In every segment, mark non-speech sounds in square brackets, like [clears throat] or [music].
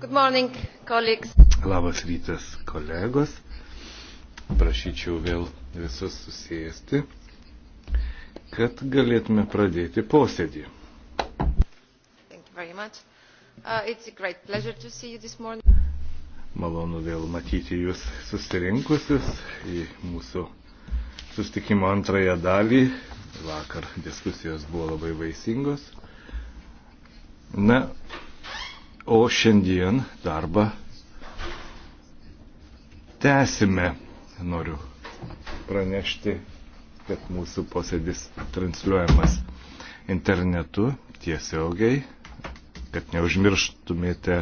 Good morning, colleagues. Labas rytas, kolegos. Prašyčiau vėl visus susijęsti, kad galėtume pradėti posėdį. Uh, Malonu vėl matyti jūs susirinkusius į mūsų sustikimo antrąją dalį. Vakar diskusijos buvo labai vaisingos. Na, o šiandien darbą tęsime. Noriu pranešti, kad mūsų posėdis transliuojamas internetu tiesiogiai, kad neužmirštumėte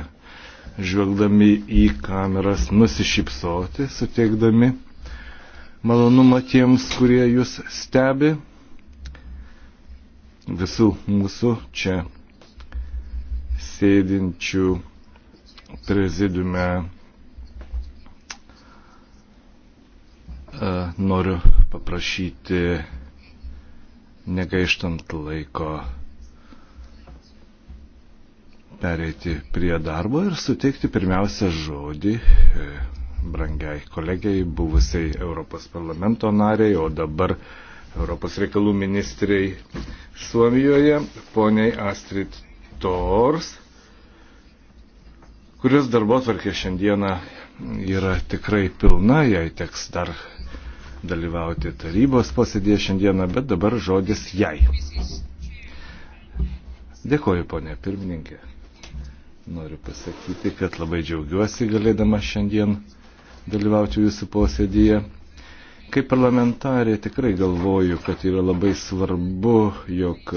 žvelgdami į kameras nusišypsoti, suteikdami malonumą tiems, kurie jūs stebi. Visų mūsų čia sėdinčių prezidiume e, noriu paprašyti, negaištant laiko, pereiti prie darbo ir suteikti pirmiausia žodį e, brangiai kolegiai, buvusiai Europos parlamento nariai, o dabar Europos reikalų ministrei Suomijoje, poniai Astrid tors, kurios darbo tvarkė šiandieną yra tikrai pilna, jai teks dar dalyvauti tarybos posėdėje šiandieną, bet dabar žodis jai. Dėkoju, ponė pirmininkė. Noriu pasakyti, kad labai džiaugiuosi galėdama šiandien dalyvauti jūsų posėdėje. Kaip parlamentarė tikrai galvoju, kad yra labai svarbu, jog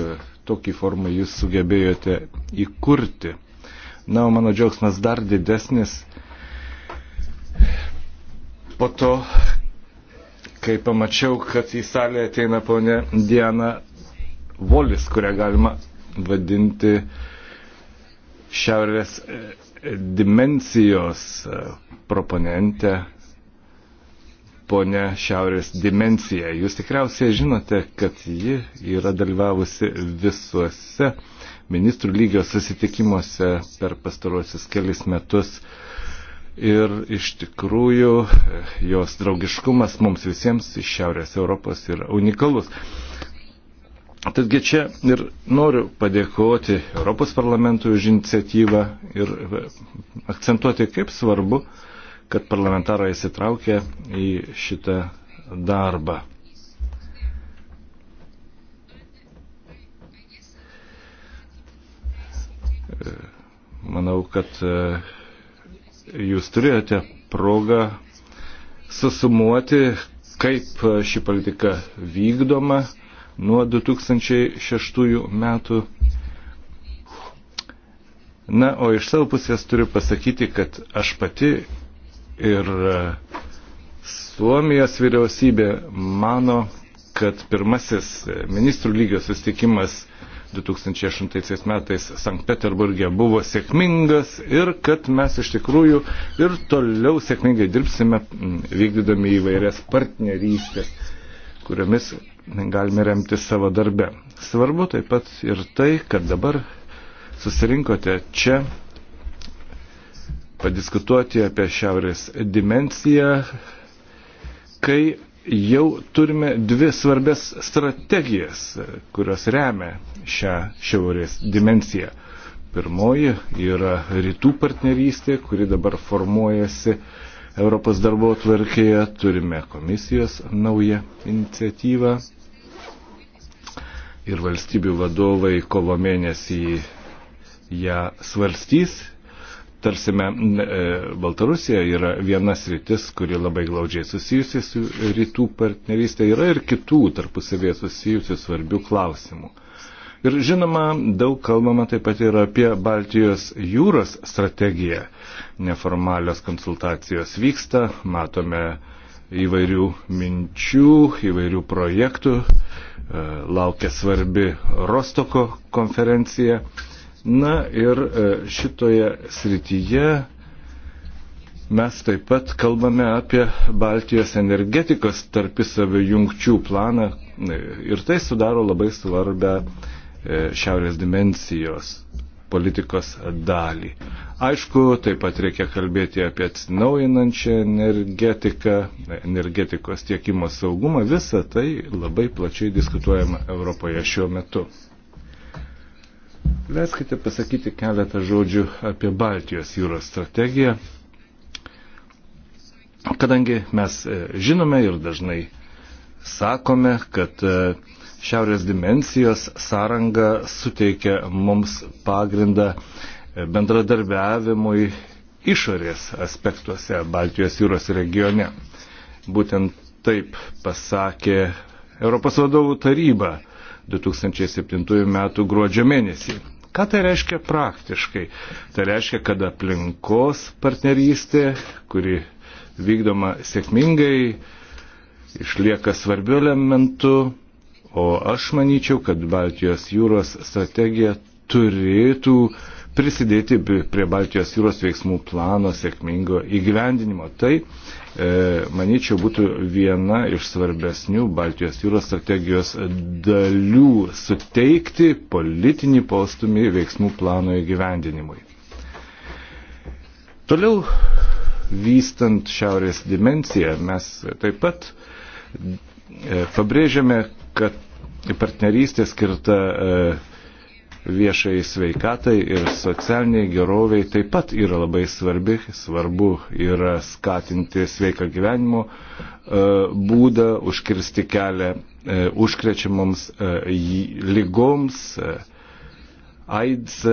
tokį formą jūs sugebėjote įkurti. Na, o mano džiaugsmas dar didesnis po to, kai pamačiau, kad į salę ateina ponė Diana Volis, kurią galima vadinti šiaurės e, dimensijos e, proponentę ponę Šiaurės dimenciją. Jūs tikriausiai žinote, kad ji yra dalyvavusi visuose ministrų lygio susitikimuose per pastaruosius kelis metus. Ir iš tikrųjų jos draugiškumas mums visiems iš Šiaurės Europos yra unikalus. Tadgi čia ir noriu padėkoti Europos parlamentui už iniciatyvą ir akcentuoti, kaip svarbu uh, kad parlamentarai įsitraukė į šitą darbą. Manau, kad e, jūs turėjote progą susumuoti, kaip ši politika vykdoma nuo 2006 metų. Na, o iš savo pusės turiu pasakyti, kad aš pati Ir e, Suomijos vyriausybė mano, kad pirmasis e, ministrų lygio sustikimas 2008 metais Sankt Peterburgė buvo sėkmingas ir kad mes iš tikrųjų ir toliau sėkmingai dirbsime, vykdydami įvairias partnerystės, kuriomis galime remti savo darbę. Svarbu taip pat ir tai, kad dabar susirinkote čia padiskutuoti apie šiaurės dimenciją, kai jau turime dvi svarbės strategijas, kurios remia šią šiaurės dimenciją. Pirmoji yra rytų partnerystė, kuri dabar formuojasi Europos darbo tvarkėje, turime komisijos naują iniciatyvą ir valstybių vadovai kovo mėnesį ją svarstys Tarsime, e, Baltarusija yra vienas rytis, kuri labai glaudžiai susijusi su rytų partnerystė, yra ir kitų tarpusavėje susijusių svarbių klausimų. Ir žinoma, daug kalbama taip pat ir apie Baltijos jūros strategiją. Neformalios konsultacijos vyksta, matome įvairių minčių, įvairių projektų, e, laukia svarbi Rostoko konferencija. Na ir e, šitoje srityje mes taip pat kalbame apie Baltijos energetikos tarpisavio jungčių planą e, ir tai sudaro labai svarbę e, šiaurės dimensijos politikos dalį. Aišku, taip pat reikia kalbėti apie atsinaujinančią energetiką, energetikos tiekimo saugumą. Visa tai labai plačiai diskutuojama Europoje šiuo metu. Leiskite pasakyti keletą žodžių apie Baltijos jūros strategiją, kadangi mes e, žinome ir dažnai sakome, kad e, šiaurės dimensijos sąranga suteikia mums pagrindą e, bendradarbiavimui išorės aspektuose Baltijos jūros regione. Būtent taip pasakė Europos vadovų taryba 2007 m. gruodžio mėnesį. Ką tai reiškia praktiškai? Tai reiškia, kad aplinkos partnerystė, kuri vykdoma sėkmingai, išlieka svarbiu elementu, o aš manyčiau, kad Baltijos jūros strategija turėtų uh, prisidėti prie Baltijos jūros veiksmų plano sėkmingo įgyvendinimo. Tai, e, manyčiau, būtų viena iš svarbesnių Baltijos jūros strategijos dalių suteikti politinį postumį veiksmų plano įgyvendinimui. Toliau, vystant šiaurės dimenciją, mes taip pat e, pabrėžiame, kad partnerystė skirta e, viešai sveikatai ir socialiniai geroviai taip pat yra labai svarbi. Svarbu yra skatinti sveiką gyvenimo e, būdą, užkirsti kelią e, užkrečiamoms e, lygoms, AIDS,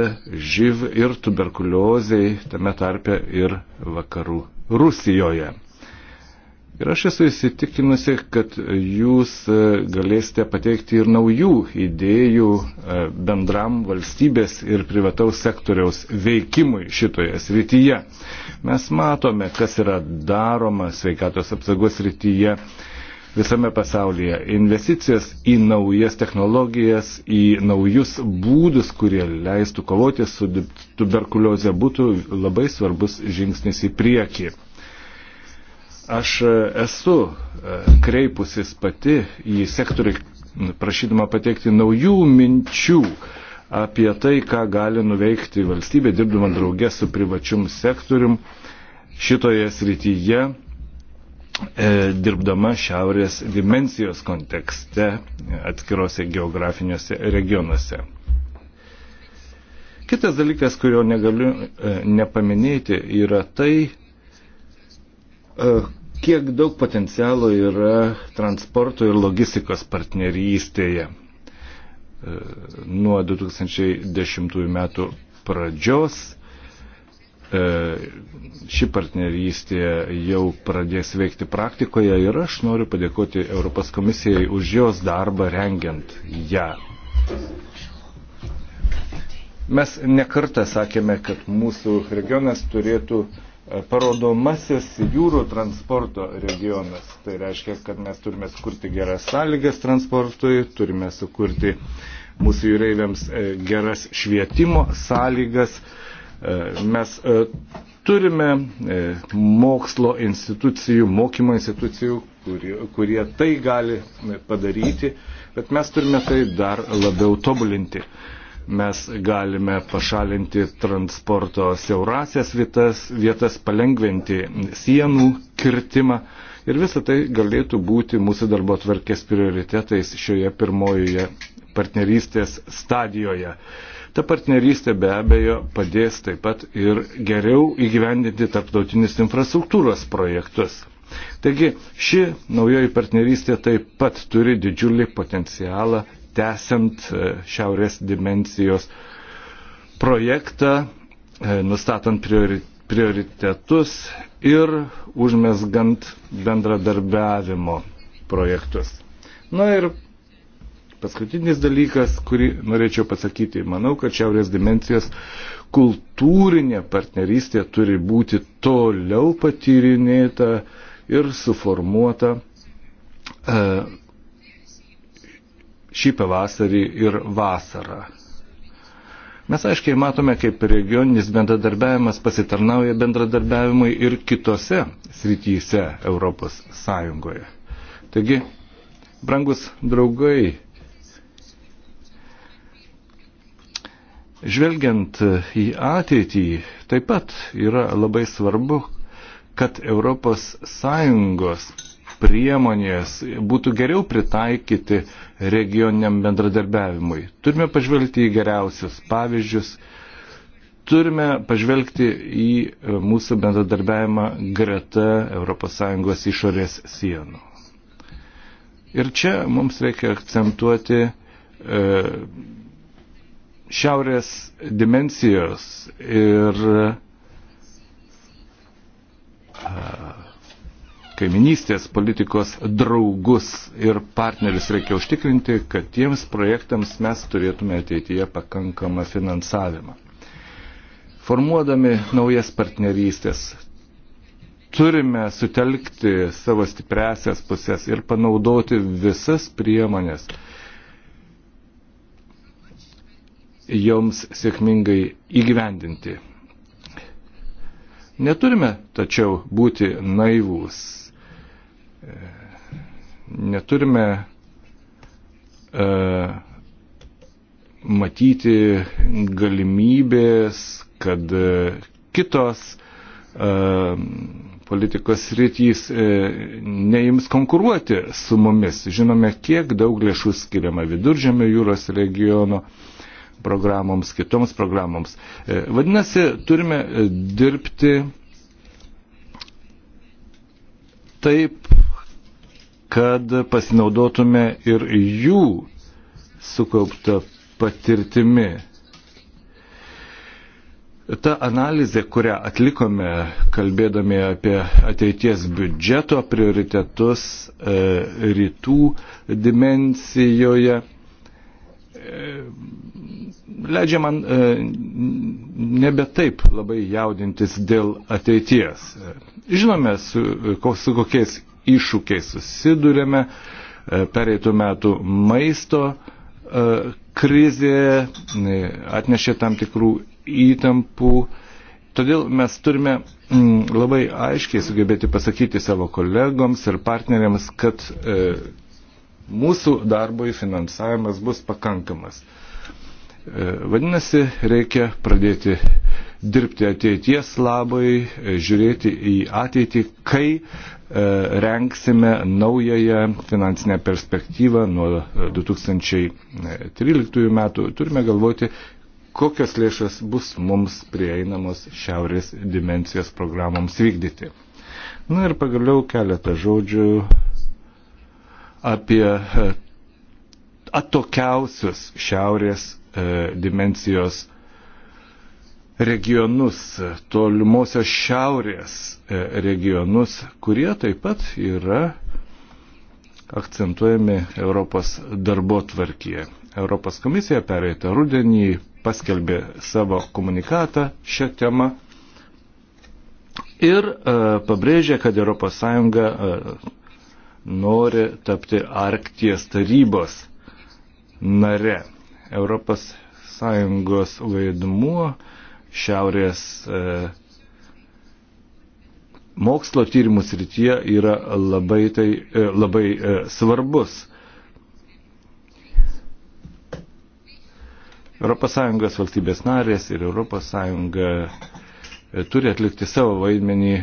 živ ir tuberkuliozei, tame tarpe ir vakarų Rusijoje. Ir aš esu įsitikinusi, kad jūs e, galėsite pateikti ir naujų idėjų e, bendram valstybės ir privataus sektoriaus veikimui šitoje srityje. Mes matome, kas yra daroma sveikatos apsaugos srityje visame pasaulyje. Investicijos į naujas technologijas, į naujus būdus, kurie leistų kovoti su tuberkulioze, būtų labai svarbus žingsnis į priekį. Aš e, esu e, kreipusis pati į sektorių, prašydama pateikti naujų minčių apie tai, ką gali nuveikti valstybė, dirbdama draugė su privačium sektorium šitoje srityje, e, dirbdama šiaurės dimensijos kontekste e, atskirose geografiniuose regionuose. Kitas dalykas, kurio negaliu e, nepaminėti, yra tai, e, kiek daug potencialo yra transporto ir logistikos partnerystėje. E, nuo 2010 metų pradžios e, ši partnerystė jau pradės veikti praktikoje ir aš noriu padėkoti Europos komisijai už jos darbą rengiant ją. Mes nekartą sakėme, kad mūsų regionas turėtų uh, parodomasis jūrų transporto regionas. Tai reiškia, kad mes turime sukurti geras sąlygas transportui, turime sukurti mūsų jūreiviams e, geras švietimo sąlygas. E, mes e, turime mokslo institucijų, mokymo institucijų, kurie, kurie tai gali padaryti, bet mes turime tai dar labiau tobulinti. Mes galime pašalinti transporto siaurasias vietas, vietas palengventi sienų kirtimą ir visa tai galėtų būti mūsų darbo tvarkės prioritetais šioje pirmojoje partnerystės stadijoje. Ta partnerystė be abejo padės taip pat ir geriau įgyvendinti tarptautinius infrastruktūros projektus. Taigi ši naujoji partnerystė taip pat turi didžiulį potencialą tęsiant e, šiaurės dimensijos projektą, e, nustatant prioritetus ir užmesgant bendradarbiavimo projektus. Na ir paskutinis dalykas, kurį norėčiau pasakyti, manau, kad šiaurės dimensijos kultūrinė partnerystė turi būti toliau patyrinėta ir suformuota e, šį pavasarį ir vasarą. Mes aiškiai matome, kaip regioninis bendradarbiavimas pasitarnauja bendradarbiavimui ir kitose srityse Europos Sąjungoje. Taigi, brangus draugai, žvelgiant į ateitį, taip pat yra labai svarbu, kad Europos Sąjungos priemonės būtų geriau pritaikyti regioniniam bendradarbiavimui. Turime pažvelgti į geriausius pavyzdžius, turime pažvelgti į e, mūsų bendradarbiavimą greta ES išorės sienų. Ir čia mums reikia akcentuoti e, šiaurės dimensijos ir e, kaiminystės politikos draugus ir partnerius reikia užtikrinti, kad tiems projektams mes turėtume ateityje pakankamą finansavimą. Formuodami naujas partnerystės turime sutelkti savo stipresias pusės ir panaudoti visas priemonės joms sėkmingai įgyvendinti. Neturime tačiau būti naivūs neturime e, matyti galimybės, kad e, kitos e, politikos rytys neims konkuruoti su mumis. Žinome, kiek daug lėšų skiriama viduržėmio jūros regiono programoms, kitoms programoms. Vadinasi, turime dirbti taip, kad pasinaudotume ir jų sukauptą patirtimi. Ta analizė, kurią atlikome, kalbėdami apie ateities biudžeto prioritetus e, rytų dimensijoje, e, leidžia man e, nebe taip labai jaudintis dėl ateities. Žinome, su, ko, su kokiais iššūkiais susidurėme. E, pereitų metų maisto e, krizė e, atnešė tam tikrų įtampų. Todėl mes turime mm, labai aiškiai sugebėti pasakyti savo kolegoms ir partneriams, kad mūsų darbui finansavimas bus pakankamas. Vadinasi, reikia pradėti dirbti ateities labai, žiūrėti į ateitį, kai E, renksime naująją finansinę perspektyvą nuo 2013 e, metų, turime galvoti, kokios lėšas bus mums prieinamos šiaurės dimensijos programoms vykdyti. Na ir pagaliau keletą žodžių apie e, atokiausius šiaurės dimensijos programoms regionus, tolimosios šiaurės e, regionus, kurie taip pat yra akcentuojami Europos darbo tvarkyje. Europos komisija pereitą rudenį paskelbė savo komunikatą šią temą ir e, pabrėžė, kad ES e, nori tapti Arkties tarybos nare. ES vaidmuo e, šiaurės e, mokslo tyrimų srityje yra labai, tai, e, labai e, svarbus. ES valstybės narės ir ES turi atlikti savo vaidmenį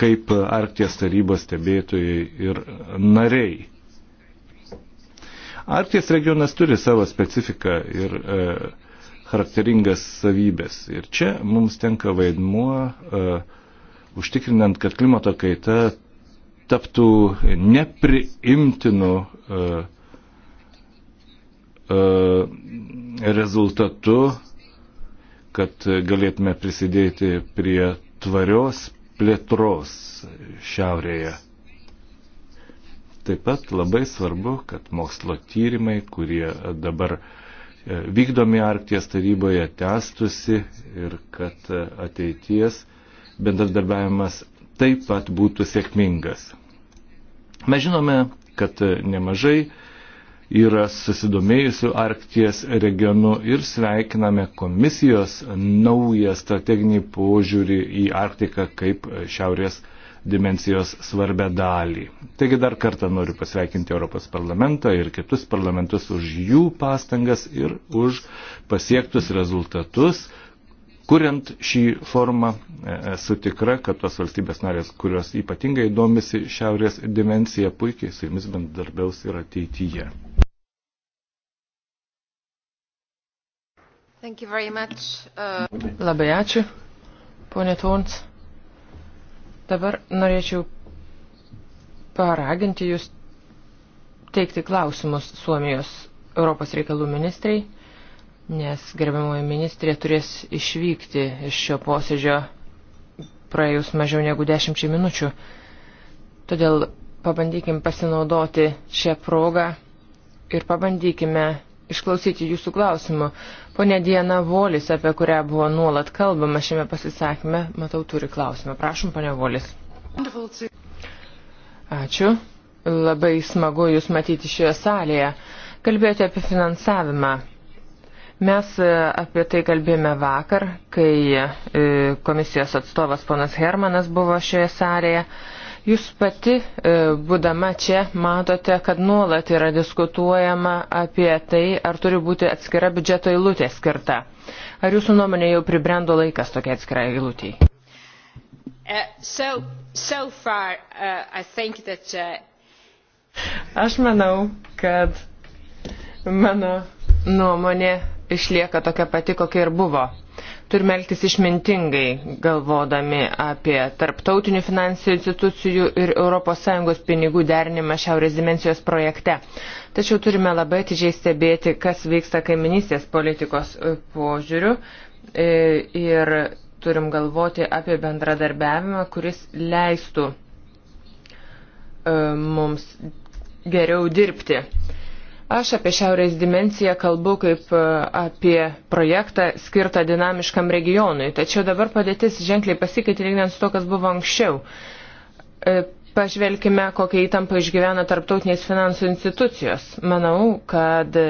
kaip Arkties tarybos stebėtojai ir nariai. Arkties regionas turi savo specifiką ir e, charakteringas savybės. Ir čia mums tenka vaidmuo e, užtikrinant, kad klimato kaita taptų nepriimtinu e, e, rezultatu, kad galėtume prisidėti prie tvarios plėtros šiaurėje. Taip pat labai svarbu, kad mokslo tyrimai, kurie dabar uh, E, vykdomi Arkties taryboje tęstusi ir kad e, ateities bendradarbiavimas taip pat būtų sėkmingas. Mes žinome, kad e, nemažai yra susidomėjusių Arkties regionu ir sveikiname komisijos naują strateginį požiūrį į Arktiką kaip Šiaurės regioną dimensijos svarbę dalį. Taigi dar kartą noriu pasveikinti Europos parlamentą ir kitus parlamentus už jų pastangas ir už pasiektus rezultatus. Kuriant šį formą, esu tikra, kad tos valstybės narės, kurios ypatingai domisi šiaurės dimencija, puikiai su jumis bendarbiaus ir ateityje. Uh... Labai ačiū, ponė Tons. Dabar norėčiau paraginti jūs teikti klausimus Suomijos Europos reikalų ministrai, nes gerbiamoji ministrė turės išvykti iš šio posėdžio praėjus mažiau negu dešimčiai minučių. Todėl pabandykim pasinaudoti šią progą ir pabandykime išklausyti jūsų klausimų. Pone Diena Volis, apie kurią buvo nuolat kalbama šiame pasisakyme, matau, turi klausimą. Prašom, pone Volis. Ačiū. Labai smagu Jūs matyti šioje salėje. Kalbėjote apie finansavimą. Mes e, apie tai kalbėjome vakar, kai e, komisijos atstovas ponas Hermanas buvo šioje salėje. Jūs pati, e, būdama čia, matote, kad nuolat yra diskutuojama apie tai, ar turi būti atskira biudžeto eilutė skirta. Ar jūsų nuomonė jau pribrendo laikas tokia atskira eilutė? Uh, so, so far, uh, that, uh... Aš manau, kad mano nuomonė išlieka tokia pati, kokia ir buvo. Turime elgtis išmintingai, galvodami apie tarptautinių finansinių institucijų ir ES pinigų derinimą Šiaurės dimensijos projekte. Tačiau turime labai atidžiai stebėti, kas vyksta kaiminystės politikos e, požiūrių e, ir turim galvoti apie bendradarbiavimą, kuris leistų e, mums geriau dirbti. Aš apie Šiaurės dimenciją kalbu kaip e, apie projektą skirtą dinamiškam regionui, tačiau dabar padėtis ženkliai pasikeitė lyginant su to, kas buvo anksčiau. E, pažvelkime, kokią įtampą išgyvena tarptautinės finansų institucijos. Manau, kad e,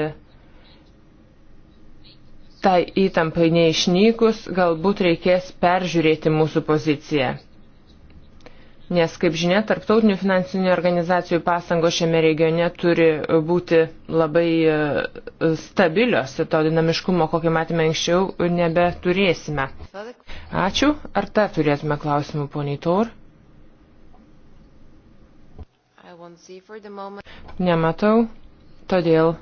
tai įtampai neišnykus, galbūt reikės peržiūrėti mūsų poziciją nes, kaip žinia, tarptautinių finansinių organizacijų pastangos šiame regione turi būti labai e, stabilios ir to dinamiškumo, kokį matėme anksčiau, nebeturėsime. Ačiū. Ar ta turėtume klausimų, poniai Taur? Nematau, todėl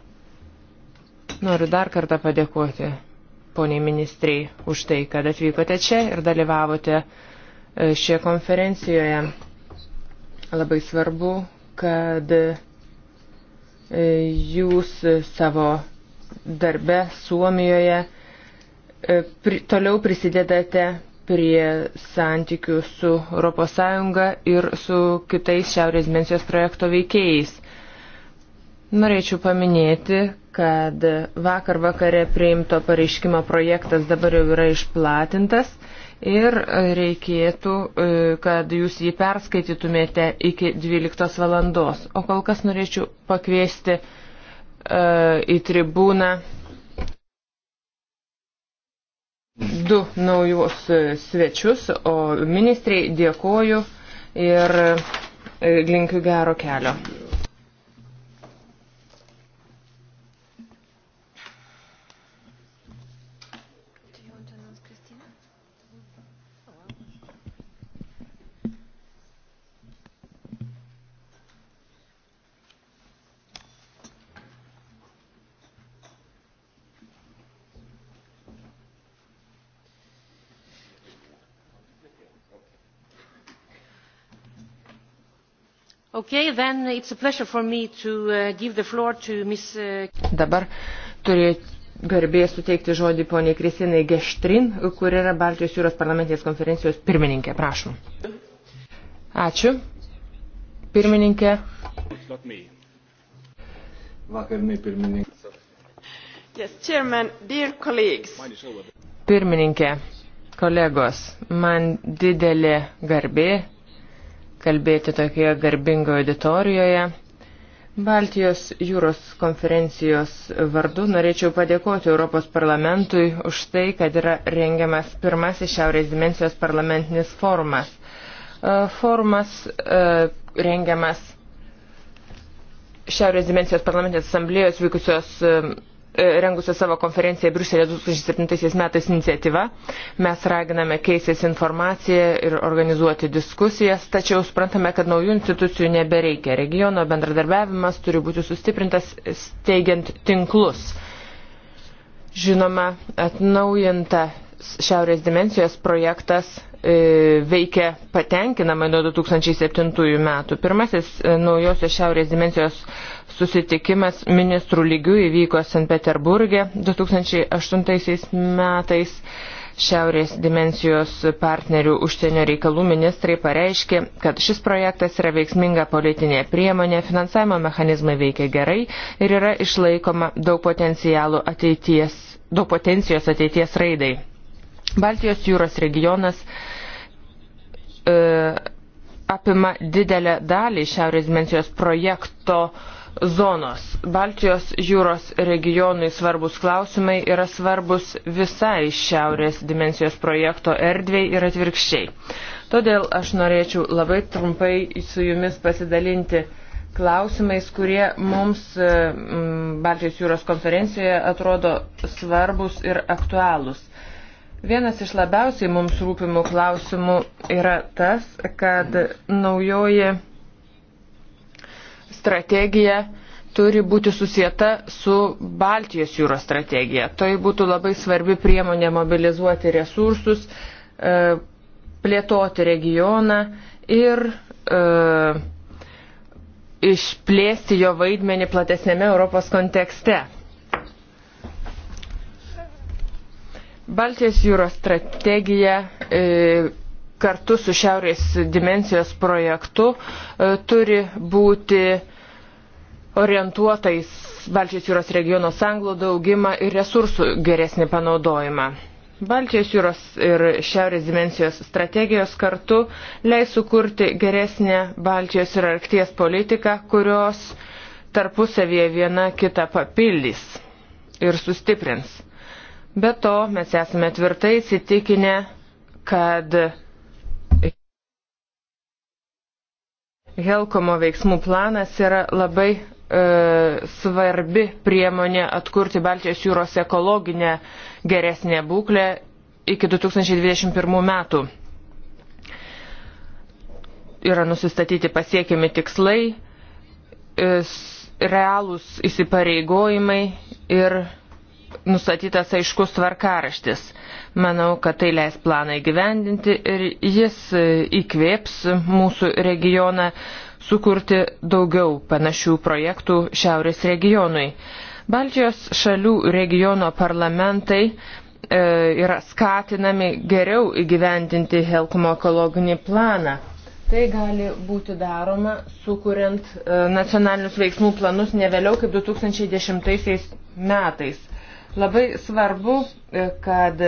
noriu dar kartą padėkoti poniai ministrei už tai, kad atvykote čia ir dalyvavote E, šioje konferencijoje. Labai svarbu, kad e, jūs savo darbe Suomijoje e, pri, toliau prisidedate prie santykių su ES ir su kitais Šiaurės dimensijos projekto veikėjais. Norėčiau paminėti, kad vakar vakare priimto pareiškimo projektas dabar jau yra išplatintas ir e, reikėtų, e, kad jūs jį perskaitytumėte iki 12 valandos. O kol kas norėčiau pakviesti e, į tribūną du naujus svečius, o ministrai dėkoju ir linkiu gero kelio. Okay, then it's a pleasure for me to uh, give the floor to Ms. Uh, Dabar turėtų garbė suteikti žodį poniai Kristinai Geštrin, kur yra Baltijos jūros parlamentės konferencijos pirmininkė. Prašom. Ačiū. Pirmininkė. Vakarinė pirmininkė. Yes, chairman, dear colleagues. Pirmininkė, kolegos, man didelė garbė kalbėti tokioje garbingoje auditorijoje. Baltijos jūros konferencijos vardu norėčiau padėkoti Europos parlamentui už tai, kad yra rengiamas pirmasis Šiaurės dimensijos parlamentinis forumas. E, forumas e, rengiamas Šiaurės dimensijos parlamentinės asamblėjos vykusios e, E, rengusią savo konferenciją Briuselėje 2007 metais iniciatyva. Mes raginame keisės informaciją ir organizuoti diskusijas, tačiau suprantame, kad naujų institucijų nebereikia. Regiono bendradarbiavimas turi būti sustiprintas steigiant tinklus. Žinoma, atnaujinta Šiaurės dimensijos projektas e, veikia patenkinamai nuo 2007 metų. Pirmasis e, naujosios Šiaurės dimensijos Susitikimas ministrų lygių įvyko St. Peterburgė 2008 metais. Šiaurės dimensijos partnerių užsienio reikalų ministrai pareiškė, kad šis projektas yra veiksminga politinė priemonė, finansavimo mechanizmai veikia gerai ir yra išlaikoma daug, ateities, daug potencijos ateities raidai. Baltijos jūros regionas e, apima didelę dalį Šiaurės dimensijos projekto e, zonos. Baltijos jūros regionui svarbus klausimai yra svarbus visai šiaurės dimensijos projekto erdviai ir atvirkščiai. Todėl aš norėčiau labai trumpai su jumis pasidalinti klausimais, kurie mums e, Baltijos jūros konferencijoje atrodo svarbus ir aktualūs. Vienas iš labiausiai mums rūpimų klausimų yra tas, kad naujoji strategija turi būti susieta su Baltijos jūros strategija. Tai būtų labai svarbi priemonė mobilizuoti resursus, e, plėtoti regioną ir e, išplėsti jo vaidmenį platesnėme Europos kontekste. Baltijos jūros strategija e, kartu su Šiaurės dimensijos projektu e, turi būti e, orientuotais Baltijos jūros regiono sanglaudą augimą ir resursų geresnį panaudojimą. Baltijos jūros ir šiaurės dimensijos strategijos kartu leis sukurti geresnę Baltijos ir Arkties politiką, kurios tarpusavėje viena kitą papildys ir sustiprins. Be to, mes esame tvirtai įsitikinę, kad Helkomo veiksmų planas yra labai E, svarbi priemonė atkurti Baltijos jūros ekologinę geresnę būklę iki 2021 metų. Yra nusistatyti pasiekiami tikslai, e, realūs įsipareigojimai ir nustatytas aiškus tvarkaraštis. Manau, kad tai leis planą įgyvendinti ir jis įkvėps mūsų regioną sukurti daugiau panašių projektų šiaurės regionui. Baltijos šalių regiono parlamentai e, yra skatinami geriau įgyvendinti Helkumo ekologinį planą. Tai gali būti daroma, sukuriant e, nacionalinius veiksmų planus ne vėliau kaip 2010 metais. Labai svarbu, e, kad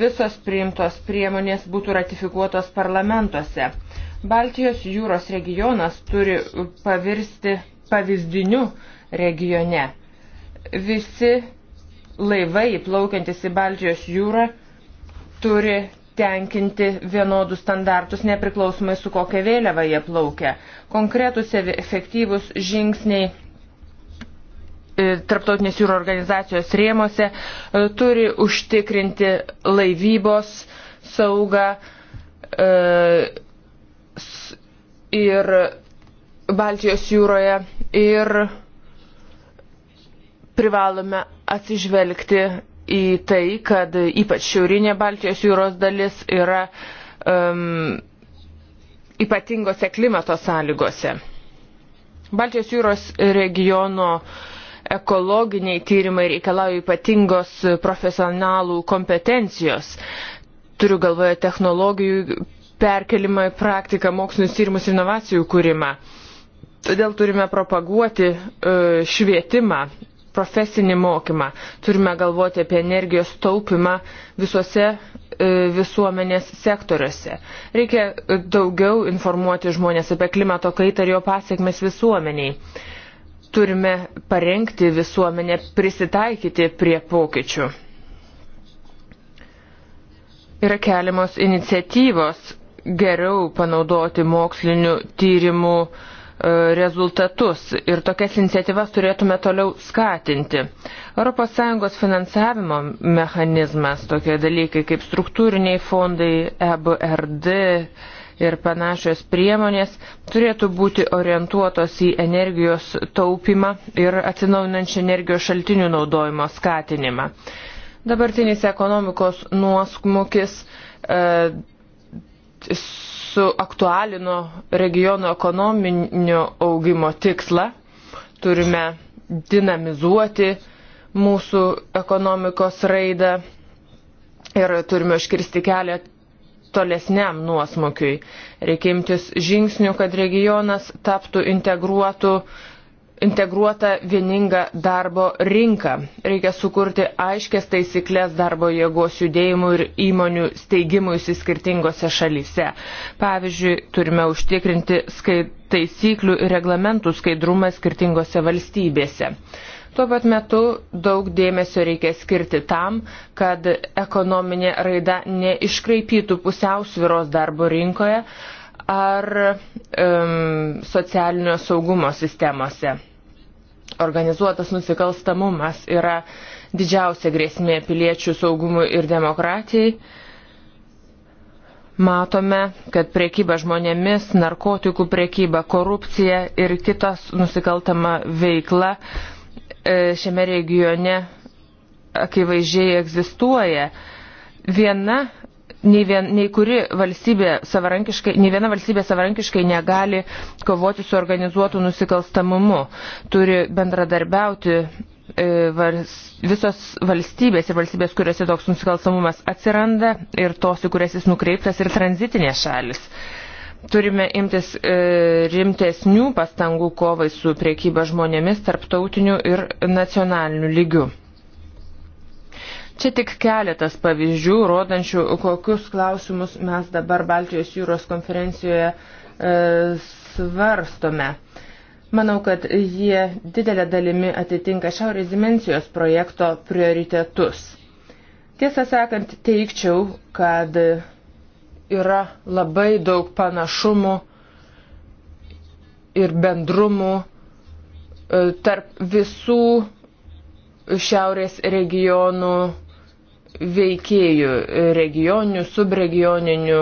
visos priimtos priemonės būtų ratifikuotos parlamentuose. Baltijos jūros regionas turi pavirsti pavyzdiniu regione. Visi laivai plaukiantis į Baltijos jūrą turi tenkinti vienodus standartus nepriklausomai su kokia vėliava jie plaukia. Konkretus efektyvus žingsniai e, Tarptautinės jūro organizacijos rėmose e, turi užtikrinti laivybos saugą e, ir Baltijos jūroje ir privalome atsižvelgti į tai, kad ypač šiaurinė Baltijos jūros dalis yra um, ypatingose klimato sąlygose. Baltijos jūros regiono ekologiniai tyrimai reikalauja ypatingos profesionalų kompetencijos. Turiu galvoje technologijų perkelimą į praktiką, mokslinius tyrimus ir inovacijų kūrimą. Todėl turime propaguoti e, švietimą, profesinį mokymą. Turime galvoti apie energijos taupimą visuose e, visuomenės sektoriuose. Reikia e, daugiau informuoti žmonės apie klimato kaitą ir jo pasiekmes visuomeniai. Turime parengti visuomenę prisitaikyti prie pokyčių. Yra keliamos iniciatyvos geriau panaudoti mokslinių tyrimų e, rezultatus ir tokias iniciatyvas turėtume toliau skatinti. ES finansavimo mechanizmas, tokie dalykai kaip struktūriniai fondai, EBRD ir panašios priemonės turėtų būti orientuotos į energijos taupimą ir atsinaujinančių energijos šaltinių naudojimo skatinimą. Dabartinis ekonomikos nuosmukis e, suaktualino regiono ekonominio augimo tikslą. Turime dinamizuoti mūsų ekonomikos raidą ir turime iškirsti kelią tolesniam nuosmokiui. Reikia imtis žingsnių, kad regionas taptų integruotų integruotą vieningą darbo rinką. Reikia sukurti aiškės taisyklės darbo jėgos judėjimų ir įmonių steigimui skirtingose šalyse. Pavyzdžiui, turime užtikrinti taisyklių ir reglamentų skaidrumą skirtingose valstybėse. Tuo pat metu daug dėmesio reikia skirti tam, kad ekonominė raida neiškraipytų pusiausviros darbo rinkoje, ar um, socialinio saugumo sistemose. Organizuotas nusikalstamumas yra didžiausia grėsmė piliečių saugumui ir demokratijai. Matome, kad priekyba žmonėmis, narkotikų priekyba, korupcija ir kitos nusikaltama veikla e, šiame regione akivaizdžiai egzistuoja. Viena nei, vien, nei, kuri valstybė savarankiškai, nei viena valstybė savarankiškai negali kovoti su organizuotu nusikalstamumu. Turi bendradarbiauti e, visos valstybės ir valstybės, kuriuose toks nusikalstamumas atsiranda ir tos, į kurias jis nukreiptas ir tranzitinės šalis. Turime imtis e, rimtesnių pastangų kovai su priekyba žmonėmis tarptautiniu ir nacionaliniu lygiu. Čia tik keletas pavyzdžių, rodančių, kokius klausimus mes dabar Baltijos jūros konferencijoje e, svarstome. Manau, kad jie didelė dalimi atitinka šiaurės dimensijos projekto prioritetus. Tiesą sakant, teikčiau, kad yra labai daug panašumų ir bendrumų e, tarp visų šiaurės regionų veikėjų regioninių, subregioninių,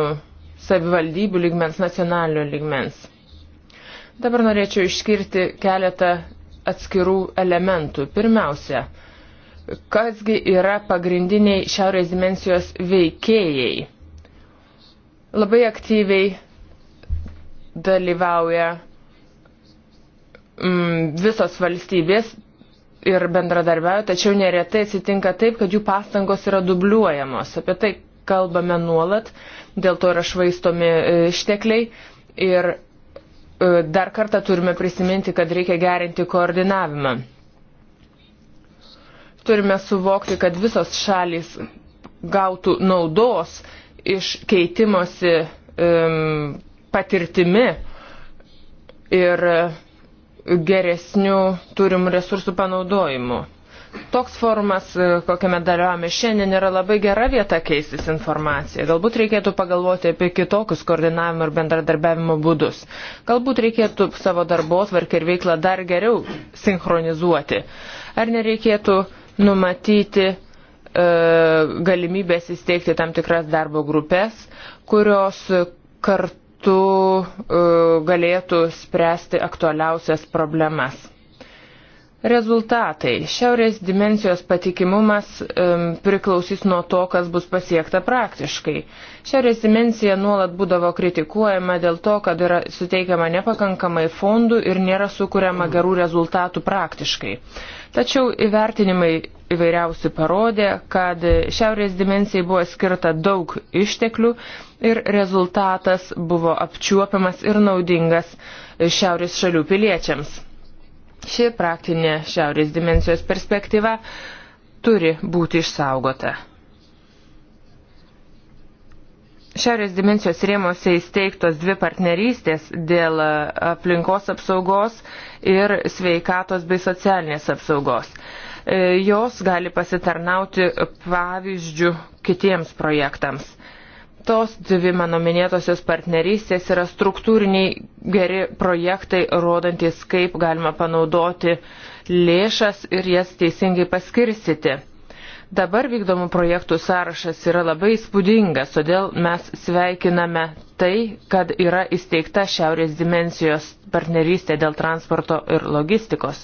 savivaldybių ligmens, nacionalinio ligmens. Dabar norėčiau išskirti keletą atskirų elementų. Pirmiausia, kasgi yra pagrindiniai šiaurės dimensijos veikėjai. Labai aktyviai dalyvauja mm, visos valstybės, ir bendradarbiauja, tačiau neretai atsitinka taip, kad jų pastangos yra dubliuojamos. Apie tai kalbame nuolat, dėl to yra švaistomi e, ištekliai ir e, dar kartą turime prisiminti, kad reikia gerinti koordinavimą. Turime suvokti, kad visos šalys gautų naudos iš keitimosi um, patirtimi ir uh, geresnių turimų resursų panaudojimu. Toks formas, e, kokiame dalyvame šiandien, yra labai gera vieta keistis informacija. Galbūt reikėtų pagalvoti apie kitokius koordinavimo ir bendradarbiavimo būdus. Galbūt reikėtų savo darbos varkį ir veiklą dar geriau sinchronizuoti. Ar nereikėtų numatyti e, galimybės įsteigti tam tikras darbo grupės, kurios kartu metu e, galėtų spręsti aktualiausias problemas. Rezultatai. Šiaurės dimensijos patikimumas um, priklausys nuo to, kas bus pasiekta praktiškai. Šiaurės dimensija nuolat būdavo kritikuojama dėl to, kad yra suteikiama nepakankamai fondų ir nėra sukuriama gerų rezultatų praktiškai. Tačiau įvertinimai įvairiausių parodė, kad šiaurės dimensijai buvo skirta daug išteklių ir rezultatas buvo apčiuopiamas ir naudingas šiaurės šalių piliečiams. Ši praktinė šiaurės dimensijos perspektyva turi būti išsaugota. Šiaurės dimensijos rėmose įsteigtos dvi partnerystės dėl aplinkos apsaugos ir sveikatos bei socialinės apsaugos. E, jos gali pasitarnauti pavyzdžių kitiems projektams. Tos dvi mano minėtosios partnerystės yra struktūriniai geri projektai, rodantis, kaip galima panaudoti lėšas ir jas teisingai paskirsyti. Dabar vykdomų projektų sąrašas yra labai įspūdingas, todėl mes sveikiname tai, kad yra įsteigta Šiaurės dimensijos partnerystė dėl transporto ir logistikos.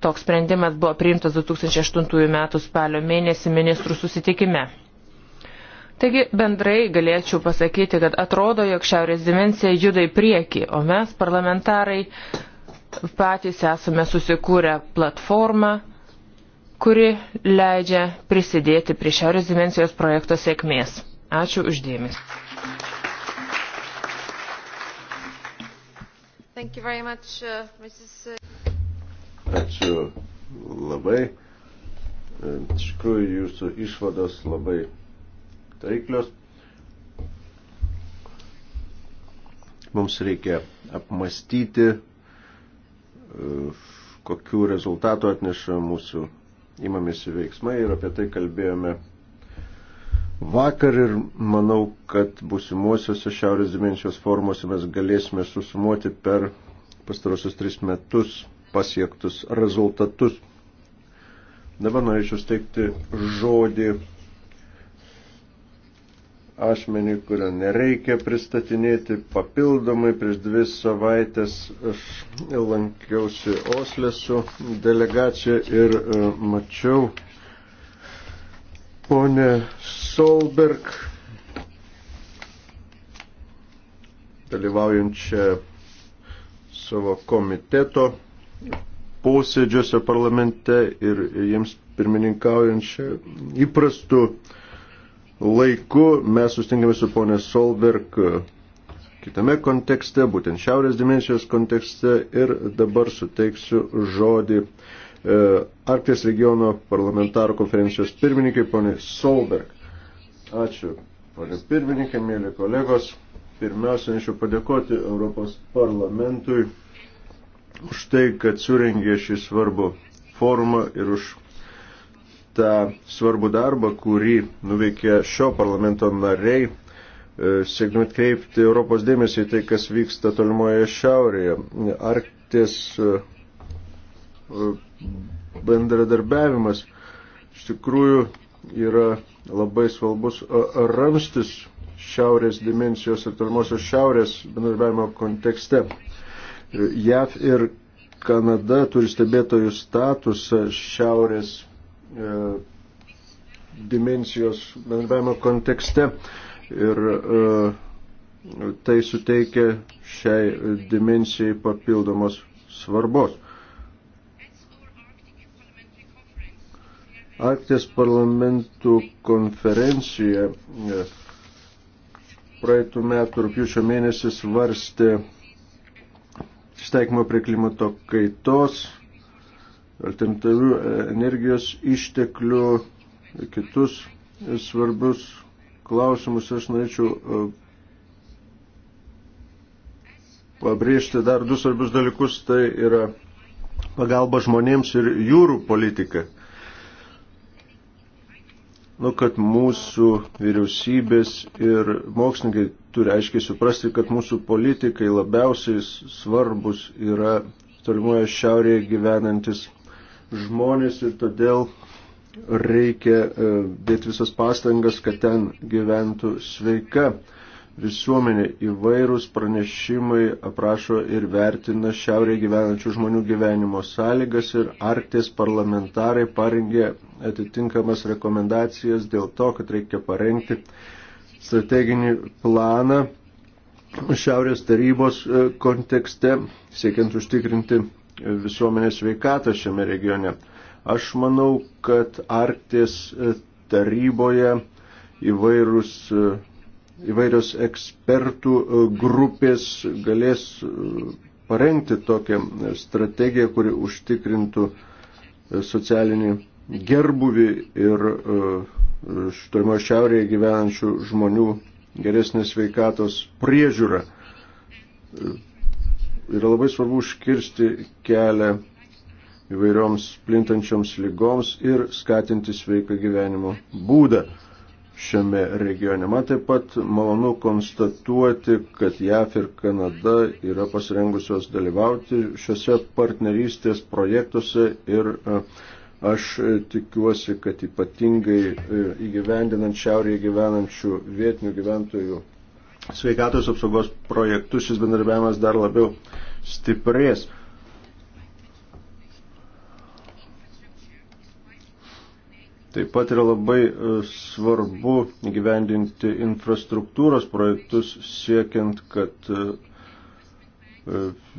Toks sprendimas buvo priimtas 2008 m. spalio mėnesį ministrų susitikime. Taigi bendrai galėčiau pasakyti, kad atrodo, jog šiaurės dimensija juda į priekį, o mes, parlamentarai, patys esame susikūrę platformą, kuri leidžia prisidėti prie šiaurės dimensijos projekto sėkmės. Ačiū uždėmesi. Thank you very much, uh, Mrs. Ačiū labai. Iš tikrųjų, jūsų išvados labai taiklios. Mums reikia apmastyti, kokiu rezultatu atneša mūsų įmamėsi veiksmai ir apie tai kalbėjome vakar ir manau, kad busimuosiuose Šiaurės dimensijos formuose mes galėsime susumuoti per pastarosius tris metus pasiektus rezultatus. Dabar norėčiau steigti žodį asmenį, kurio nereikia pristatinėti papildomai. Prieš dvi savaitės aš lankiausi Oslė su delegacija ir e, mačiau ponę Solberg dalyvaujančią savo komiteto posėdžiuose parlamente ir jiems pirmininkaujančia įprastu laiku mes sustingėme su ponė Solberg kitame kontekste, būtent šiaurės dimensijos kontekste ir dabar suteiksiu žodį e, Arkties regiono parlamentarų konferencijos pirmininkai, ponė Solberg. Ačiū, ponė pirmininkė, mėly kolegos. Pirmiausia, norėčiau padėkoti Europos parlamentui už tai, kad surengė šį svarbų forumą ir už tą svarbų darbą, kurį nuveikė šio parlamento nariai, e, siekdami kreipti Europos dėmesį į tai, kas vyksta tolimoje šiaurėje. Arktis e, e, bendradarbiavimas iš tikrųjų yra labai svarbus ramstis šiaurės dimensijos ir tolimosios šiaurės bendradarbiavimo kontekste. JAV ir Kanada turi stebėtojų statusą šiaurės e, dimensijos bendravimo kontekste ir e, tai suteikia šiai dimensijai papildomos svarbos. Arkties parlamentų konferencija e, praeitų metų rūpiučio mėnesį svarstė steikymo prie klimato kaitos, alternatyvių energijos išteklių, kitus svarbius klausimus aš norėčiau e, pabrėžti dar du svarbius dalykus, tai yra pagalba žmonėms ir jūrų politika. Nu, kad mūsų vyriausybės ir mokslininkai turi aiškiai suprasti, kad mūsų politikai labiausiai svarbus yra tolimoje šiaurėje gyvenantis žmonės ir todėl reikia e, dėti visas pastangas, kad ten gyventų sveika visuomenė. Įvairūs pranešimai aprašo ir vertina šiaurėje gyvenančių žmonių gyvenimo sąlygas ir artės parlamentarai parengė atitinkamas rekomendacijas dėl to, kad reikia parengti strateginį planą Šiaurės tarybos e, kontekste, siekiant užtikrinti e, visuomenės veikatą šiame regione. Aš manau, kad Arktis e, taryboje įvairūs, įvairios ekspertų grupės galės parengti tokią strategiją, kuri užtikrintų socialinį gerbuvi ir e, šturimo šiaurėje gyvenančių žmonių geresnės veikatos priežiūra. E, yra labai svarbu užkirsti kelią įvairioms plintančioms lygoms ir skatinti sveiką gyvenimo būdą šiame regione. Man taip pat malonu konstatuoti, kad JAF ir Kanada yra pasirengusios dalyvauti šiuose partnerystės projektuose ir uh, Aš e, tikiuosi, kad ypatingai e, įgyvendinant šiaurėje gyvenančių vietinių gyventojų sveikatos apsaugos projektus šis bendarbiavimas dar labiau stiprės. Taip pat yra labai e, svarbu gyvendinti infrastruktūros projektus siekiant, kad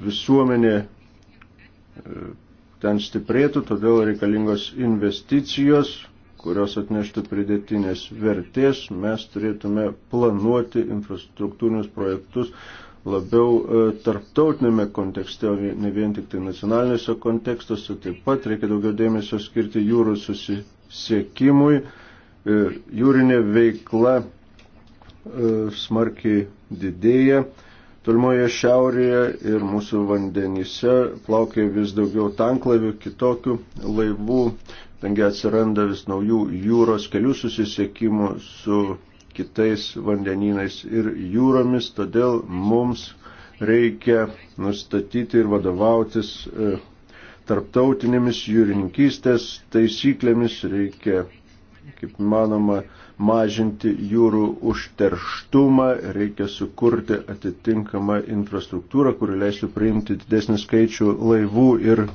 visuomenė ten stiprėtų, todėl reikalingos investicijos, kurios atneštų pridėtinės vertės, mes turėtume planuoti infrastruktūrinius projektus labiau e, tarptautinėme kontekste, ne vien tik tai nacionaliniuose kontekstuose, taip pat reikia daugiau dėmesio skirti jūrų susisiekimui. E, jūrinė veikla e, smarkiai didėja Tolimoje šiaurėje ir mūsų vandenyse plaukia vis daugiau tanklavių, kitokių laivų, tangi atsiranda vis naujų jūros kelių susisiekimų su kitais vandenynais ir jūromis, todėl mums reikia nustatyti ir vadovautis e, tarptautinėmis jūrininkystės taisyklėmis, reikia kaip manoma, mažinti jūrų užterštumą, reikia sukurti atitinkamą infrastruktūrą, kuri leistų priimti didesnį skaičių laivų ir e,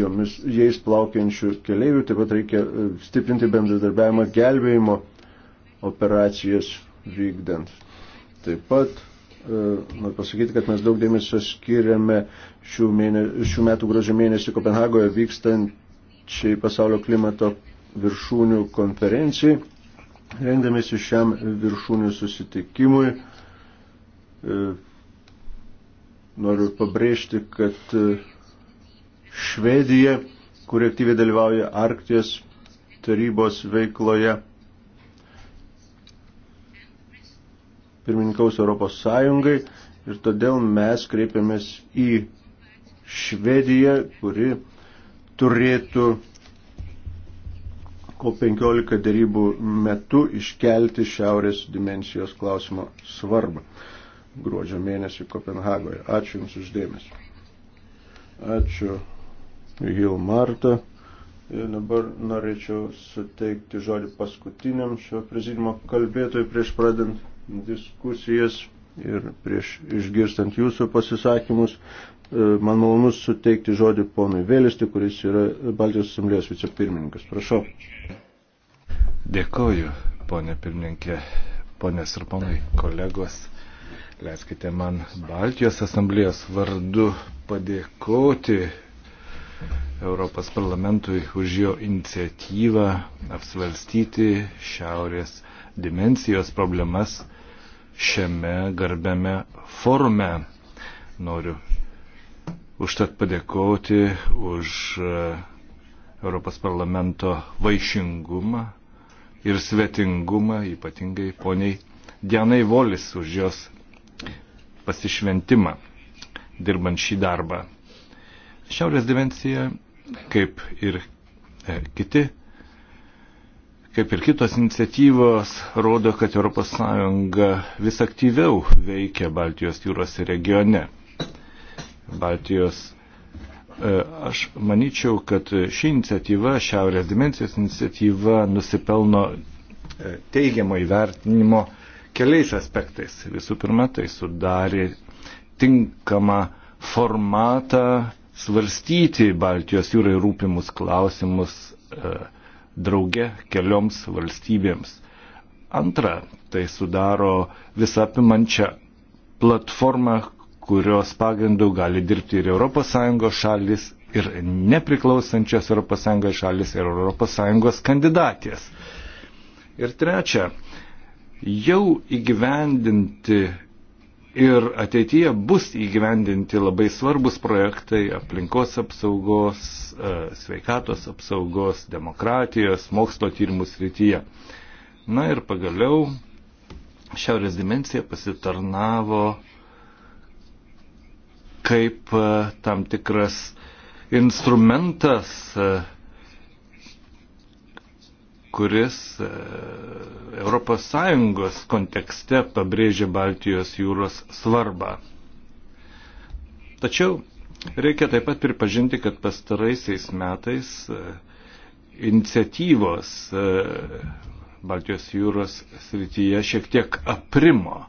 jomis, jais plaukiančių keleivių, taip pat reikia e, stiprinti bendradarbiavimą gelbėjimo operacijas vykdant. Taip pat e, noriu pasakyti, kad mes daug dėmesio skiriame šių, mėne, šių metų gruodžio mėnesį Kopenhagoje vykstant trečiai pasaulio klimato viršūnių konferencijai. Rengdamėsi šiam viršūnių susitikimui, e, noriu pabrėžti, kad e, Švedija, kuri aktyviai dalyvauja Arkties tarybos veikloje, pirmininkaus Europos Sąjungai ir todėl mes kreipiamės į Švediją, kuri turėtų COP15 darybų metu iškelti šiaurės dimensijos klausimo svarbą gruodžio mėnesį Kopenhagoje. Ačiū Jums uždėmesi. Ačiū Gilmarta. Ir dabar norėčiau suteikti žodį paskutiniam šio prezidimo kalbėtojui prieš pradant diskusijas ir prieš išgirstant jūsų pasisakymus. E, man malonus suteikti žodį ponui Vėlisti, kuris yra Baltijos asamblėjos vicepirmininkas. Prašau. Dėkoju, ponė pirmininkė, ponės ir ponai kolegos. Leiskite man Baltijos asamblėjos vardu padėkoti Europos parlamentui už jo iniciatyvą apsvalstyti šiaurės dimensijos problemas šiame garbiame forume. Noriu užtat padėkoti už e, Europos parlamento vaišingumą ir svetingumą, ypatingai poniai Dienai Volis už jos pasišventimą, dirbant šį darbą. Šiaurės dimensija, kaip ir e, kiti, kaip ir kitos iniciatyvos, rodo, kad ES vis aktyviau veikia Baltijos jūros regione. Baltijos. E, aš manyčiau, kad ši iniciatyva, Šiaurės dimensijos iniciatyva, nusipelno e, teigiamo įvertinimo keliais aspektais. Visų pirma, tai sudarė tinkamą formatą svarstyti Baltijos jūrai rūpimus klausimus e, drauge kelioms valstybėms. Antra, tai sudaro visapimančią platformą, kurios pagrindų gali dirbti ir ES šalis, ir nepriklausančios ES šalis, ir ES kandidatės. Ir trečia, jau įgyvendinti ir ateityje bus įgyvendinti labai svarbus projektai aplinkos apsaugos, e, sveikatos apsaugos, demokratijos, mokslo tyrimų srityje. Na ir pagaliau Šiaurės dimensija pasitarnavo kaip e, tam tikras instrumentas, e, kuris ES kontekste pabrėžia Baltijos jūros svarbą. Tačiau reikia taip pat pripažinti, kad pastaraisiais metais e, iniciatyvos Baltijos jūros srityje šiek tiek aprimo.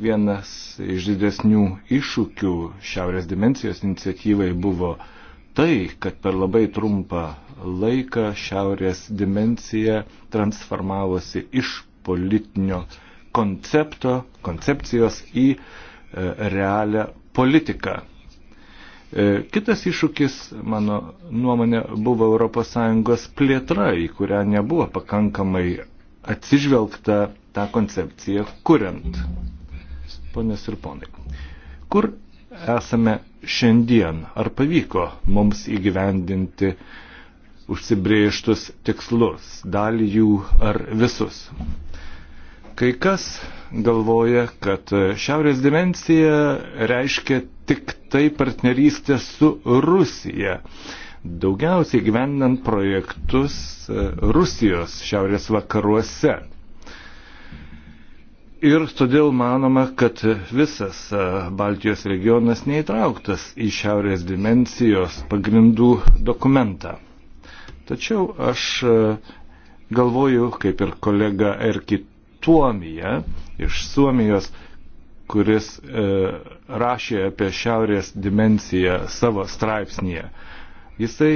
Vienas iš didesnių iššūkių Šiaurės dimensijos iniciatyvai buvo tai, kad per labai trumpą laiką Šiaurės dimensija transformavosi iš politinio koncepto, koncepcijos į e, realią politiką. E, kitas iššūkis, mano nuomonė, buvo ES plėtra, į kurią nebuvo pakankamai atsižvelgta tą koncepciją kuriant ponės ir ponai. Kur esame šiandien? Ar pavyko mums įgyvendinti užsibrieštus tikslus, dalį jų ar visus? Kai kas galvoja, kad šiaurės dimensija reiškia tik tai partnerystę su Rusija daugiausiai gyvenant projektus Rusijos šiaurės vakaruose. Ir todėl manoma, kad visas e, Baltijos regionas neįtrauktas į šiaurės dimensijos pagrindų dokumentą. Tačiau aš e, galvoju, kaip ir kolega Erki Tuomija iš Suomijos, kuris e, rašė apie šiaurės dimensiją savo straipsnėje. Jisai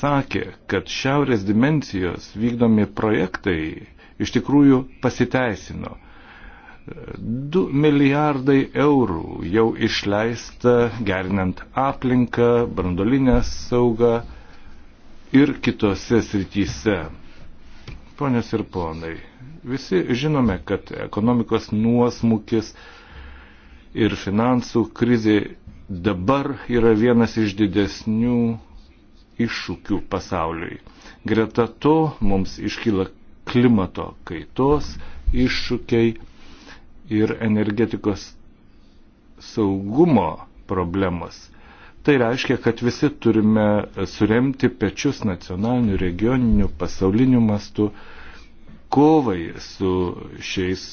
sakė, kad šiaurės dimensijos vykdomi projektai iš tikrųjų pasiteisino 2 milijardai eurų jau išleista gerinant aplinką, brandolinę saugą ir kitose srityse. Ponios ir ponai, visi žinome, kad ekonomikos nuosmukis ir finansų krizė dabar yra vienas iš didesnių iššūkių pasauliui. Greta to mums iškyla klimato kaitos iššūkiai, ir energetikos saugumo problemos. Tai reiškia, kad visi turime suremti pečius nacionalinių, regioninių, pasaulinių mastų kovai su šiais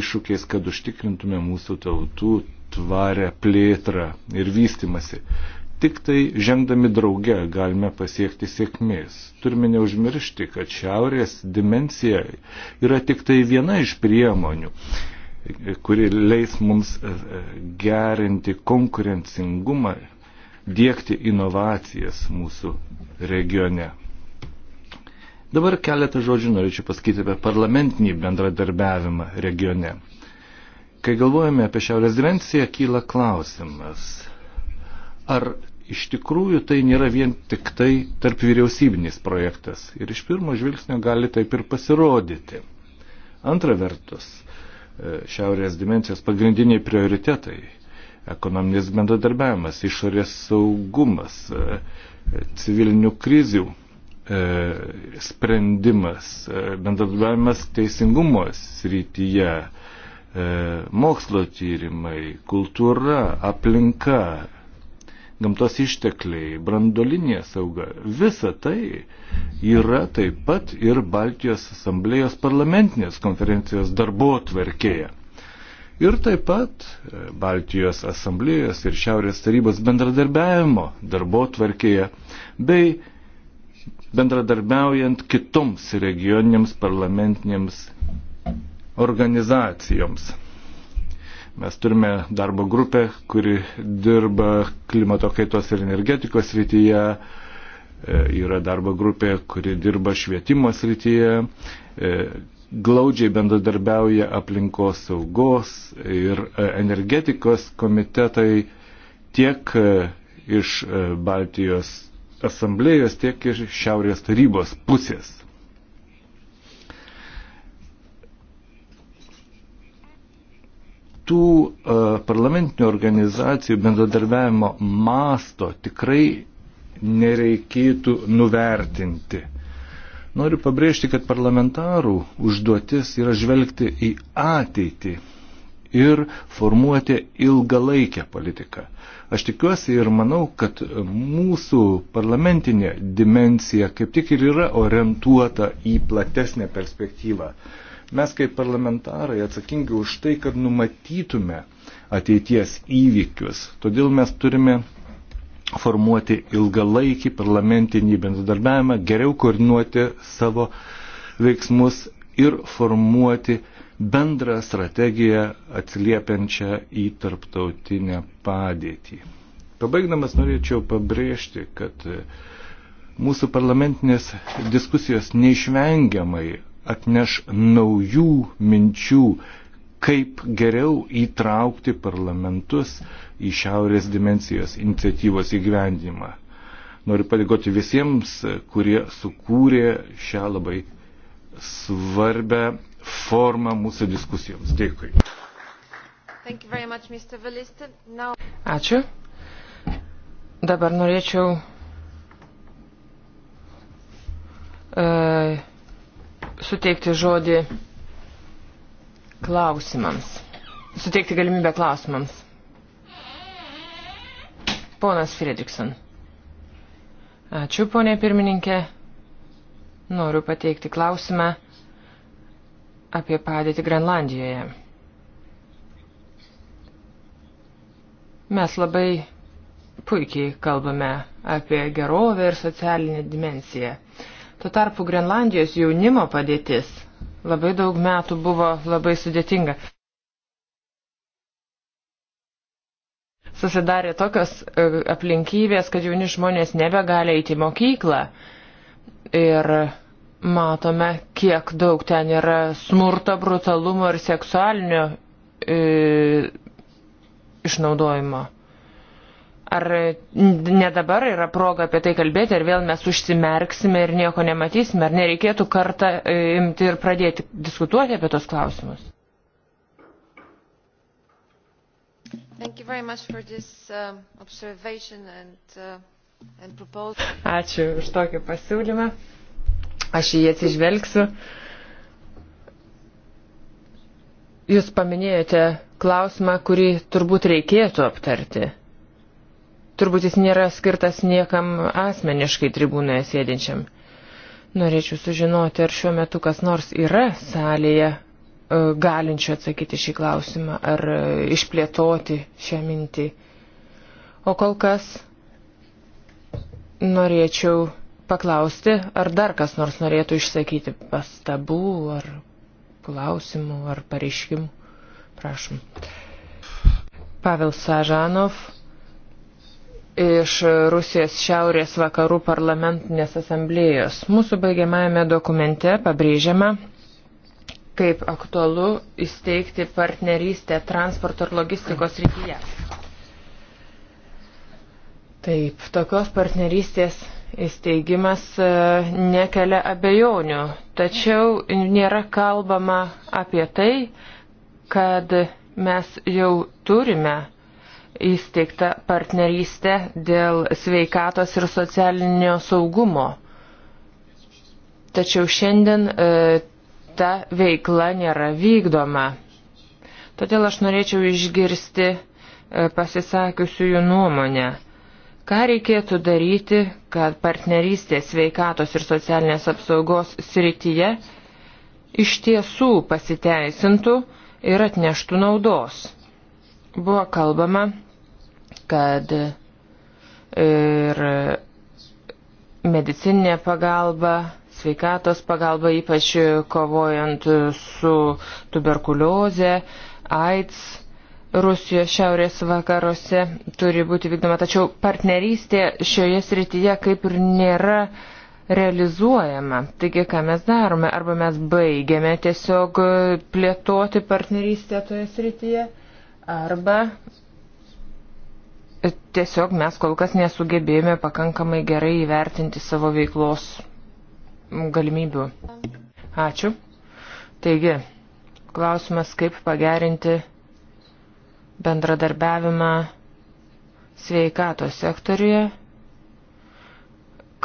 iššūkiais, kad užtikrintume mūsų tautų tvarę plėtrą ir vystimasi. Tik tai žengdami drauge galime pasiekti sėkmės. Turime neužmiršti, kad šiaurės dimensija yra tik tai viena iš priemonių kuri leis mums e, e, gerinti konkurencingumą, dėkti inovacijas mūsų regione. Dabar keletą žodžių norėčiau pasakyti apie parlamentinį bendradarbiavimą regione. Kai galvojame apie šiaurės dimensiją, kyla klausimas, ar iš tikrųjų tai nėra vien tik tai tarp vyriausybinis projektas. Ir iš pirmo žvilgsnio gali taip ir pasirodyti. Antra vertus, E, šiaurės dimensijos pagrindiniai prioritetai - ekonominis bendradarbiavimas, išorės saugumas, e, e, civilinių krizių sprendimas, bendradarbiavimas teisingumo srityje, mokslo tyrimai, kultūra, aplinka, gamtos ištekliai, brandolinė sauga. Visa tai yra taip pat ir Baltijos asamblėjos parlamentinės konferencijos darbo tvarkėje. Ir taip pat e, Baltijos asamblėjos ir Šiaurės tarybos bendradarbiavimo darbo tvarkėje bei bendradarbiaujant kitoms regioniniams parlamentinėms organizacijoms. Mes turime darbo grupę, kuri dirba klimato kaitos ir energetikos srityje, e, yra darbo grupė, kuri dirba švietimo srityje, e, glaudžiai bendradarbiauja aplinkos saugos ir e, energetikos komitetai tiek iš Baltijos asamblėjos, tiek iš Šiaurės tarybos pusės. tų e, parlamentinių organizacijų bendradarbiavimo masto tikrai nereikėtų nuvertinti. Noriu pabrėžti, kad parlamentarų užduotis yra žvelgti į ateitį ir formuoti ilgalaikę politiką. Aš tikiuosi ir manau, kad mūsų parlamentinė dimensija kaip tik ir yra orientuota į platesnę perspektyvą. Mes kaip parlamentarai atsakingi už tai, kad numatytume ateities įvykius. Todėl mes turime formuoti ilgalaikį parlamentinį bendradarbiavimą, geriau koordinuoti savo veiksmus ir formuoti bendrą strategiją atsiliepiančią į tarptautinę padėtį. Pabaigdamas norėčiau pabrėžti, kad mūsų parlamentinės diskusijos neišvengiamai atneš naujų minčių, kaip geriau įtraukti parlamentus į šiaurės dimensijos iniciatyvos įgyvendimą. Noriu padėkoti visiems, kurie sukūrė šią labai svarbę formą mūsų diskusijoms. Dėkui. Much, Now... Ačiū. Dabar norėčiau. Uh, suteikti žodį klausimams. Suteikti galimybę klausimams. Ponas Fredrikson. Ačiū, ponė pirmininkė. Noriu pateikti klausimą apie padėtį Grenlandijoje. Mes labai puikiai kalbame apie gerovę ir socialinę dimensiją. Tuo tarpu Grenlandijos jaunimo padėtis labai daug metų buvo labai sudėtinga. Susidarė tokios e, aplinkybės, kad jauni žmonės nebegali eiti į mokyklą. Ir matome, kiek daug ten yra smurto, brutalumo ir seksualinio e, išnaudojimo. Ar ne dabar yra proga apie tai kalbėti, ar vėl mes užsimerksime ir nieko nematysime, ar nereikėtų kartą e, imti ir pradėti diskutuoti apie tos klausimus? This, uh, and, uh, and Ačiū už tokį pasiūlymą. Aš jį atsižvelgsiu. Jūs paminėjote klausimą, kurį turbūt reikėtų aptarti Turbūt jis nėra skirtas niekam asmeniškai tribūnoje sėdinčiam. Norėčiau sužinoti, ar šiuo metu kas nors yra salėje e, galinčių atsakyti šį klausimą ar e, išplėtoti šią mintį. O kol kas norėčiau paklausti, ar dar kas nors norėtų išsakyti pastabų ar klausimų ar pareiškimų. Prašom. Pavel Sažanov iš Rusijos šiaurės vakarų parlamentinės asamblėjos. Mūsų baigiamajame dokumente pabrėžiama, kaip aktualu įsteigti partnerystę transporto ir logistikos rytyje. Taip, tokios partnerystės įsteigimas e, nekelia abejonių, tačiau nėra kalbama apie tai, kad mes jau turime uh, įsteigta partnerystė dėl sveikatos ir socialinio saugumo. Tačiau šiandien e, ta veikla nėra vykdoma. Todėl aš norėčiau išgirsti e, pasisakiusiųjų nuomonę. Ką reikėtų daryti, kad partnerystė sveikatos ir socialinės apsaugos srityje iš tiesų pasiteisintų ir atneštų naudos? Buvo kalbama, kad ir medicinė pagalba, sveikatos pagalba, ypač kovojant su tuberkulioze, AIDS Rusijos šiaurės vakaruose turi būti vykdoma. Tačiau partnerystė šioje srityje kaip ir nėra realizuojama. Taigi, ką mes darome? Arba mes baigiame tiesiog plėtoti partnerystę toje srityje? Arba tiesiog mes kol kas nesugebėjome pakankamai gerai įvertinti savo veiklos galimybių. Ačiū. Taigi, klausimas, kaip pagerinti bendradarbiavimą sveikatos sektoriuje,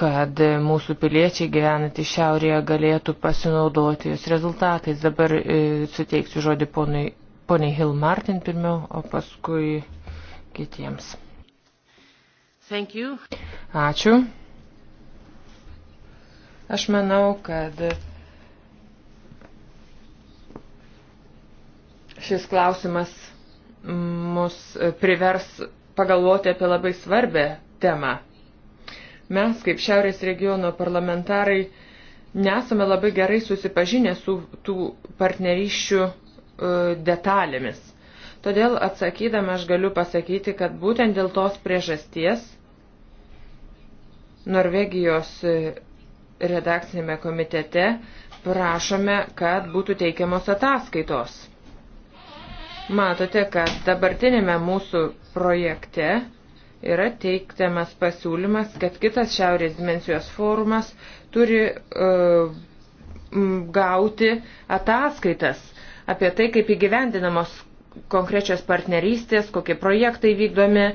kad mūsų piliečiai gyvenantys šiaurėje galėtų pasinaudoti jos rezultatais. Dabar e, suteiksiu žodį ponui poniai Hill Martin pirmiau, o paskui kitiems. Thank you. Ačiū. Aš manau, kad šis klausimas mus privers pagalvoti apie labai svarbę temą. Mes, kaip Šiaurės regiono parlamentarai, nesame labai gerai susipažinę su tų partnerysčių E, detalėmis. Todėl atsakydama aš galiu pasakyti, kad būtent dėl tos priežasties Norvegijos redakcinėme komitete prašome, kad būtų teikiamos ataskaitos. Matote, kad dabartinėme mūsų projekte yra teiktamas pasiūlymas, kad kitas Šiaurės dimensijos forumas turi uh, gauti ataskaitas apie tai, kaip įgyvendinamos konkrečios partnerystės, kokie projektai vykdomi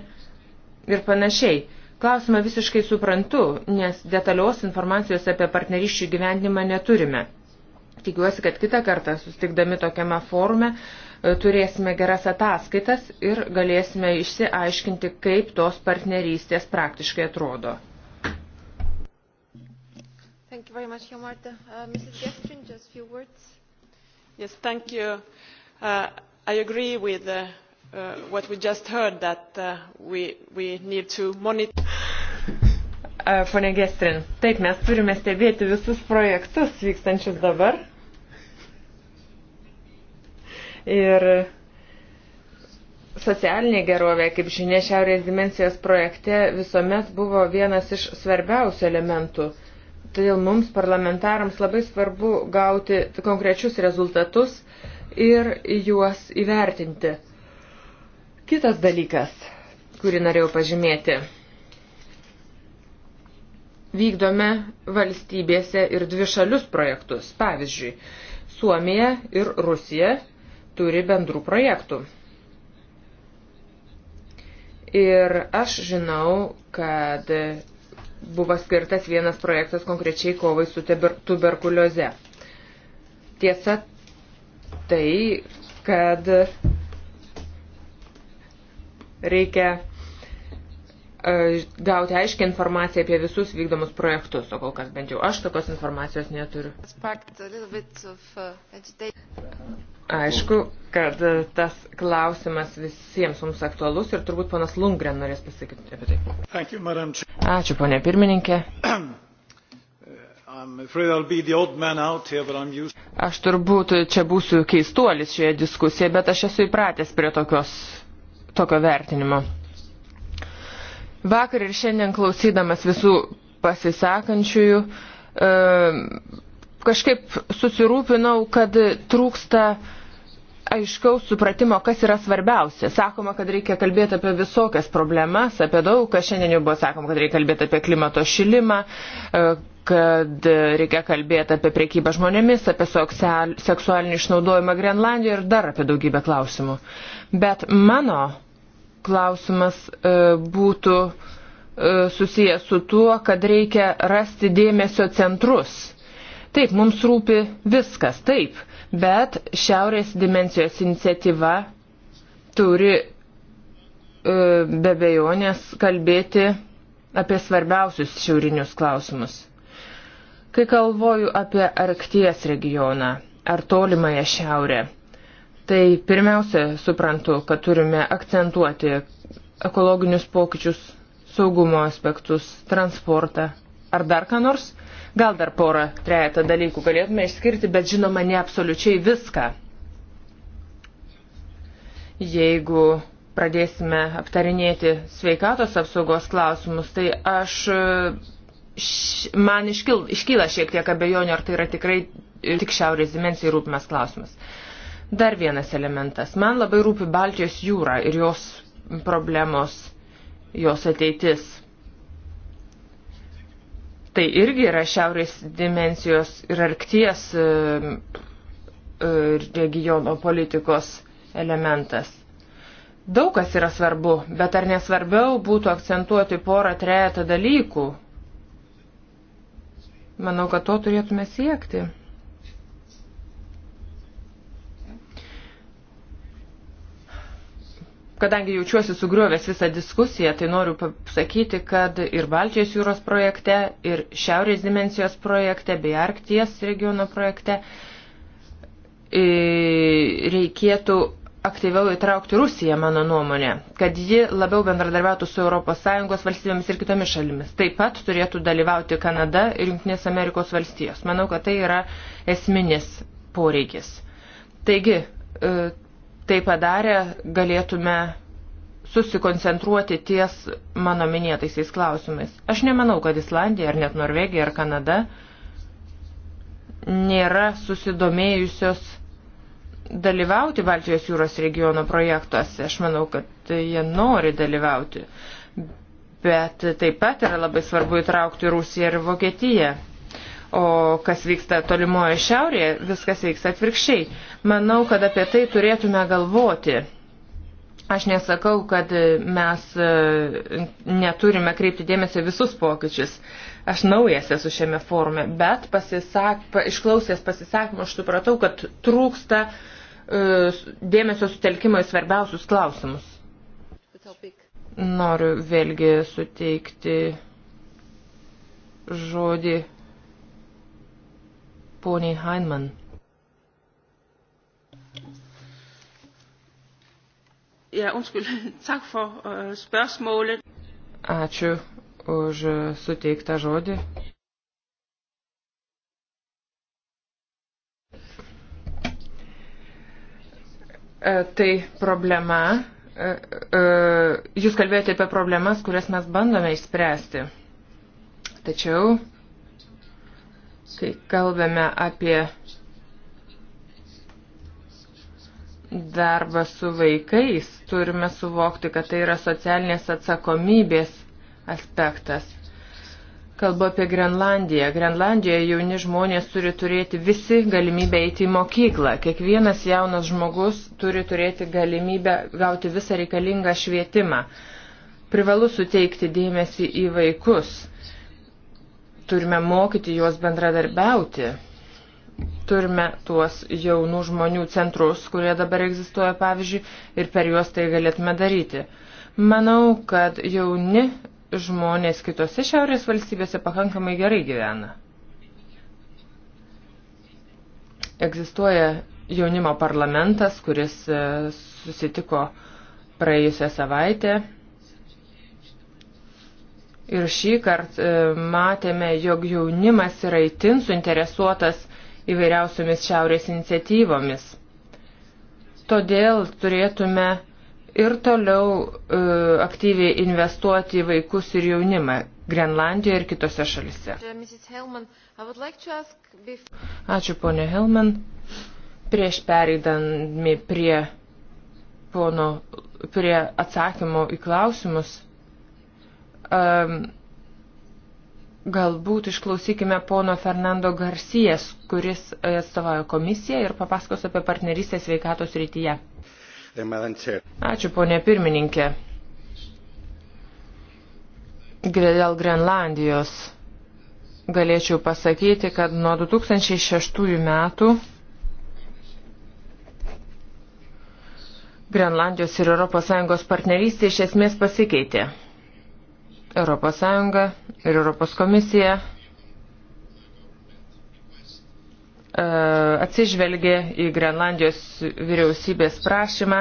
ir panašiai. Klausimą visiškai suprantu, nes detalios informacijos apie partnerysčių gyvendimą neturime. Tikiuosi, kad kitą kartą, sustikdami tokiame forume, turėsime geras ataskaitas ir galėsime išsiaiškinti, kaip tos partnerystės praktiškai atrodo. Thank you very much, Marta. Uh, Mrs. Gestrin, just few words. Yes, thank you. Uh, I agree with uh, uh, what we just heard that uh, we, we need to monitor. Uh, pone Gestrin, taip mes turime stebėti visus projektus vykstančius dabar. Ir socialinė gerovė, kaip žinia, Šiaurės dimensijos projekte visuomet buvo vienas iš svarbiausių elementų Todėl mums, parlamentarams, labai svarbu gauti konkrečius rezultatus ir juos įvertinti. Kitas dalykas, kurį norėjau pažymėti. Vykdome valstybėse ir dvišalius projektus. Pavyzdžiui, Suomija ir Rusija turi bendrų projektų. Ir aš žinau, kad buvo skirtas vienas projektas konkrečiai kovai su tuberkulioze. Tiesa tai, kad reikia E, gauti aiškę informaciją apie visus vykdomus projektus, o kol kas bent jau aš tokios informacijos neturiu. Aišku, kad tas klausimas visiems mums aktualus ir turbūt panas Lungren norės pasakyti apie tai. Ačiū, ponė pirmininkė. [clears throat] Aš turbūt čia būsiu keistuolis šioje diskusijoje, bet aš esu įpratęs prie tokios, tokio vertinimo. Vakar ir šiandien klausydamas visų pasisakančiųjų, e, kažkaip susirūpinau, kad trūksta aiškaus supratimo, kas yra svarbiausia. Sakoma, kad reikia kalbėti apie visokias problemas, apie daug, kas šiandien jau buvo sakoma, kad reikia kalbėti apie klimato šilimą, e, kad reikia kalbėti apie priekybą žmonėmis, apie seksualinį išnaudojimą Grenlandijoje ir dar apie daugybę klausimų. Bet mano klausimas e, būtų e, susijęs su tuo, kad reikia rasti dėmesio centrus. Taip, mums rūpi viskas, taip, bet Šiaurės dimensijos iniciatyva turi e, be bejonės kalbėti apie svarbiausius šiaurinius klausimus. Kai kalvoju apie Arkties regioną ar tolimąją šiaurę, Tai pirmiausia, suprantu, kad turime akcentuoti ekologinius pokyčius, saugumo aspektus, transportą ar dar ką nors. Gal dar porą, trejata dalykų galėtume išskirti, bet žinoma, ne absoliučiai viską. Jeigu pradėsime aptarinėti sveikatos apsaugos klausimus, tai aš, š, man iškil, iškyla šiek tiek abejonių, ar tai yra tikrai tik šiaurės dimensijai rūpimas klausimas. Uh, Dar vienas elementas. Man labai rūpi Baltijos jūra ir jos problemos, jos ateitis. Tai irgi yra šiaurės dimensijos ir arkties e, e, regiono politikos elementas. Daug kas yra svarbu, bet ar nesvarbiau būtų akcentuoti porą trejata dalykų? Manau, kad to turėtume siekti. Kadangi jaučiuosi sugriovęs visą diskusiją, tai noriu pasakyti, kad ir Baltijos jūros projekte, ir Šiaurės dimensijos projekte, bei Arkties regiono projekte e, reikėtų aktyviau įtraukti Rusiją, mano nuomonė, kad ji labiau bendradarbiautų su ES valstybėmis ir kitomis šalimis. Taip pat turėtų dalyvauti Kanada ir Junktinės Amerikos valstijos. Manau, kad tai yra esminis poreikis. Taigi, e, tai padarę galėtume susikoncentruoti ties mano minėtaisiais klausimais. Aš nemanau, kad Islandija ar net Norvegija ar Kanada nėra susidomėjusios dalyvauti Baltijos jūros regiono projektuose. Aš manau, kad jie nori dalyvauti. Bet taip pat yra labai svarbu įtraukti Rusiją ir Vokietiją. O kas vyksta tolimoje šiaurėje, viskas vyksta atvirkščiai. Manau, kad apie tai turėtume galvoti. Aš nesakau, kad mes e, neturime kreipti dėmesio visus pokyčius. Aš naujas esu šiame forume, bet pasisak, pa, išklausęs pasisakymą aš supratau, kad trūksta uh, dėmesio sutelkimo į svarbiausius klausimus. Noriu vėlgi suteikti žodį Poniai Heinman. Ja, undskyld. [laughs] Tak for uh, spørgsmålet. Ačiū už øh, suteiktą žodį. E, tai problema. E, e, jūs kalbėjote apie problemas, kurias mes bandome išspręsti. Tačiau Kai kalbame apie darbą su vaikais, turime suvokti, kad tai yra socialinės atsakomybės aspektas. Kalbu apie Grenlandiją. Grenlandijoje jauni žmonės turi turėti visi galimybę eiti į mokyklą. Kiekvienas jaunas žmogus turi turėti galimybę gauti visą reikalingą švietimą. Privalu suteikti dėmesį į vaikus Turime mokyti juos bendradarbiauti. Turime tuos jaunų žmonių centrus, kurie dabar egzistuoja, pavyzdžiui, ir per juos tai galėtume daryti. Manau, kad jauni žmonės kitose šiaurės valstybėse pakankamai gerai gyvena. Egzistuoja jaunimo parlamentas, kuris e, susitiko praėjusią savaitę Ir šį kartą e, matėme, jog jaunimas yra įtin suinteresuotas įvairiausiomis šiaurės iniciatyvomis. Todėl turėtume ir toliau e, aktyviai investuoti į vaikus ir jaunimą Grenlandijoje ir kitose šalise. Ačiū, ponė Helman. Prieš pereidami prie, pono, prie atsakymų į klausimus, um, galbūt išklausykime pono Fernando Garcijas, kuris atstovauja komisiją ir papasakos apie partnerystę sveikatos rytyje. Eh, Ačiū, ponė pirmininkė. Dėl Grenlandijos galėčiau pasakyti, kad nuo 2006 metų Grenlandijos ir ES partnerystė iš esmės pasikeitė. Europos Sąjunga ir Europos komisija e, atsižvelgė į Grenlandijos vyriausybės prašymą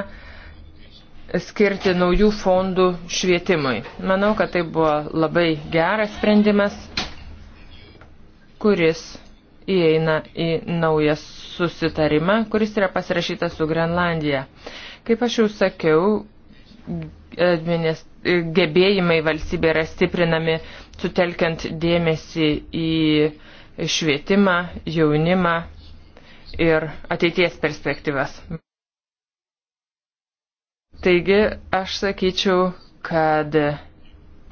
skirti naujų fondų švietimui. Manau, kad tai buvo labai geras sprendimas, kuris įeina į naują susitarimą, kuris yra pasirašytas su Grenlandija. Kaip aš jau sakiau, administ... gebėjimai valstybė yra stiprinami, sutelkiant dėmesį į švietimą, jaunimą ir ateities perspektyvas. Taigi, aš sakyčiau, kad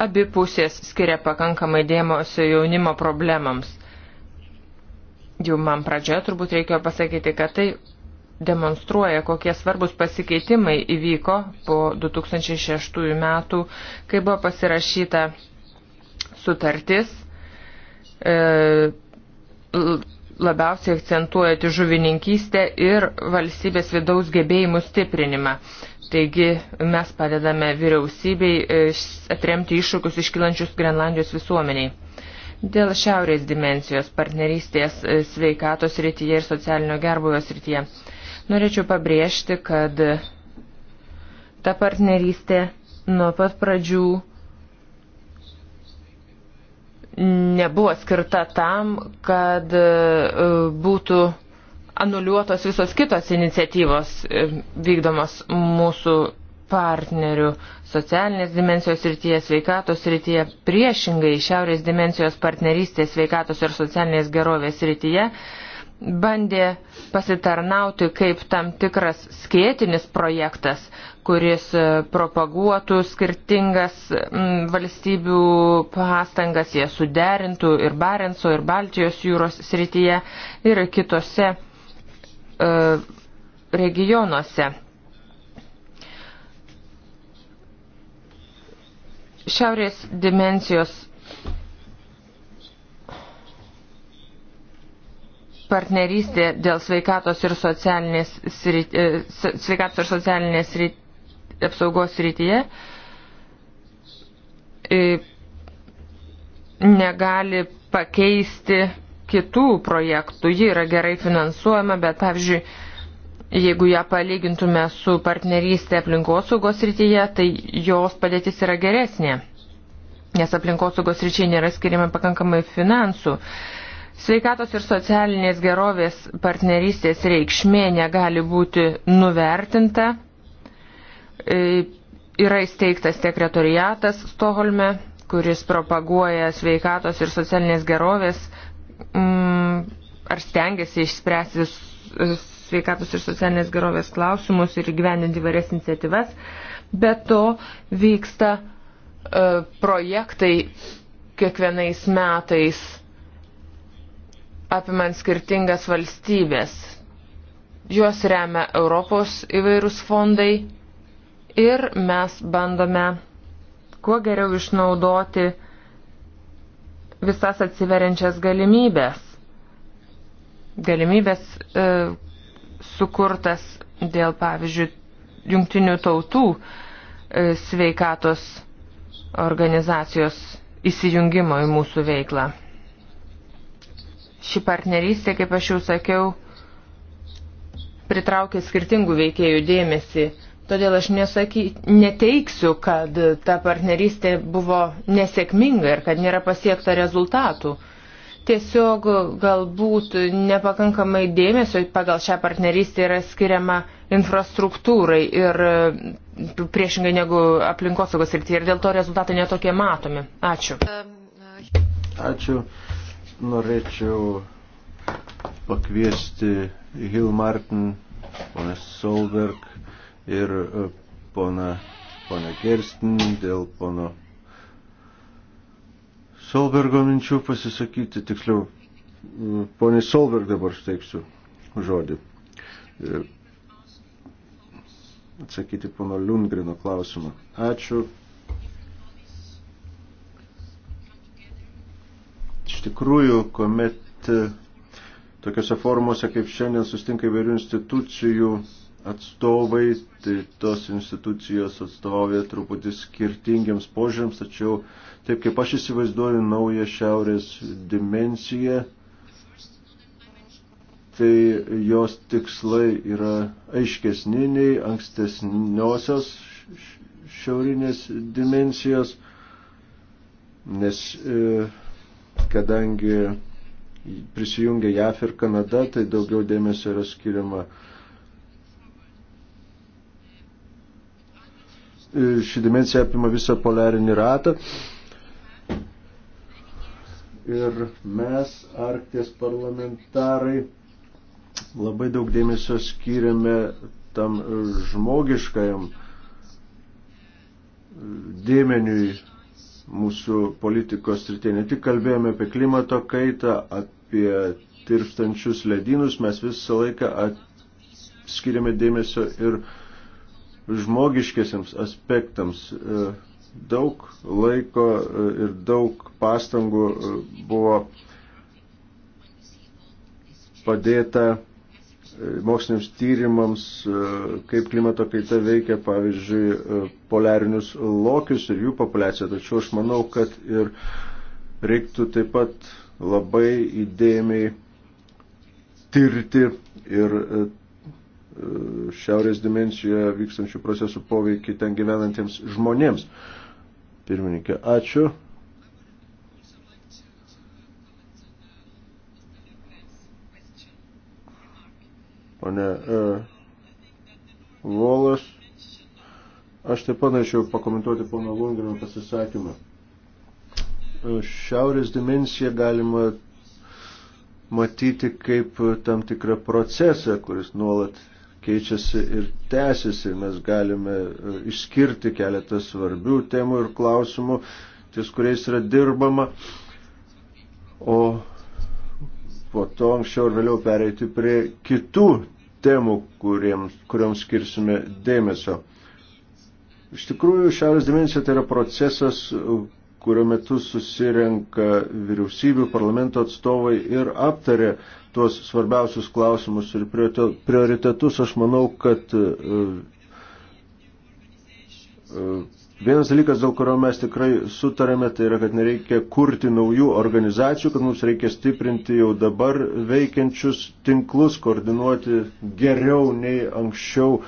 abi pusės skiria pakankamai dėmesio jaunimo problemams. Jau man pradžioje turbūt reikėjo pasakyti, kad tai demonstruoja, kokie svarbus pasikeitimai įvyko po 2006 metų, kai buvo pasirašyta sutartis e, labiausiai akcentuojate žuvininkystę ir valstybės vidaus gebėjimų stiprinimą. Taigi mes padedame vyriausybei e, atremti iššūkius iškilančius Grenlandijos visuomeniai. Dėl šiaurės dimensijos partnerystės e, sveikatos rytyje ir socialinio gerbuvio rytyje. Norėčiau pabrėžti, kad ta partnerystė nuo pat pradžių nebuvo skirta tam, kad e, būtų anuliuotos visos kitos iniciatyvos e, vykdomos mūsų partnerių socialinės dimensijos rytyje, sveikatos rytyje, priešingai šiaurės dimensijos partnerystės sveikatos ir socialinės gerovės rytyje bandė pasitarnauti kaip tam tikras skėtinis projektas, kuris e, propaguotų skirtingas m, mm, valstybių pastangas, jie suderintų ir Barenco, ir Baltijos jūros srityje, ir kitose e, regionuose. Šiaurės dimensijos partnerystė dėl sveikatos ir socialinės, srit, e, sveikatos ir socialinės srit, apsaugos srityje e, negali pakeisti kitų projektų. Ji yra gerai finansuojama, bet pavyzdžiui, jeigu ją palygintume su partnerystė aplinkosaugos srityje, tai jos padėtis yra geresnė, nes aplinkosaugos sričiai nėra skiriama pakankamai finansų. Sveikatos ir socialinės gerovės partnerystės reikšmė negali būti nuvertinta. E, yra įsteigtas sekretoriatas Stoholme, kuris propaguoja sveikatos ir socialinės gerovės mm, ar stengiasi išspręsti sveikatos ir socialinės gerovės klausimus ir gyveninti įvairias iniciatyvas. Be to vyksta e, projektai kiekvienais metais apimant skirtingas valstybės. Juos remia Europos įvairūs fondai ir mes bandome kuo geriau išnaudoti visas atsiveriančias galimybės. Galimybės e, sukurtas dėl, pavyzdžiui, jungtinių tautų e, sveikatos organizacijos įsijungimo į mūsų veiklą. Ši partnerystė, kaip aš jau sakiau, pritraukia skirtingų veikėjų dėmesį. Todėl aš nesaky, neteiksiu, kad ta partnerystė buvo nesėkminga ir kad nėra pasiekta rezultatų. Tiesiog galbūt nepakankamai dėmesio pagal šią partnerystę yra skiriama infrastruktūrai ir e, priešingai negu aplinkosaugos srityje ir dėl to rezultatai netokie matomi. Ačiū. Ačiū norėčiau pakviesti Hill Martin, ponę Solberg ir e, poną, poną Kerstin dėl pono Solbergo minčių pasisakyti, tiksliau, ponė Solberg dabar steiksiu žodį. E, atsakyti pono Liungrino klausimą. Ačiū. Iš tikrųjų, kuomet e, tokiuose formuose kaip šiandien sustinka įvairių institucijų atstovai, tai tos institucijos atstovė truputį skirtingiams požiūrėms, tačiau taip kaip aš įsivaizduoju naują šiaurės dimensiją, tai jos tikslai yra aiškesni nei ankstesniosios šiaurinės dimensijos, nes e, kadangi prisijungia JAF ir Kanada, tai daugiau dėmesio yra skiriama ši dimensija apima visą poliarinį ratą. Ir mes, Arkties parlamentarai, labai daug dėmesio skiriame tam žmogiškajam dėmeniui mūsų politikos srityje. Ne tik kalbėjome apie klimato kaitą, apie tirpstančius ledynus, mes visą laiką skiriame dėmesio ir žmogiškėsiams aspektams. Daug laiko ir daug pastangų buvo padėta moksliniams tyrimams, e, kaip klimato kaita veikia, pavyzdžiui, e, polarinius lokius ir jų populiaciją. Tačiau aš manau, kad ir reiktų taip pat labai įdėmiai tirti ir e, šiaurės dimensijoje vykstančių procesų poveikį ten gyvenantiems žmonėms. Pirmininkė, ačiū. pane e, Volas. Aš taip panašiau pakomentuoti pono Lundgrino pasisakymą. E, šiaurės dimensiją galima matyti kaip tam tikrą procesą, kuris nuolat keičiasi ir tęsiasi. Mes galime e, išskirti keletą svarbių temų ir klausimų, ties kuriais yra dirbama. O po to anksčiau ir vėliau pereiti prie kitų temų, kuriems, kurioms skirsime dėmesio. Iš tikrųjų, šiaurės dimensija tai yra procesas, kurio metu susirenka vyriausybių, parlamento atstovai ir aptarė tuos svarbiausius klausimus ir prioritetus. Aš manau, kad e, e, Vienas dalykas, dėl kurio mes tikrai sutarėme, tai yra, kad nereikia kurti naujų organizacijų, kad mums reikia stiprinti jau dabar veikiančius tinklus, koordinuoti geriau nei anksčiau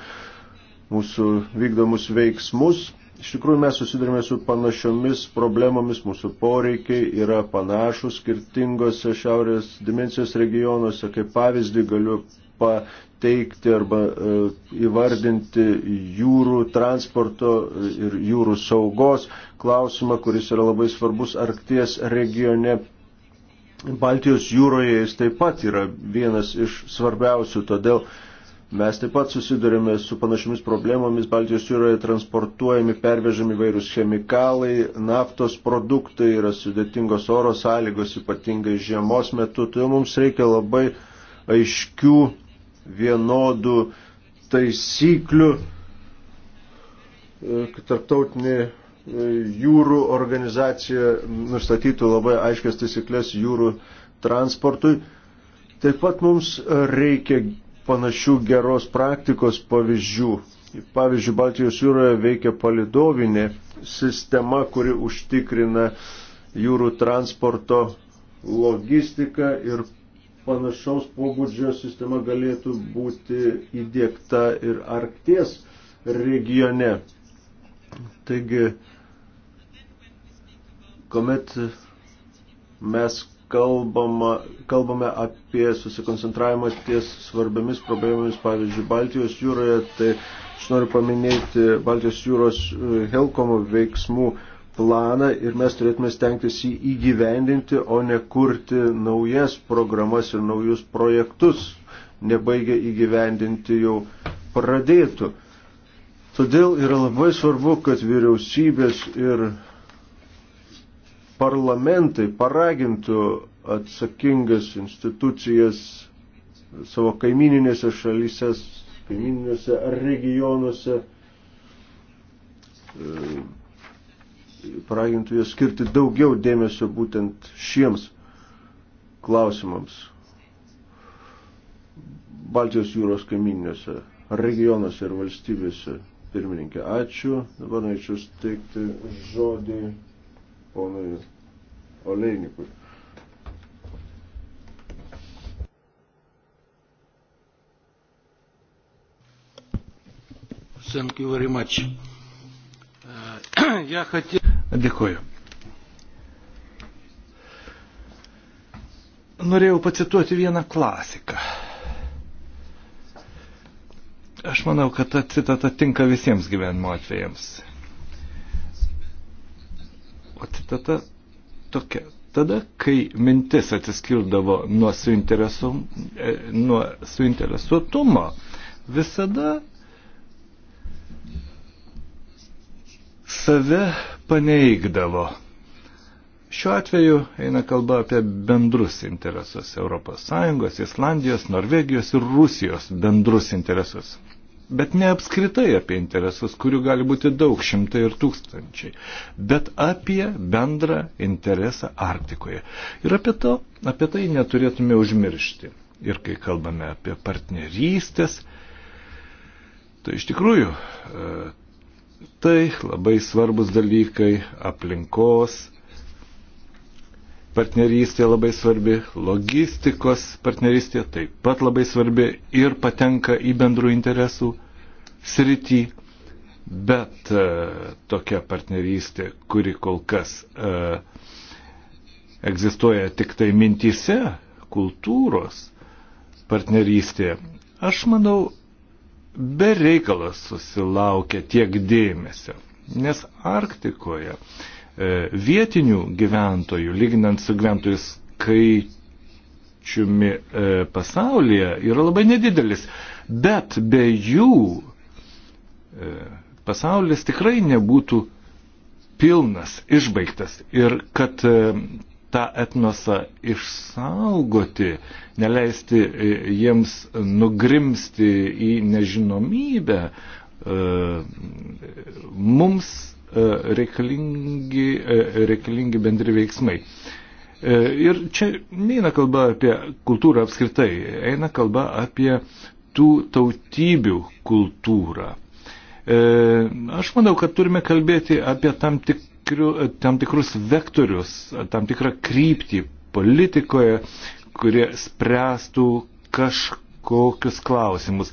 mūsų vykdomus veiksmus. Iš tikrųjų mes susidurime su panašiomis problemomis, mūsų poreikiai yra panašus skirtingose šiaurės dimensijos regionuose. Kaip pavyzdį galiu pateikti arba e, įvardinti jūrų transporto ir jūrų saugos klausimą, kuris yra labai svarbus Arkties regione. Baltijos jūroje jis taip pat yra vienas iš svarbiausių, todėl Mes taip pat susidurėme su panašiomis problemomis. Baltijos jūroje transportuojami, pervežami vairūs chemikalai, naftos produktai, yra sudėtingos oro sąlygos, ypatingai žiemos metu. Todėl mums reikia labai aiškių vienodų taisyklių. E, tarptautinė e, jūrų organizacija nustatytų labai aiškias taisyklės jūrų transportui. Taip pat mums reikia panašių geros praktikos pavyzdžių. Pavyzdžiui, Baltijos jūroje veikia palidovinė sistema, kuri užtikrina jūrų transporto logistiką ir panašaus pobūdžio sistema galėtų būti įdėkta ir Arkties regione. Taigi, kuomet mes kalbama, kalbame apie susikoncentravimą ties svarbiamis problemomis, pavyzdžiui, Baltijos jūroje, tai aš noriu paminėti Baltijos jūros e, Helkomo veiksmų uh, planą ir mes turėtume stengtis jį įgyvendinti, o ne kurti naujas programas ir naujus projektus, nebaigę įgyvendinti jau pradėtų. Todėl yra labai svarbu, kad vyriausybės ir parlamentai paragintų atsakingas institucijas savo kaimininėse šalyse, kaimininėse regionuose paragintų juos skirti daugiau dėmesio būtent šiems klausimams Baltijos jūros kaiminėse regionuose ir valstybėse. Pirmininkė, ačiū. Dabar norėčiau steikti žodį ponui Oleinikui. Thank you very much. Dėkuoju. Norėjau pacituoti vieną klasiką. Aš manau, kad ta citata tinka visiems gyvenimo atvejams. O citata tokia. Tada, kai mintis atsiskirdavo nuo, suinteresu, nuo suinteresuotumo, visada save paneigdavo. Šiuo atveju eina kalba apie bendrus interesus ES, Islandijos, Norvegijos ir Rusijos bendrus interesus. Bet ne apskritai apie interesus, kurių gali būti daug šimtai ir tūkstančiai, bet apie bendrą interesą Arktikoje. Ir apie, to, apie tai neturėtume užmiršti. Ir kai kalbame apie partnerystės, tai iš tikrųjų e, Tai labai svarbus dalykai - aplinkos, partnerystė labai svarbi, logistikos partnerystė taip pat labai svarbi ir patenka į bendrų interesų sritį. Bet e, tokia partnerystė, kuri kol kas e, egzistuoja tik tai mintise, kultūros partnerystė, aš manau, be reikalas susilaukia tiek dėmesio, nes Arktikoje e, vietinių gyventojų, lyginant su gyventojų skaičiumi e, pasaulyje, yra labai nedidelis, bet be jų e, pasaulis tikrai nebūtų pilnas, išbaigtas ir kad tą etnosą išsaugoti, neleisti e, jiems nugrimsti į nežinomybę, e, mums e, reikalingi, reikalingi bendri veiksmai. Ir čia neina kalba apie kultūrą apskritai, eina kalba apie tų tautybių kultūrą. Aš manau, kad turime kalbėti apie tam tik tikriu, tam tikrus vektorius, tam tikrą kryptį politikoje, kurie spręstų kažkokius klausimus.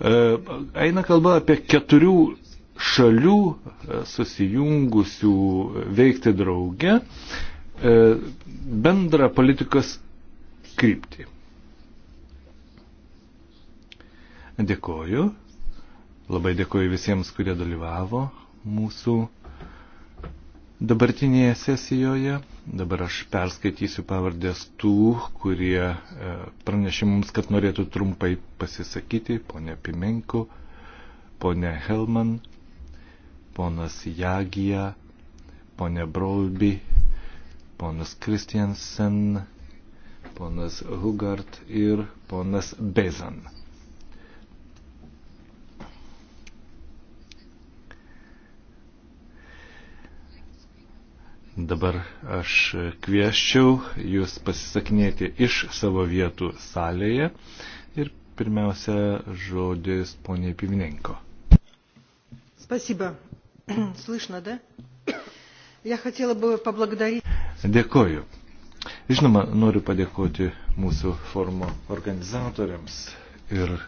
E, eina kalba apie keturių šalių e, susijungusių veikti drauge e, bendrą politikos kryptį. Dėkoju. Labai dėkoju visiems, kurie dalyvavo mūsų dabartinėje sesijoje. Dabar aš perskaitysiu pavardės tų, kurie e, pranešė mums, kad norėtų trumpai pasisakyti. Pone Pimenko, pone Helman, ponas Jagija, ponė Brolby, ponas Kristiansen, ponas Hugart ir ponas Bezan. Dabar aš kvieščiau jūs pasisakinėti iš savo vietų salėje ir pirmiausia žodis poniai Pivinenko. Спасибо. [clears throat] Слышно, да? Я хотела бы поблагодарить. Dėkoju. Žinoma, noriu padėkoti mūsų forumo organizatoriams ir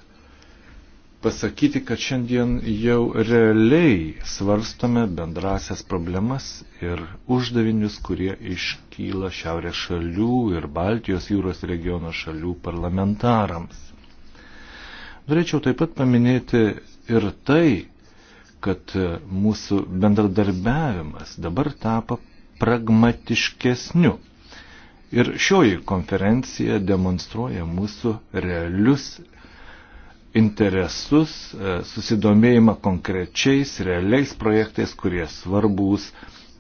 pasakyti, kad šiandien jau realiai svarstome bendrasias problemas ir uždavinius, kurie iškyla Šiaurės šalių ir Baltijos jūros regiono šalių parlamentarams. Norėčiau taip pat paminėti ir tai, kad mūsų bendradarbiavimas dabar tapo pragmatiškesniu. Ir šioji konferencija demonstruoja mūsų realius interesus, e, susidomėjimą konkrečiais, realiais projektais, kurie svarbus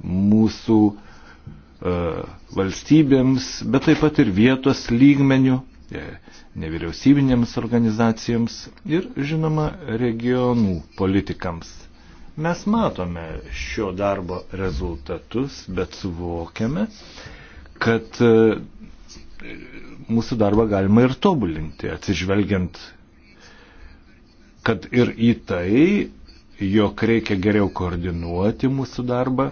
mūsų e, valstybėms, bet taip pat ir vietos lygmenių, e, nevyriausybinėms organizacijoms ir, žinoma, regionų politikams. Mes matome šio darbo rezultatus, bet suvokiame, kad mūsų darbą galima ir tobulinti, atsižvelgiant kad ir į tai, jog reikia geriau koordinuoti mūsų darbą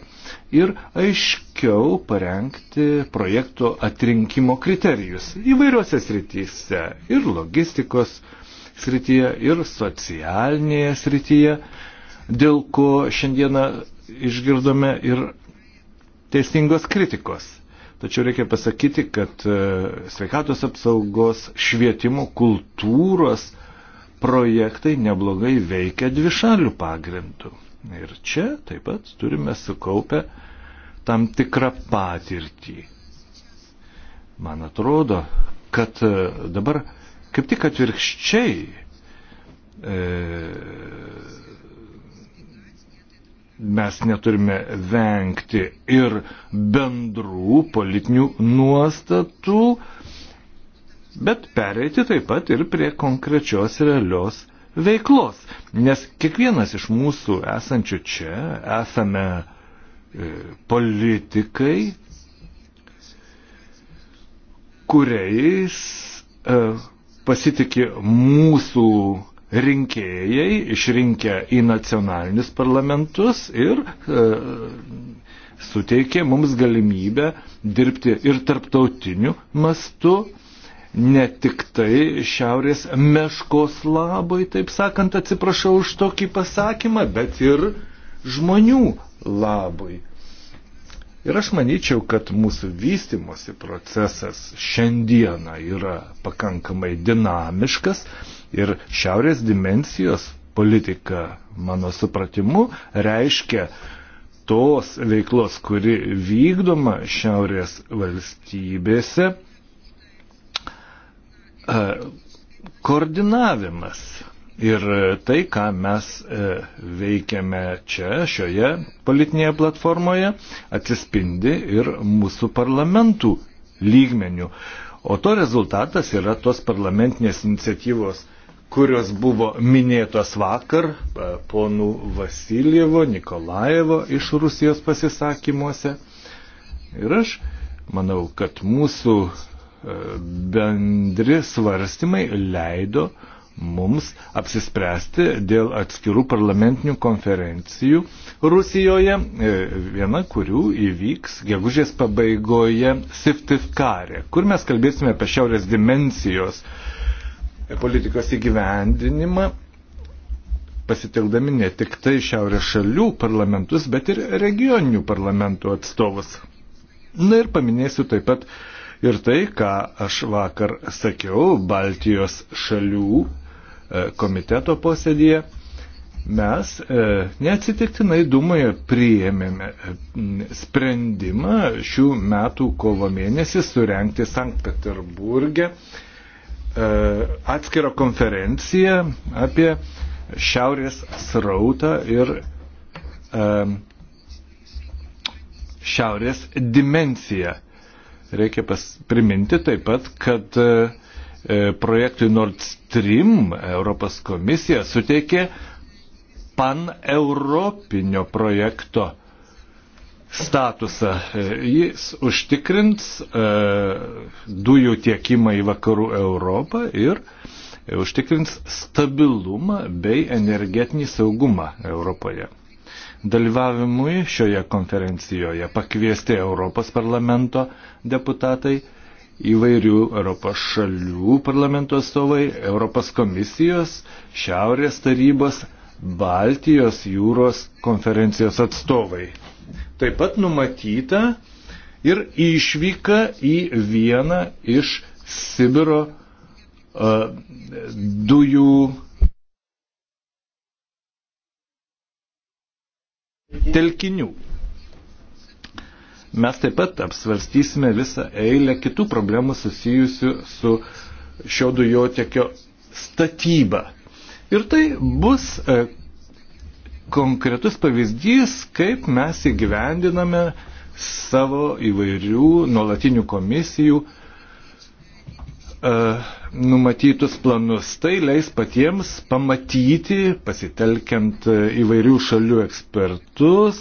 ir aiškiau parengti projektų atrinkimo kriterijus įvairiuose srityse ir logistikos srityje ir socialinėje srityje, dėl ko šiandieną išgirdome ir teisingos kritikos. Tačiau reikia pasakyti, kad e, sveikatos apsaugos, švietimo, kultūros projektai neblogai veikia dvišalių pagrindų. Ir čia taip pat turime sukaupę tam tikrą patirtį. Man atrodo, kad e, dabar kaip tik atvirkščiai e, mes neturime vengti ir bendrų politinių nuostatų, e, bet pereiti taip pat ir prie konkrečios realios veiklos. Nes kiekvienas iš mūsų esančių čia esame e, politikai, kuriais e, pasitikė mūsų rinkėjai, išrinkę į nacionalinius parlamentus ir e, suteikė mums galimybę dirbti ir tarptautiniu mastu, ne tik tai šiaurės meškos labui, taip sakant, atsiprašau už tokį pasakymą, bet ir žmonių labui. Ir aš manyčiau, kad mūsų vystimosi procesas šiandieną yra pakankamai dinamiškas ir šiaurės dimensijos politika, mano supratimu, reiškia tos veiklos, kuri vykdoma šiaurės valstybėse, E, koordinavimas ir tai, ką mes e, veikiame čia, šioje politinėje platformoje, atsispindi ir mūsų parlamentų lygmenių. O to rezultatas yra tos parlamentinės iniciatyvos kurios buvo minėtos vakar e, ponų Vasilievo, Nikolaevo iš Rusijos pasisakymuose. Ir aš manau, kad mūsų bendri svarstymai leido mums apsispręsti dėl atskirų parlamentinių konferencijų Rusijoje, e, viena kurių įvyks gegužės pabaigoje Siftifkare, kur mes kalbėsime apie šiaurės dimensijos politikos įgyvendinimą, pasitelkdami ne tik tai šiaurės šalių parlamentus, bet ir regioninių parlamentų atstovus. Na ir paminėsiu taip pat Ir tai, ką aš vakar sakiau Baltijos šalių e, komiteto posėdėje, mes e, neatsitiktinai Dumoje priėmėme e, sprendimą šių metų kovo mėnesį surenkti Sankt Peterburgė atskirą konferenciją apie šiaurės srautą ir šiaurės dimensiją Reikia pas, priminti taip pat, kad e, e, projektui Nord Stream Europos komisija suteikė paneuropinio projekto statusą. E, jis užtikrins e, dujų tiekimą į vakarų Europą ir e, užtikrins stabilumą bei energetinį saugumą Europoje dalyvavimui šioje konferencijoje pakviesti Europos parlamento deputatai, įvairių Europos šalių parlamento atstovai, Europos komisijos, Šiaurės tarybos, Baltijos jūros konferencijos atstovai. Taip pat numatyta ir išvyka į vieną iš Sibiro uh, dujų telkinių. Mes taip pat apsvarstysime visą eilę kitų problemų susijusių su šio dujotekio statyba. Ir tai bus e, konkretus pavyzdys, kaip mes įgyvendiname savo įvairių nuolatinių komisijų uh, E, numatytus planus. Tai leis patiems pamatyti, pasitelkiant e, įvairių šalių ekspertus,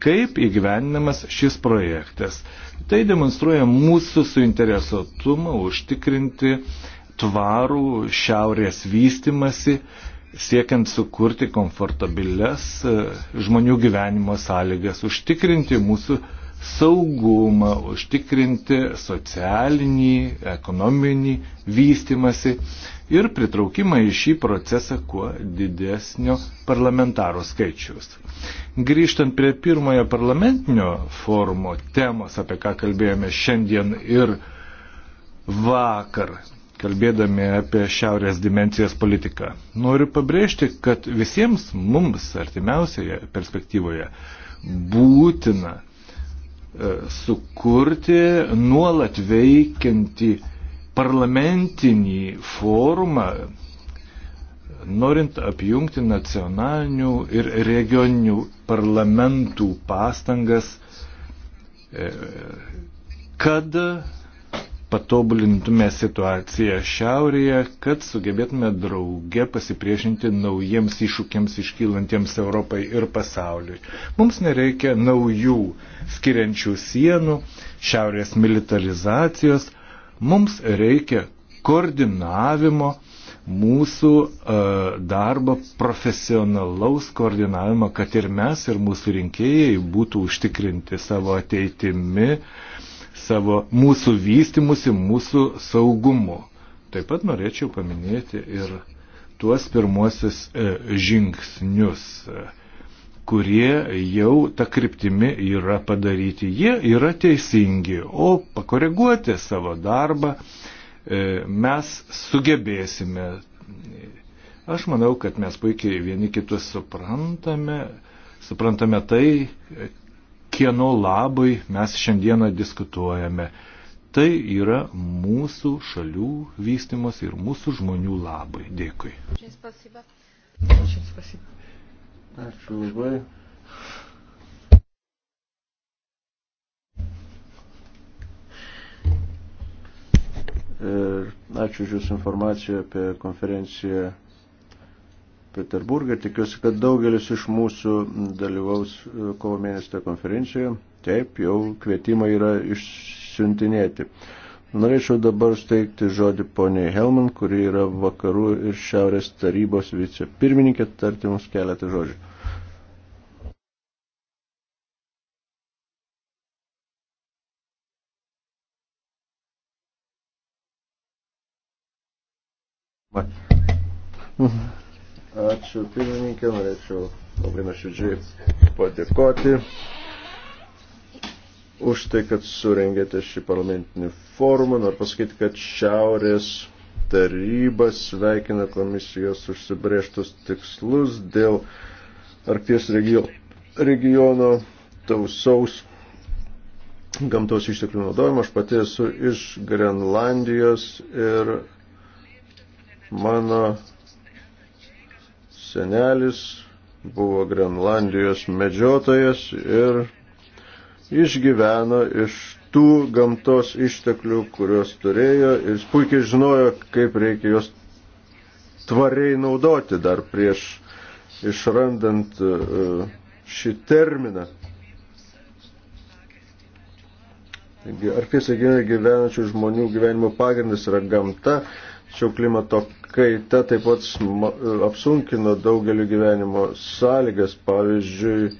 kaip įgyveninamas šis projektas. Tai demonstruoja mūsų suinteresuotumą užtikrinti tvarų šiaurės vystimasi, siekiant sukurti komfortabiles e, žmonių gyvenimo sąlygas, užtikrinti mūsų saugumą, užtikrinti socialinį, ekonominį vystimasi ir pritraukimą į šį procesą kuo didesnio parlamentarų skaičius. Grįžtant prie pirmojo parlamentinio forumo temos, apie ką kalbėjome šiandien ir vakar, kalbėdami apie šiaurės dimensijos politiką. Noriu pabrėžti, kad visiems mums artimiausioje perspektyvoje būtina E, sukurti nuolat veikiantį parlamentinį forumą, norint apjungti nacionalinių ir regioninių parlamentų pastangas, e, kad patobulintume situaciją šiaurėje, kad sugebėtume drauge pasipriešinti naujiems iššūkiams iškylantiems Europai ir pasauliui. Mums nereikia naujų skiriančių sienų, šiaurės militarizacijos, mums reikia koordinavimo mūsų e, darbo profesionalaus koordinavimo, kad ir mes, ir mūsų rinkėjai būtų užtikrinti savo ateitimi, e, savo mūsų vystimusi, mūsų saugumu. Taip pat norėčiau paminėti ir tuos pirmuosius e, žingsnius, e, kurie jau tą kryptimi yra padaryti. Jie yra teisingi, o pakoreguoti savo darbą e, mes sugebėsime. Aš manau, kad mes puikiai vieni kitus suprantame, suprantame tai, kieno labai mes šiandieną diskutuojame. Tai yra mūsų šalių vystimas ir mūsų žmonių labai. Dėkui. Ačiū labai. Ir ačiū už Jūsų informaciją apie konferenciją Peterburgą. Tikiuosi, kad daugelis iš mūsų dalyvaus e, kovo mėnesio konferencijoje. Taip, jau kvietimai yra išsiuntinėti. Norėčiau dabar steigti žodį poniai Helman, kuri yra vakarų ir šiaurės tarybos vicepirmininkė, tarti mums keletą žodžių. Va. Mhm. Ačiū pirmininkė, norėčiau labai nuoširdžiai padėkoti už tai, kad surengėte šį parlamentinį forumą. Noriu pasakyti, kad Šiaurės taryba sveikina komisijos užsibrėžtus tikslus dėl Arkties regio, regiono tausaus gamtos išteklių naudojimo. Aš pati esu iš Grenlandijos ir mano senelis buvo Grenlandijos medžiotojas ir išgyveno iš tų gamtos išteklių, kuriuos turėjo ir jis puikiai žinojo, kaip reikia juos tvariai naudoti dar prieš išrandant e, šį terminą. Taigi, ar tiesiog gyvenančių žmonių gyvenimo pagrindas yra gamta, Šiau klimato kaita taip pat apsunkino daugelį gyvenimo sąlygas, pavyzdžiui,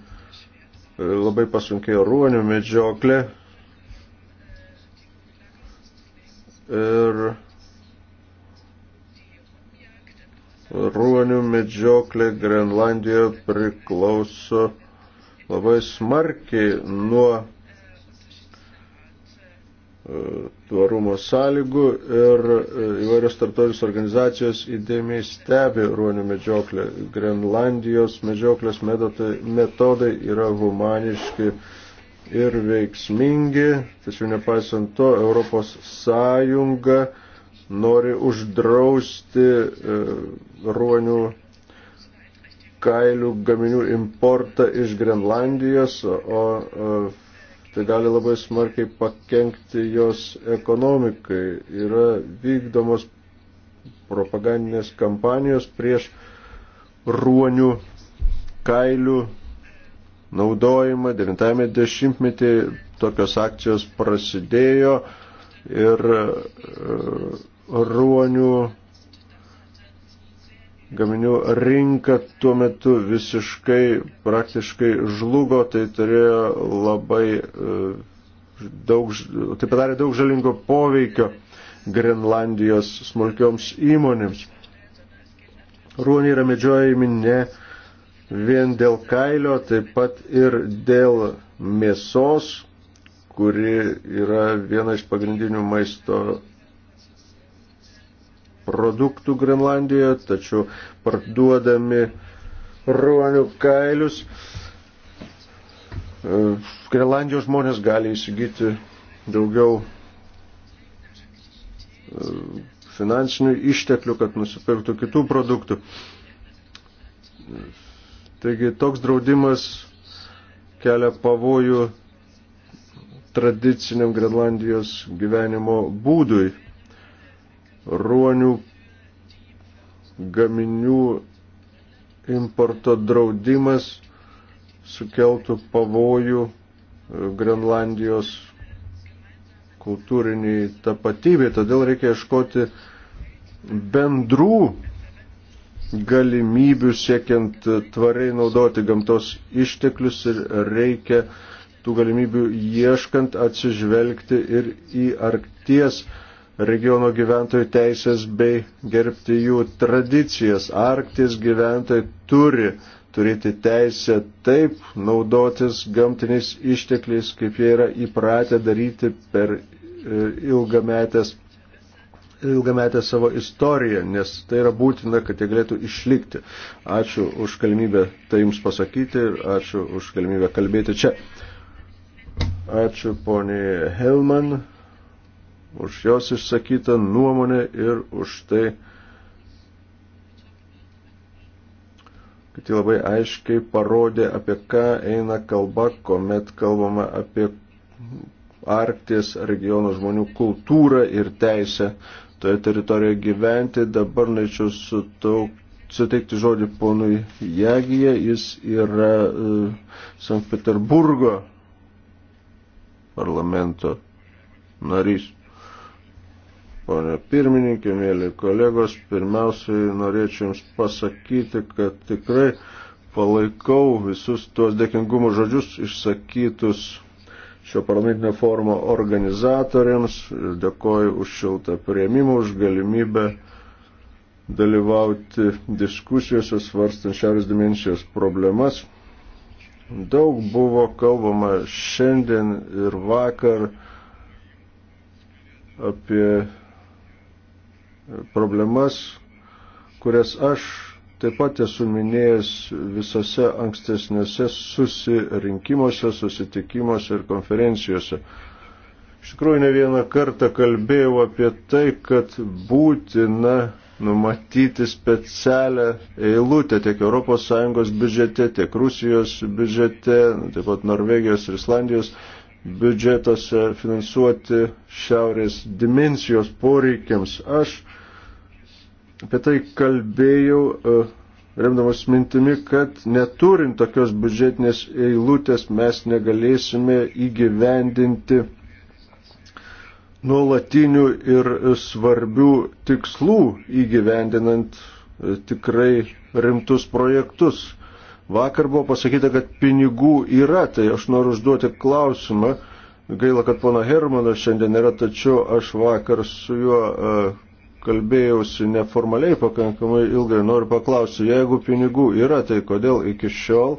labai pasunkėjo ruonių medžioklė ir ruonių medžioklė Grenlandijoje priklauso labai smarkiai nuo E, tvarumo sąlygų ir e, įvairios tarptautinės organizacijos įdėmiai stebi ruonių medžioklę. Grenlandijos medžioklės metodai yra humaniški ir veiksmingi, tačiau nepaisant to Europos Sąjunga nori uždrausti e, ruonių kailių gaminių importą iš Grenlandijos, o tai gali labai smarkiai pakengti jos ekonomikai. Yra vykdomos propagandinės kampanijos prieš ruonių kailių naudojimą. 90-metį tokios akcijos prasidėjo ir e, ruonių gaminių rinka tuo metu visiškai praktiškai žlugo, tai turėjo labai e, daug, tai padarė daug žalingo poveikio Grenlandijos smulkioms įmonėms. Rūniai yra medžiojami ne vien dėl kailio, taip pat ir dėl mėsos, kuri yra viena iš pagrindinių maisto produktų Grenlandijoje, tačiau parduodami ruonių kailius. E, Grenlandijos žmonės gali įsigyti daugiau e, finansinių išteklių, kad nusipirktų kitų produktų. Taigi toks draudimas kelia pavojų tradiciniam Grenlandijos gyvenimo būdui ruonių gaminių importo draudimas sukeltų pavojų e, Grenlandijos kultūriniai tapatybei, todėl reikia ieškoti bendrų galimybių siekiant tvariai naudoti gamtos išteklius ir reikia tų galimybių ieškant atsižvelgti ir į arkties regiono gyventojų teisės bei gerbti jų tradicijas. Arktis gyventojai turi turėti teisę taip naudotis gamtiniais ištekliais, kaip jie yra įpratę daryti per e, ilgametės, ilgametę savo istoriją, nes tai yra būtina, kad jie galėtų išlikti. Ačiū už galimybę tai jums pasakyti ir ačiū už galimybę kalbėti čia. Ačiū poniai Helman už jos išsakytą nuomonę ir už tai, kad ji labai aiškiai parodė, apie ką eina kalba, kuomet kalbama apie Arkties regiono žmonių kultūrą ir teisę toje teritorijoje gyventi. Dabar norėčiau suteikti žodį ponui Jagija, jis yra uh, Sankt Peterburgo parlamento narys ponė pirmininkė, mėly kolegos. Pirmiausiai norėčiau Jums pasakyti, kad tikrai palaikau visus tuos dėkingumo žodžius išsakytus šio parlamentinio forumo organizatoriams. Dėkoju už šiltą prieimimą, už galimybę dalyvauti diskusijose svarstant šiaurės dimensijos problemas. Daug buvo kalbama šiandien ir vakar apie problemas, kurias aš taip pat esu minėjęs visose ankstesnėse susirinkimuose, susitikimuose ir konferencijose. Iš tikrųjų, ne vieną kartą kalbėjau apie tai, kad būtina numatyti specialią eilutę tiek ES biudžete, tiek Rusijos biudžete, taip pat Norvegijos ir Islandijos biudžetuose finansuoti šiaurės dimensijos poreikiams. Aš apie tai kalbėjau, e, remdamas mintimi, kad neturint tokios biudžetinės eilutės mes negalėsime įgyvendinti nuolatinių ir svarbių tikslų įgyvendinant e, tikrai rimtus projektus. Vakar buvo pasakyta, kad pinigų yra, tai aš noriu užduoti klausimą. Gaila, kad pono Hermano šiandien yra, tačiau aš vakar su juo e, kalbėjausi neformaliai pakankamai ilgai, noriu paklausti, jeigu pinigų yra, tai kodėl iki šiol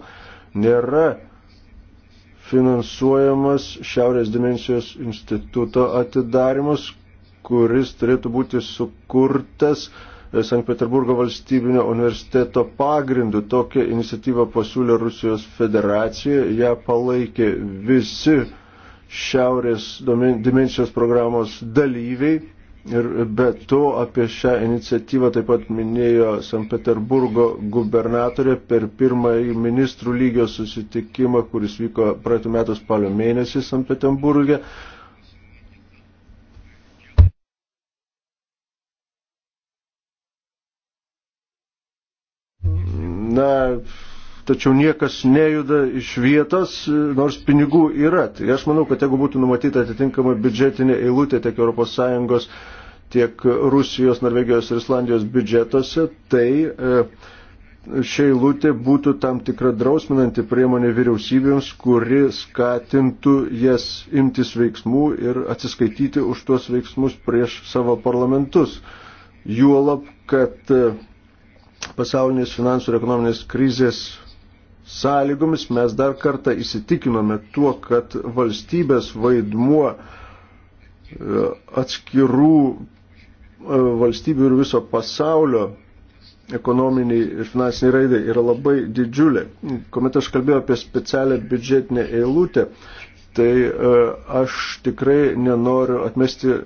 nėra finansuojamas Šiaurės dimensijos instituto atidarimas, kuris turėtų būti sukurtas Sankt Peterburgo valstybinio universiteto pagrindu. Tokią iniciatyvą pasiūlė Rusijos federacija, ją palaikė visi Šiaurės dimensijos programos dalyviai Ir be to apie šią iniciatyvą taip pat minėjo St. Peterburgo gubernatorė per pirmąjį ministrų lygio susitikimą, kuris vyko praeitų metų spalio mėnesį St. Peterburgė. Na, tačiau niekas nejuda iš vietos, nors pinigų yra. Tai aš manau, kad jeigu būtų numatyta atitinkama biudžetinė eilutė tiek ES, tiek Rusijos, Norvegijos ir Islandijos biudžetuose, tai e, ši eilutė būtų tam tikra drausminanti priemonė vyriausybėms, kuri skatintų jas imtis veiksmų ir atsiskaityti už tuos veiksmus prieš savo parlamentus. Juolab, kad e, pasaulinės finansų ir ekonominės krizės sąlygomis mes dar kartą įsitikinome tuo, kad valstybės vaidmuo e, atskirų e, valstybių ir viso pasaulio ekonominiai ir finansiniai raidai yra labai didžiulė. Kuomet aš kalbėjau apie specialią biudžetinę eilutę, tai e, aš tikrai nenoriu atmesti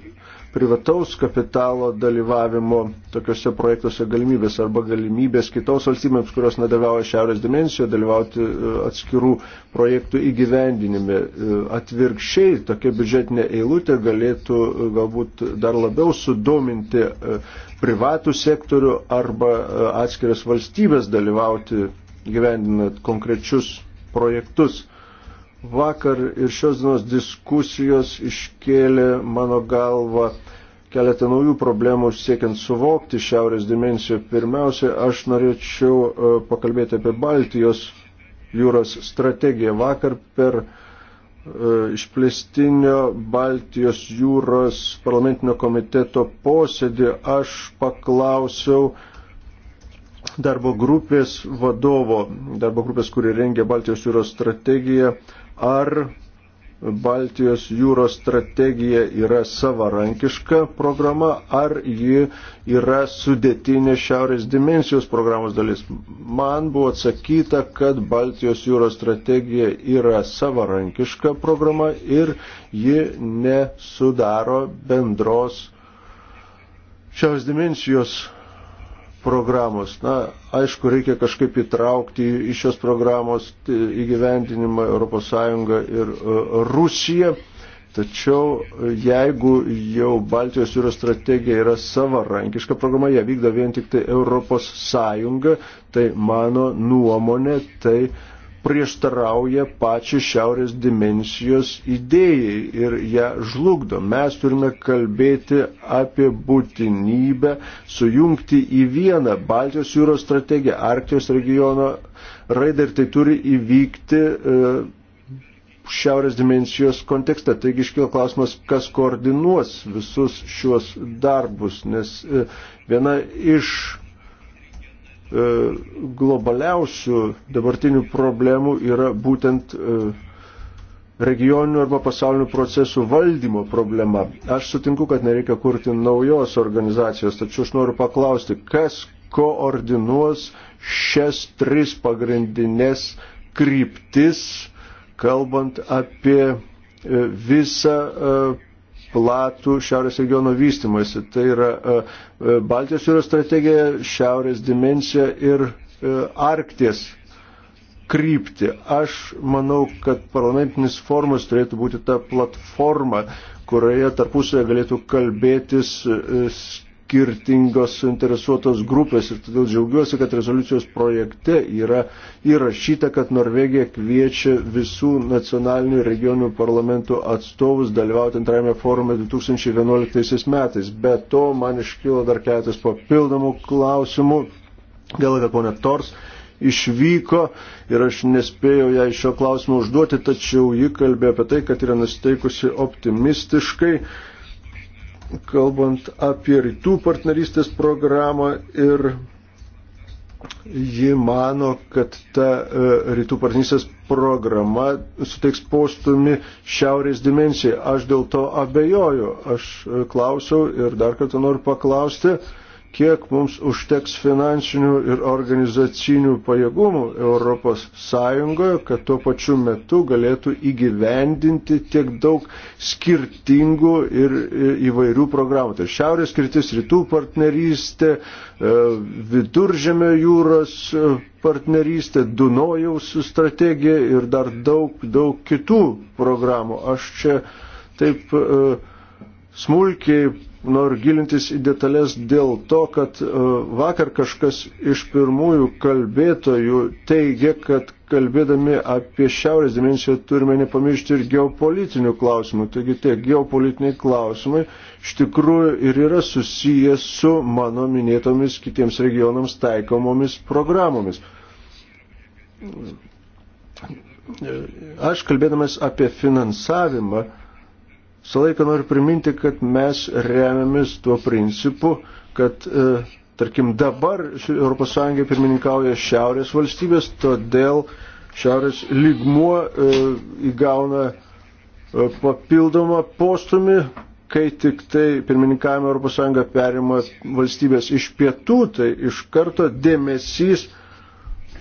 privataus kapitalo dalyvavimo tokiuose projektuose galimybės arba galimybės kitos valstybėms, kurios nedalyvauja šiaurės dimensijoje, dalyvauti e, atskirų projektų įgyvendinime. E, atvirkščiai tokia biudžetinė eilutė galėtų e, galbūt dar labiau sudominti privatų sektorių arba atskiras valstybės dalyvauti gyvendinant konkrečius projektus. Vakar ir šios dienos diskusijos iškėlė mano galvą keletą naujų problemų siekiant suvokti šiaurės dimensiją. Pirmiausia, aš norėčiau e, pakalbėti apie Baltijos jūros strategiją. Vakar per e, išplėstinio Baltijos jūros parlamentinio komiteto posėdį aš paklausiau darbo grupės vadovo, darbo grupės, kuri rengia Baltijos jūros strategiją, ar Baltijos jūros strategija yra savarankiška programa, ar ji yra sudėtinė šiaurės dimensijos programos dalis. Man buvo atsakyta, kad Baltijos jūros strategija yra savarankiška programa ir ji nesudaro bendros šiaurės dimensijos programos. Na, aišku, reikia kažkaip įtraukti į šios programos įgyvendinimą ES ir e, Rusiją. Tačiau e, jeigu jau Baltijos jūros strategija yra savarankiška programa, ją vykdo vien tik tai Europos Sąjunga, tai mano nuomonė, tai uh, prieštarauja pačią šiaurės dimensijos idėjai ir ją žlugdo. Mes turime kalbėti apie būtinybę sujungti į vieną Baltijos jūros strategiją, Arktikos regiono raidą ir tai turi įvykti e, šiaurės dimensijos kontekste. Taigi iškilo klausimas, kas koordinuos visus šiuos darbus, nes e, viena iš E, globaliausių dabartinių problemų yra būtent e, regioninių arba pasaulinių procesų valdymo problema. Aš sutinku, kad nereikia kurti naujos organizacijos, tačiau aš noriu paklausti, kas koordinuos šias tris pagrindinės kryptis, kalbant apie e, visą platų šiaurės regiono vystimąsi. Tai yra e, e, Baltijos jūros strategija, šiaurės dimensija ir e, Arkties krypti. Aš manau, kad parlamentinis formas turėtų būti ta platforma, kurioje tarpusoje galėtų kalbėtis skirtingos suinteresuotos grupės ir todėl džiaugiuosi, kad rezoliucijos projekte yra įrašyta, kad Norvegija kviečia visų nacionalinių ir regioninių parlamentų atstovus dalyvauti antrajame forume 2011 metais. Be to, man iškilo dar keletas papildomų klausimų. Gal, kad ponė Tors išvyko ir aš nespėjau ją iš šio klausimo užduoti, tačiau ji kalbėjo apie tai, kad yra nusteikusi optimistiškai kalbant apie rytų partnerystės programą ir ji mano, kad ta e, rytų partnerystės programa suteiks postumi šiaurės dimensijai. Aš dėl to abejoju. Aš e, klausiau ir dar kartą noriu paklausti, kiek mums užteks finansinių ir organizacinių pajėgumų Europos Sąjungoje, kad tuo pačiu metu galėtų įgyvendinti tiek daug skirtingų ir e, įvairių programų. Tai šiaurės skirtis rytų partnerystė, e, viduržėmio jūros e, partnerystė, Dunojaus strategija ir dar daug, daug kitų programų. Aš čia taip smulkiai noriu gilintis į detalės dėl to, kad e, vakar kažkas iš pirmųjų kalbėtojų teigia, kad kalbėdami apie šiaurės dimensiją turime nepamiršti ir geopolitinių klausimų. Taigi tie geopolitiniai klausimai iš tikrųjų ir yra susijęs su mano minėtomis kitiems regionams taikomomis programomis. Aš kalbėdamas apie finansavimą, Visą laiką noriu priminti, kad mes remiamės tuo principu, kad, e, tarkim, dabar ES pirmininkauja šiaurės valstybės, todėl šiaurės lygmuo e, įgauna e, papildomą postumį, kai tik tai pirmininkavimą ES perima valstybės iš pietų, tai iš karto dėmesys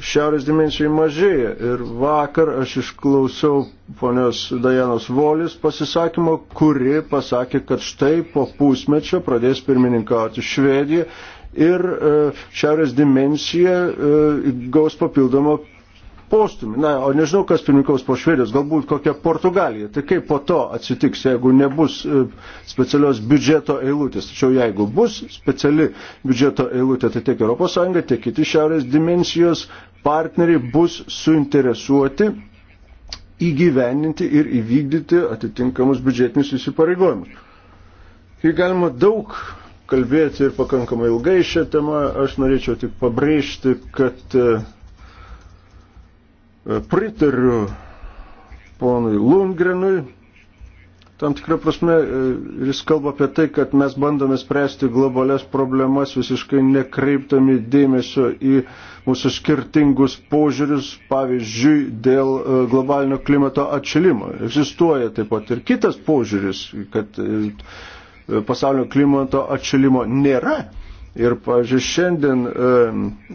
šiaurės dimensijai mažėja. Ir vakar aš išklausiau ponios Dajanos Volis pasisakymo, kuri pasakė, kad štai po pusmečio pradės pirmininkauti Švedija ir e, šiaurės dimensija e, gaus papildomą postumį. Na, o nežinau, kas pirmininkaus po Švedijos, galbūt kokia Portugalija. Tai kaip po to atsitiks, jeigu nebus e, specialios biudžeto eilutės. Tačiau jeigu bus speciali biudžeto eilutė, tai tiek ES, tiek kiti šiaurės dimensijos partneriai bus suinteresuoti įgyveninti ir įvykdyti atitinkamus biudžetinius įsipareigojimus. Kai galima daug kalbėti ir pakankamai ilgai šią temą, aš norėčiau tik pabrėžti, kad e, pritariu ponui Lundgrenui, Tam tikrą prasme, e, jis kalba apie tai, kad mes bandome spręsti globales problemas visiškai nekreiptami dėmesio į mūsų skirtingus požiūrius, pavyzdžiui, dėl e, globalinio klimato atšilimo. Egzistuoja taip pat ir kitas požiūris, kad e, pasaulio klimato atšilimo nėra. Ir, pavyzdžiui, šiandien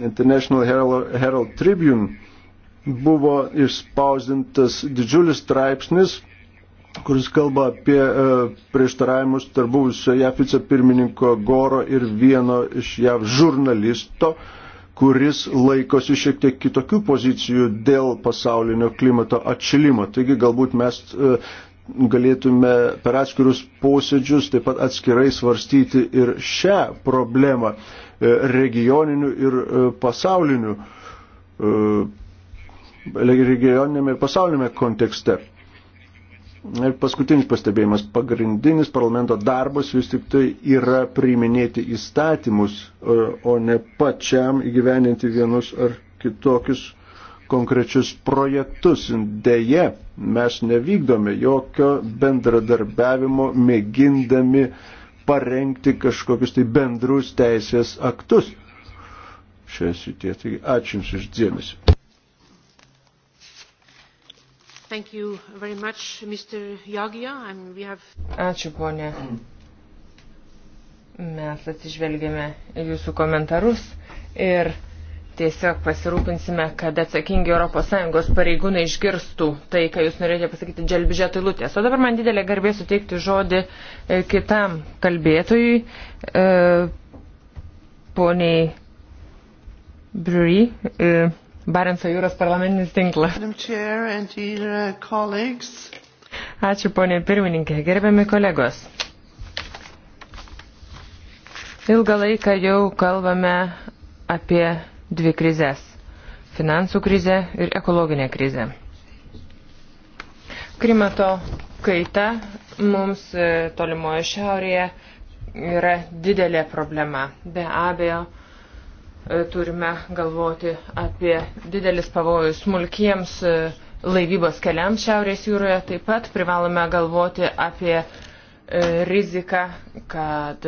International Herald, Herald Tribune buvo išspausdintas didžiulis straipsnis kuris kalba apie e, prieštaravimus tarp buvusio JAF vicepirmininko Goro ir vieno iš JAF žurnalisto, kuris laikosi šiek tiek kitokių pozicijų dėl pasaulinio klimato atšilimo. Taigi galbūt mes e, galėtume per atskirus posėdžius taip pat atskirai svarstyti ir šią problemą e, regioninių ir pasaulinių regioninėme ir pasaulinėme kontekste. Ir paskutinis pastebėjimas, pagrindinis parlamento darbas vis tik tai yra priiminėti įstatymus, e, o ne pačiam įgyveninti vienus ar kitokius konkrečius projektus. Deja, mes nevykdome jokio bendradarbiavimo, mėgindami parengti kažkokius tai bendrus teisės aktus. Šiais įtie, taigi ačiū Jums išdėmesi. Ačiū, ponė. Mes atsižvelgėme jūsų komentarus ir tiesiog pasirūpinsime, kad atsakingi ES pareigūnai išgirstų tai, ką jūs norėjote pasakyti dėl biudžeto įlūtės. O dabar man didelė garbė suteikti žodį e, kitam kalbėtojui, e, poniai Briui e, Barenco jūros parlamentinis tinklas. Uh, Ačiū, ponė pirmininkė, gerbiami kolegos. Ilgą laiką jau kalbame apie dvi krizės – finansų krizę ir ekologinę krizę. Klimato kaita mums e, tolimoje šiaurėje yra didelė problema. Be abejo, E, turime galvoti apie didelis pavojus smulkiems e, laivybos keliams Šiaurės jūroje. Taip pat privalome galvoti apie e, riziką, kad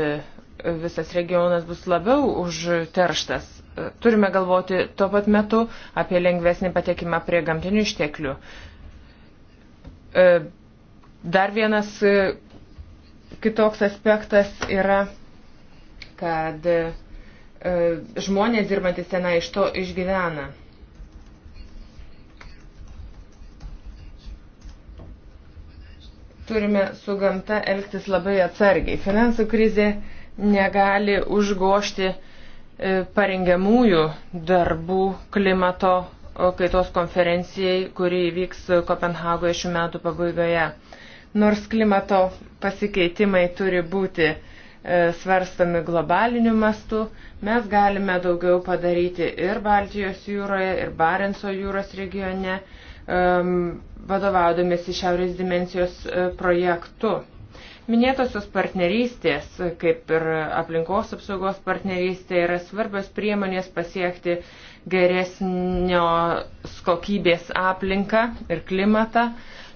visas regionas bus labiau užterštas. Turime galvoti tuo pat metu apie lengvesnį patekimą prie gamtinių išteklių. Dar vienas kitoks aspektas yra, kad E, žmonės dirbantis tenai iš to išgyvena. Turime su gamta elgtis labai atsargiai. Finansų krizė negali užgošti e, parengiamųjų darbų klimato kaitos konferencijai, kuri įvyks Kopenhagoje šių metų pabaigoje. Nors klimato pasikeitimai turi būti uh, E, svarstomi globaliniu mastu, mes galime daugiau padaryti ir Baltijos jūroje, ir Barenso jūros regione, vadovaudomėsi Šiaurės dimensijos e, projektu. Minėtosios partnerystės, kaip ir aplinkos apsaugos partnerystė, yra svarbios priemonės pasiekti geresnio kokybės aplinką ir klimatą.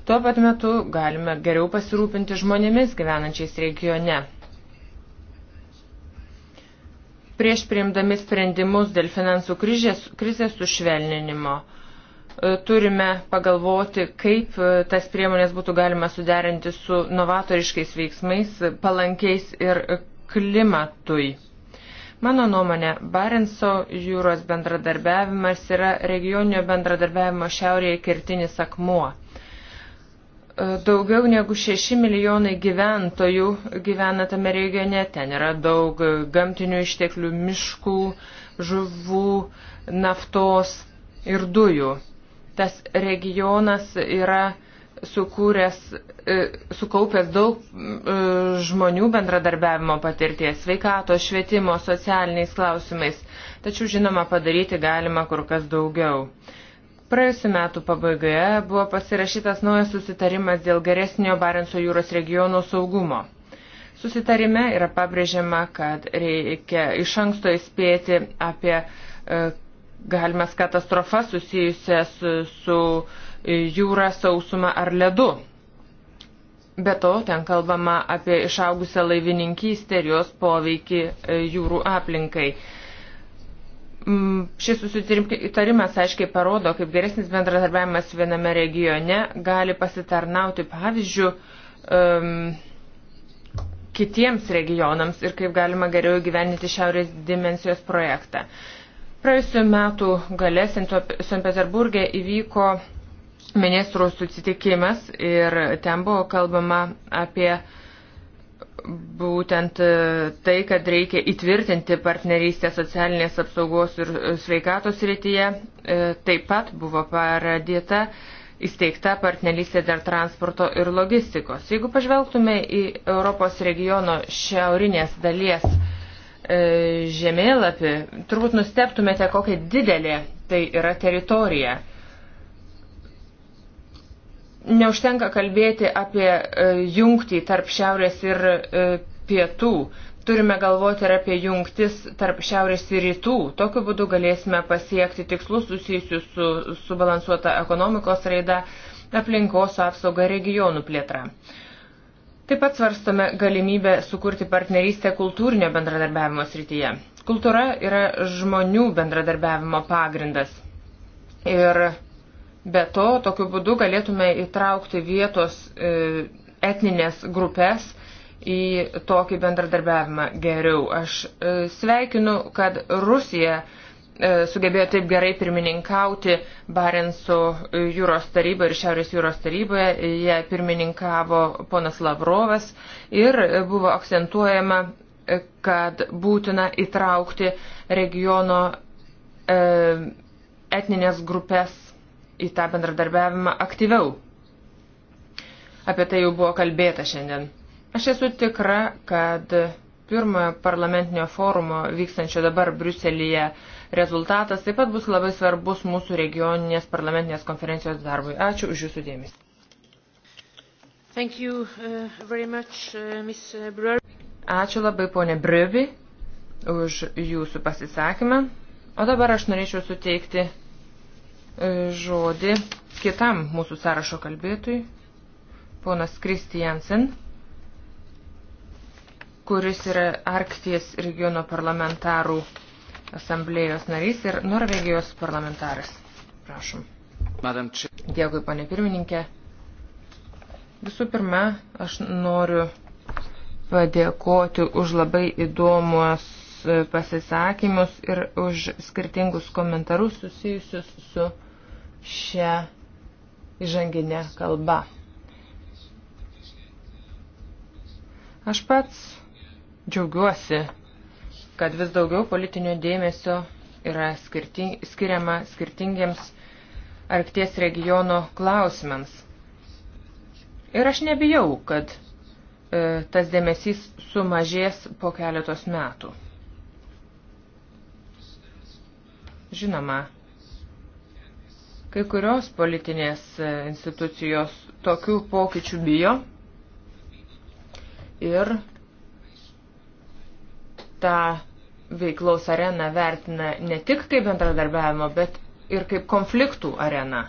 Tuo pat metu galime geriau pasirūpinti žmonėmis gyvenančiais regione prieš priimdami sprendimus dėl finansų krizės, krizės sušvelninimo e, turime pagalvoti, kaip e, tas priemonės būtų galima suderinti su novatoriškais veiksmais, palankiais ir klimatui. Mano nuomonė, Barenso jūros bendradarbiavimas yra regioninio bendradarbiavimo šiaurėje kertinis akmuo. Daugiau negu 6 milijonai gyventojų gyvena tame regione. Ten yra daug gamtinių išteklių, miškų, žuvų, naftos ir dujų. Tas regionas yra sukūręs, e, sukaupęs daug e, žmonių bendradarbiavimo patirties, sveikato, švietimo, socialiniais klausimais. Tačiau, žinoma, padaryti galima kur kas daugiau. Praėjusiu metu pabaigoje buvo pasirašytas naujas susitarimas dėl geresnio Barenso jūros regiono saugumo. Susitarime yra pabrėžiama, kad reikia iš anksto įspėti apie e, galimas katastrofas susijusias su e, jūra, sausuma ar ledu. Be to, ten kalbama apie išaugusią laivininkystę ir jos poveikį e, jūrų aplinkai. Mm, šis susitarimas aiškiai parodo, kaip geresnis bendradarbiavimas viename regione gali pasitarnauti pavyzdžių um, kitiems regionams ir kaip galima geriau gyveninti šiaurės dimensijos projektą. Praėjusiu metu gale St. Peterburgė įvyko ministrų susitikimas ir ten buvo kalbama apie uh, būtent e, tai, kad reikia įtvirtinti partnerystę socialinės apsaugos ir e, sveikatos rytyje, e, taip pat buvo paradėta įsteigta partnerystė dėl transporto ir logistikos. Jeigu pažvelgtume į Europos regiono šiaurinės dalies žemėlapį, turbūt nusteptumėte, kokia didelė tai yra teritorija neužtenka kalbėti apie e, jungtį tarp šiaurės ir e, pietų. Turime galvoti ir apie jungtis tarp šiaurės ir rytų. Tokiu būdu galėsime pasiekti tikslus susijusius su subalansuota ekonomikos raida, aplinkos apsauga regionų plėtra. Taip pat svarstame galimybę sukurti partnerystę kultūrinio bendradarbiavimo srityje. Kultūra yra žmonių bendradarbiavimo pagrindas. Ir Be to, tokiu būdu galėtume įtraukti vietos e, etninės grupės į tokį bendradarbiavimą geriau. Aš e, sveikinu, kad Rusija e, sugebėjo taip gerai pirmininkauti Barenso jūros taryboje ir Šiaurės jūros taryboje. Jie pirmininkavo ponas Lavrovas ir buvo akcentuojama, kad būtina įtraukti regiono etninės grupės į tą bendradarbiavimą aktyviau. Apie tai jau buvo kalbėta šiandien. Aš esu tikra, kad pirmojo parlamentinio forumo vykstančio dabar Briuselyje rezultatas taip pat bus labai svarbus mūsų regioninės parlamentinės konferencijos darbui. Ačiū už Jūsų dėmesį. Thank you, uh, very much, uh, Ms. Ačiū labai, ponė Briovi, už Jūsų pasisakymą. O dabar aš norėčiau suteikti E, žodį kitam mūsų sąrašo kalbėtui, ponas Kristiansen, kuris yra Arkties regiono parlamentarų asamblėjos narys ir Norvegijos parlamentaras. Prašom. Dėkui, panė pirmininkė. Visų pirma, aš noriu padėkoti už labai įdomus pasisakymus ir už skirtingus komentarus susijusius su šią įžanginę kalbą. Aš pats džiaugiuosi, kad vis daugiau politinio dėmesio yra skirting, skiriama skirtingiems Arkties regiono klausimams. Ir aš nebijau, kad e, tas dėmesys sumažės po keletos metų. Žinoma, Kai kurios politinės e, institucijos tokių pokyčių bijo ir tą veiklaus areną vertina ne tik kaip bendradarbiavimo, bet ir kaip konfliktų areną.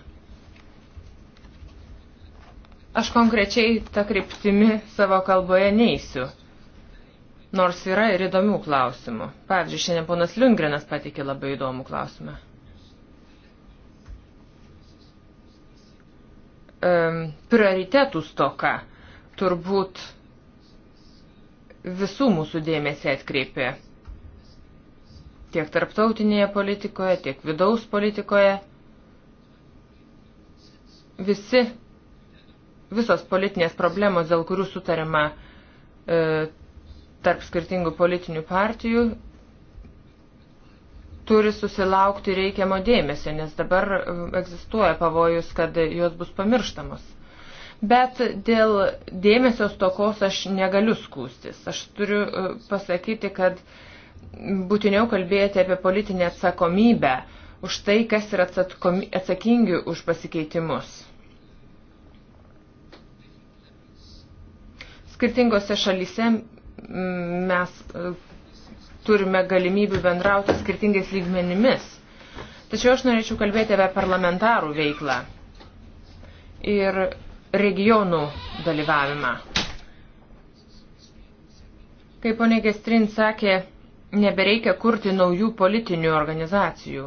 Aš konkrečiai tą kryptimi savo kalboje neįsiu. Nors yra ir įdomių klausimų. Pavyzdžiui, šiandien ponas Liungrenas patikė labai įdomų klausimą. prioritetų stoka turbūt visų mūsų dėmesį atkreipė. Tiek tarptautinėje politikoje, tiek vidaus politikoje. Visi, visos politinės problemos, dėl kurių sutarima e, tarp skirtingų politinių partijų, turi susilaukti reikiamo dėmesio, nes dabar um, egzistuoja pavojus, kad jos bus pamirštamos. Bet dėl dėmesio stokos aš negaliu skūstis. Aš turiu uh, pasakyti, kad būtiniau kalbėti apie politinę atsakomybę už tai, kas yra atsakingi už pasikeitimus. Skirtingose šalyse mes uh, turime galimybių bendrauti skirtingais lygmenimis. Tačiau aš norėčiau kalbėti apie parlamentarų veiklą ir regionų dalyvavimą. Kaip ponė Gestrin sakė, nebereikia kurti naujų politinių organizacijų.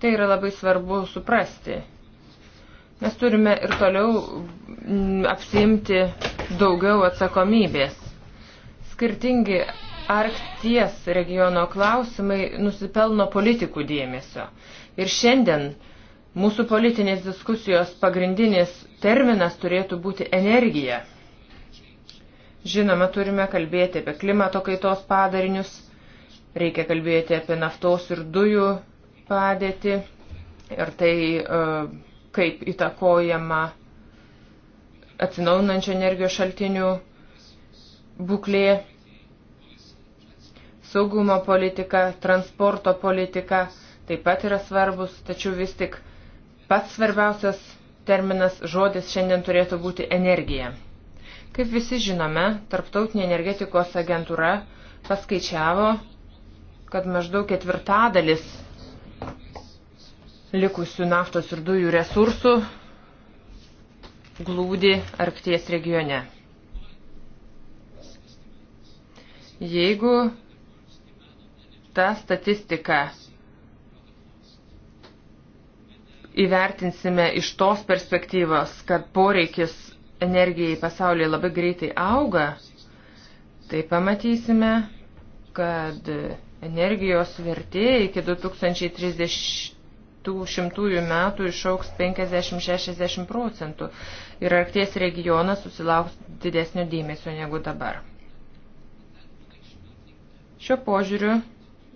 Tai yra labai svarbu suprasti. Mes turime ir toliau apsimti daugiau atsakomybės. Skirtingi Arkties regiono klausimai nusipelno politikų dėmesio. Ir šiandien mūsų politinės diskusijos pagrindinis terminas turėtų būti energija. Žinoma, turime kalbėti apie klimato kaitos padarinius, reikia kalbėti apie naftos ir dujų padėtį ir tai e, kaip įtakojama atsinaunančio energijos šaltinių būklė saugumo politika, transporto politika taip pat yra svarbus, tačiau vis tik pats svarbiausias terminas žodis šiandien turėtų būti energija. Kaip visi žinome, Tarptautinė energetikos agentūra paskaičiavo, kad maždaug ketvirtadalis likusių naftos ir dujų resursų glūdi Arkties regione. Jeigu ta statistika įvertinsime iš tos perspektyvos, kad poreikis energijai pasaulyje labai greitai auga, tai pamatysime, kad energijos vertė iki 2030 metų išauks 50-60 procentų ir arkties regionas susilauks didesnio dėmesio negu dabar. Šiuo požiūriu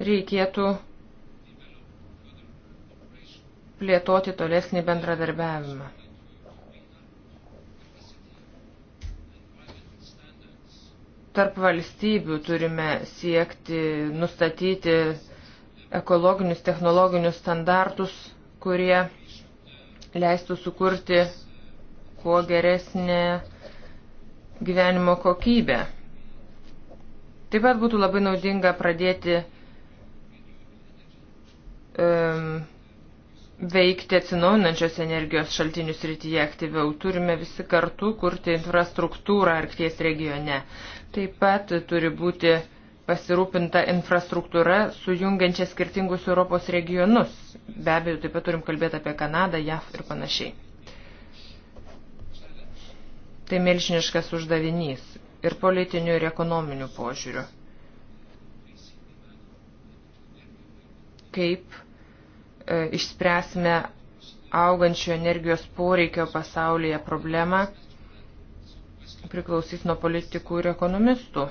reikėtų plėtoti tolesnį bendradarbiavimą. Tarp valstybių turime siekti nustatyti ekologinius, technologinius standartus, kurie leistų sukurti kuo geresnę gyvenimo kokybę. Taip pat būtų labai naudinga pradėti um, veikti atsinaujinančios energijos šaltinius rytyje aktyviau. Turime visi kartu kurti infrastruktūrą Arkties regione. Taip pat turi būti pasirūpinta infrastruktūra sujungiančia skirtingus Europos regionus. Be abejo, taip pat turim kalbėti apie Kanadą, JAF ir panašiai. Tai milžiniškas uždavinys ir politinių ir ekonominių požiūrių. Kaip E, išspręsime augančio energijos poreikio pasaulyje problemą priklausys nuo politikų ir ekonomistų.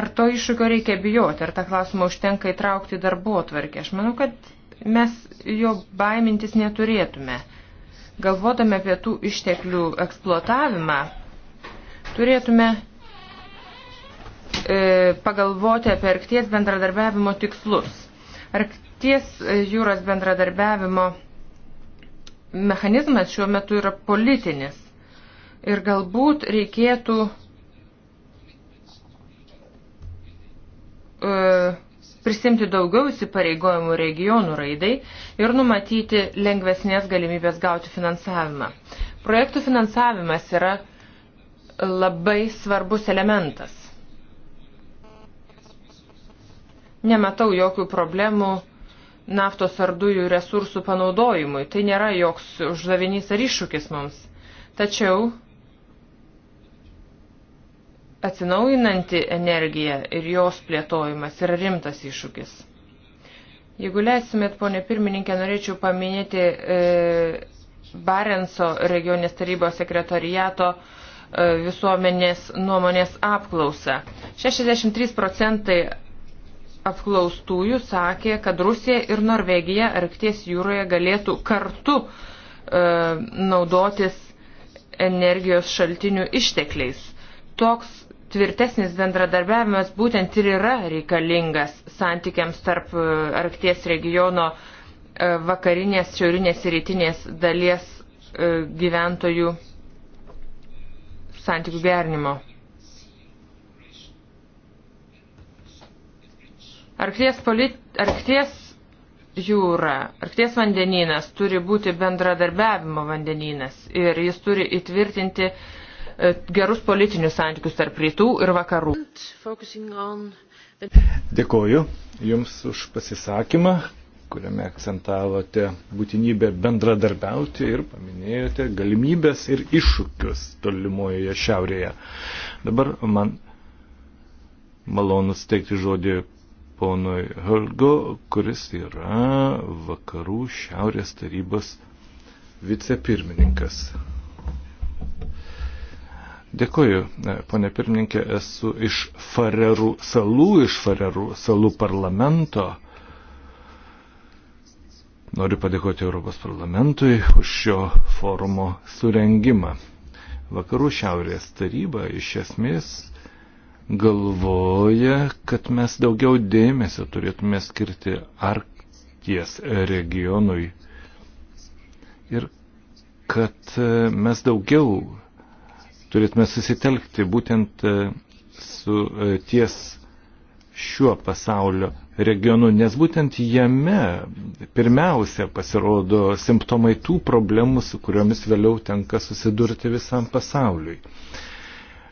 Ar to iššūkio reikia bijoti, ar tą klausimą užtenka įtraukti darbo tvarkę? Aš manau, kad mes jo baimintis neturėtume. Galvodami apie tų išteklių eksploatavimą, turėtume E, pagalvoti apie arkties bendradarbiavimo tikslus. Arkties e, jūros bendradarbiavimo mechanizmas šiuo metu yra politinis. Ir galbūt reikėtų e, prisimti daugiau įsipareigojimų regionų raidai ir numatyti lengvesnės galimybės gauti finansavimą. Projektų finansavimas yra labai svarbus elementas. Nematau jokių problemų naftos ar dujų resursų panaudojimui. Tai nėra joks uždavinys ar iššūkis mums. Tačiau atsinaujinanti energija ir jos plėtojimas yra rimtas iššūkis. Jeigu leisimėt, ponė pirmininkė, norėčiau paminėti e, Barenso regionės tarybos sekretariato e, visuomenės nuomonės apklausą. 63 procentai apklaustųjų sakė, kad Rusija ir Norvegija Arkties jūroje galėtų kartu e, naudotis energijos šaltinių ištekliais. Toks tvirtesnis bendradarbiavimas būtent ir yra reikalingas santykiams tarp e, Arkties regiono e, vakarinės, šiaurinės ir rytinės dalies e, gyventojų santykių gernimo. Arkties, polit... Arkties jūra, Arkties vandenynas turi būti bendradarbiavimo vandenynas ir jis turi įtvirtinti e, gerus politinius santykius tarp rytų ir vakarų. Dėkoju Jums už pasisakymą, kuriame akcentavote būtinybę bendradarbiauti ir paminėjote galimybės ir iššūkius tolimojoje šiaurėje. Dabar man malonu steigti žodį ponui Holgo, kuris yra vakarų šiaurės tarybos vicepirmininkas. Dėkoju, ponė pirmininkė, esu iš Farerų salų, iš Farerų salų parlamento. Noriu padėkoti Europos parlamentui už šio forumo surengimą. Vakarų šiaurės taryba iš esmės galvoja, kad mes daugiau dėmesio turėtume skirti Arkties regionui ir kad e, mes daugiau turėtume susitelkti būtent e, su e, ties šiuo pasaulio regionu, nes būtent jame pirmiausia pasirodo simptomai tų problemų, su kuriomis vėliau tenka susidurti visam pasauliui.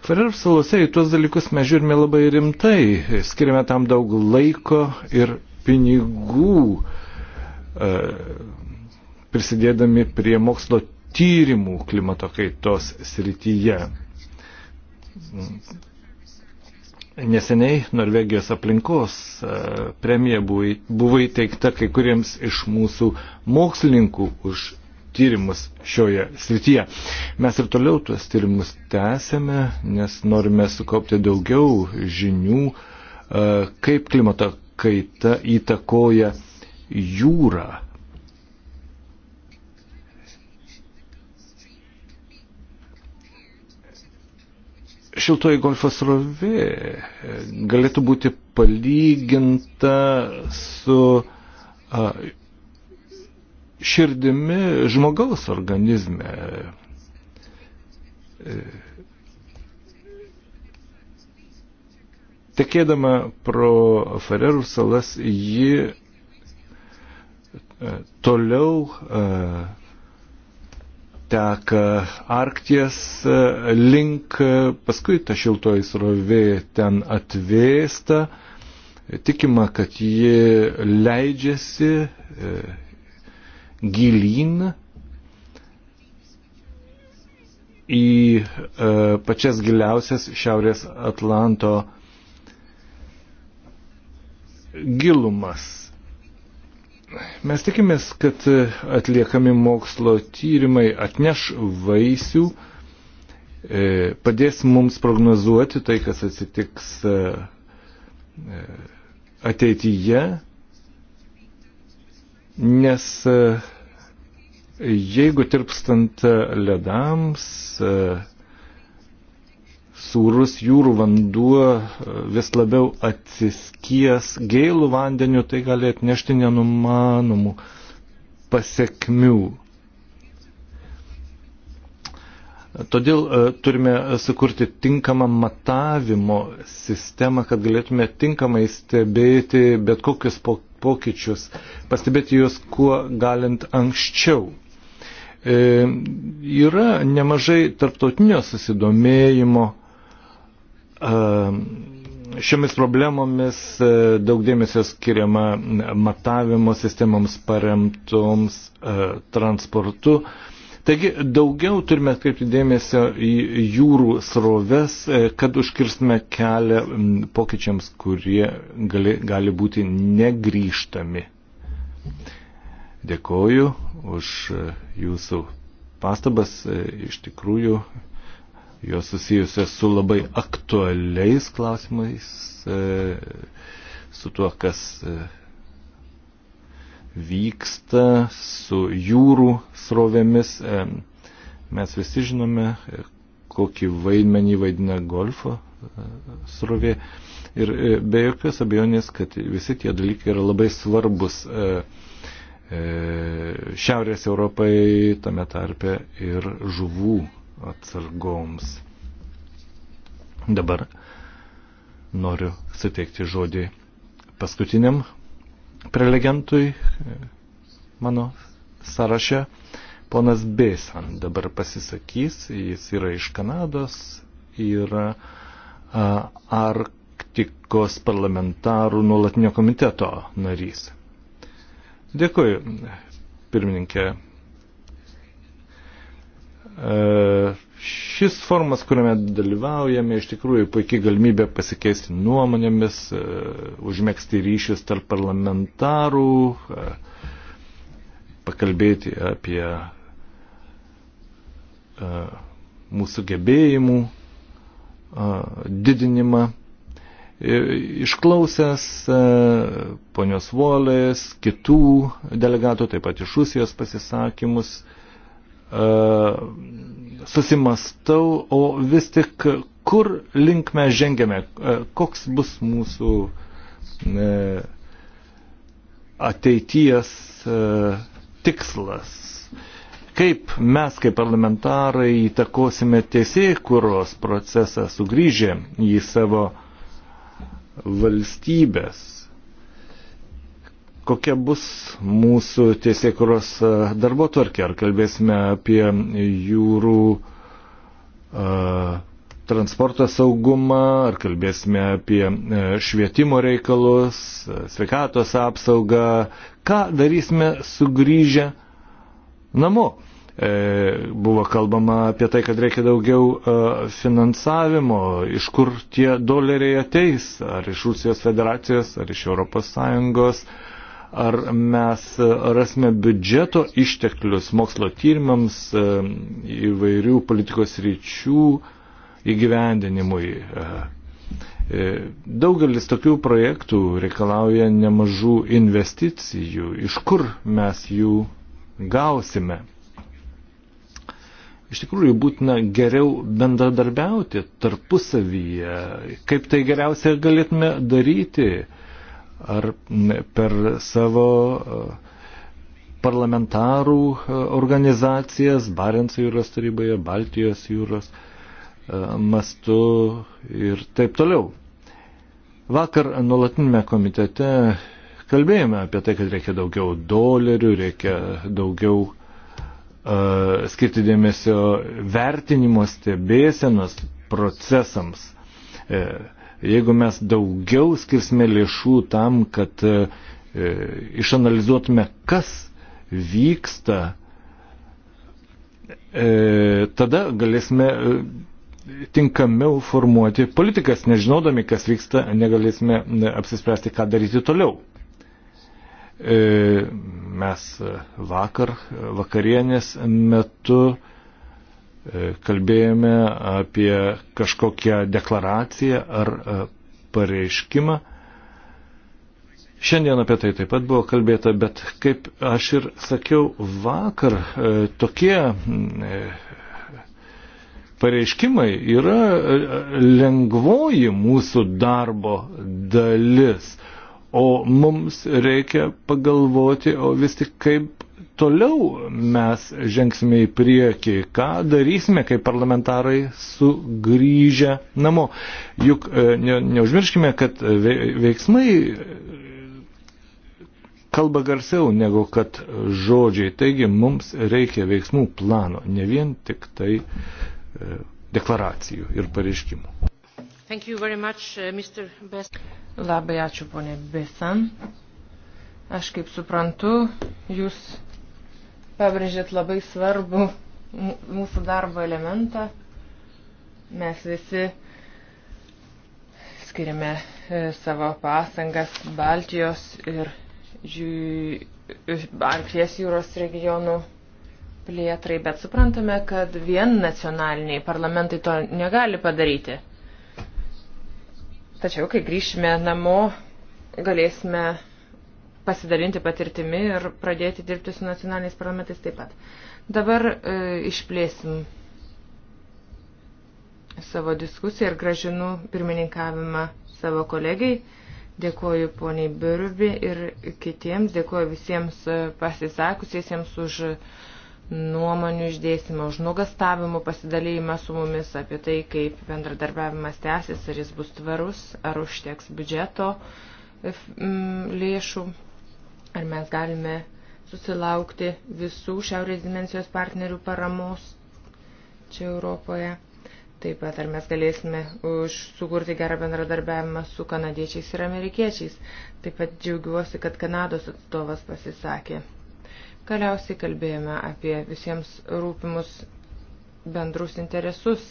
Ferrerų salose į tuos dalykus mes žiūrime labai rimtai, skiriame tam daug laiko ir pinigų, e, prisidėdami prie mokslo tyrimų klimato kaitos srityje. Neseniai Norvegijos aplinkos e, premija buvo įteikta kai kuriems iš mūsų mokslininkų už tyrimus šioje srityje. Mes ir toliau tuos tyrimus tęsėme, nes norime sukaupti daugiau žinių, e, kaip klimato kaita įtakoja jūrą. šiltoji golfo srovė e, galėtų būti palyginta su a, e, širdimi žmogaus organizme. Tekėdama pro Fererų salas, ji e, toliau e, teka Arkties e, link, paskui ta šiltoji srovė ten atvėsta, tikima, kad ji leidžiasi gilyn į e, pačias giliausias Šiaurės Atlanto gilumas. Mes tikimės, kad atliekami mokslo tyrimai atneš vaisių, e, padės mums prognozuoti tai, kas atsitiks e, e ateityje Nes e, jeigu tirpstant e, ledams, e, sūrus jūrų vanduo vis labiau atsiskies gėlų vandeniu, tai gali atnešti nenumanomų pasiekmių. Todėl e, turime sukurti tinkamą matavimo sistemą, kad galėtume tinkamai stebėti bet kokius pokyčius, pastebėti juos kuo galint anksčiau. E, yra nemažai tarptautinio susidomėjimo e, šiomis problemomis daug dėmesio skiriama matavimo sistemoms paremtoms transportu. Taigi daugiau turime atkreipti dėmesio į jūrų sroves, e, kad užkirstume kelią pokyčiams, kurie gali, gali būti negryžtami. Dėkoju už e, jūsų pastabas, e, iš tikrųjų jos susijusios su labai aktualiais klausimais, su tuo, kas vyksta su jūrų srovėmis. E, mes visi žinome, e, kokį vaidmenį vaidina golfo e, srovė. Ir be jokios abejonės, kad visi tie dalykai yra labai svarbus Šiaurės Europai, tame tarpe ir žuvų atsargoms. Dabar noriu suteikti žodį paskutiniam prelegentui mano sąraše. Ponas Bėsan dabar pasisakys, jis yra iš Kanados, yra Arktikos parlamentarų nuolatinio komiteto narys. Dėkui, pirmininkė. E, Šis formas, kuriame dalyvaujame, iš tikrųjų puikiai galimybė pasikeisti nuomonėmis, e, užmėgsti ryšius tarp parlamentarų, e, pakalbėti apie e, mūsų gebėjimų didinimą. Išklausęs ponios Volės, kitų delegatų, taip pat iš Rusijos pasisakymus, susimastau, o vis tik kur link mes žengėme, e, koks bus mūsų e, ateities e, tikslas, kaip mes kaip parlamentarai įtakosime teisėjai kuros procesą sugrįžę į savo valstybės kokia bus mūsų tiesiekuros e, darbo tvarkė, ar kalbėsime apie jūrų a, e, transporto saugumą, ar kalbėsime apie e, švietimo reikalus, sveikatos apsaugą, ką darysime sugrįžę namo. E, buvo kalbama apie tai, kad reikia daugiau e, finansavimo, iš kur tie doleriai ateis, ar iš Rusijos federacijos, ar iš Europos Sąjungos. E, ar mes rasime biudžeto išteklius mokslo tyrimams e, įvairių politikos ryčių įgyvendinimui. E, e, daugelis tokių projektų reikalauja nemažų investicijų, iš kur mes jų gausime. Iš tikrųjų, būtina geriau bendradarbiauti tarpusavyje, kaip tai geriausia galėtume daryti ar per savo e, parlamentarų e, organizacijas Barenco jūros taryboje, Baltijos jūros e, mastu ir taip toliau. Vakar nuolatinėme komitete kalbėjome apie tai, kad reikia daugiau dolerių, reikia daugiau uh, skirti dėmesio vertinimo stebėsenos procesams. Uh, Jeigu mes daugiau skirsime lėšų tam, kad e, e išanalizuotume, kas vyksta, e, tada galėsime e, tinkamiau formuoti politikas, nežinodami, kas vyksta, negalėsime e, apsispręsti, ką daryti toliau mes vakar vakarienės metu E, kalbėjome apie kažkokią deklaraciją ar e, pareiškimą. Šiandien apie tai taip pat buvo kalbėta, bet kaip aš ir sakiau vakar, e, tokie pareiškimai yra lengvoji mūsų darbo dalis, o mums reikia pagalvoti, o vis tik kaip toliau mes žengsime į priekį, ką darysime, kai parlamentarai sugrįžę namo. Juk e, ne, neužmirškime, kad e, veiksmai e, kalba garsiau negu kad žodžiai. Taigi mums reikia veiksmų plano, ne vien tik tai deklaracijų ir pareiškimų. Much, uh, Labai ačiū, ponė Besan. Aš kaip suprantu, jūs pabrėžėt labai svarbu mūsų darbo elementą. Mes visi skiriame e, savo pasangas Baltijos ir e, Arkties jūros regionų plėtrai, bet suprantame, kad vien nacionaliniai parlamentai to negali padaryti. Tačiau, kai grįšime namo, galėsime pasidalinti patirtimi ir pradėti dirbti su nacionaliniais parlamentais taip pat. Dabar e, išplėsim savo diskusiją ir gražinu pirmininkavimą savo kolegiai. Dėkuoju poniai Birubi ir kitiems, dėkuoju visiems e, pasisakusiesiems už nuomonių išdėsimą, už nugastavimų pasidalėjimą su mumis apie tai, kaip bendradarbiavimas tęsis, ar jis bus tvarus, ar užteks biudžeto lėšų. Ar mes galime susilaukti visų šiaurės dimensijos partnerių paramos čia Europoje? Taip pat ar mes galėsime už sukurti gerą bendradarbiavimą su kanadiečiais ir amerikiečiais. Taip pat džiaugiuosi, kad Kanados atstovas pasisakė. Galiausiai kalbėjome apie visiems rūpimus bendrus interesus.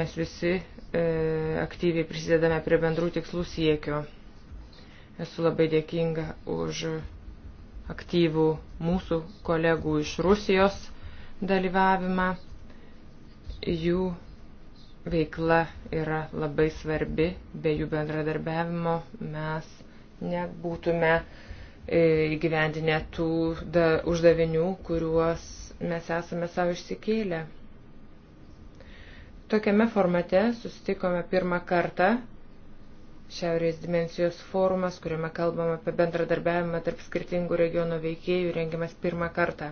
Mes visi e, aktyviai prisidedame prie bendrų tikslų siekio. Esu labai dėkinga už aktyvų mūsų kolegų iš Rusijos dalyvavimą. Jų veikla yra labai svarbi, be jų bendradarbiavimo mes nebūtume e, įgyvendinę tų da, uždavinių, kuriuos mes esame savo išsikėlę. Tokiame formate susitikome pirmą kartą Šiaurės dimensijos forumas, kuriame kalbam apie bendradarbiavimą tarp skirtingų regiono veikėjų, rengiamas pirmą kartą.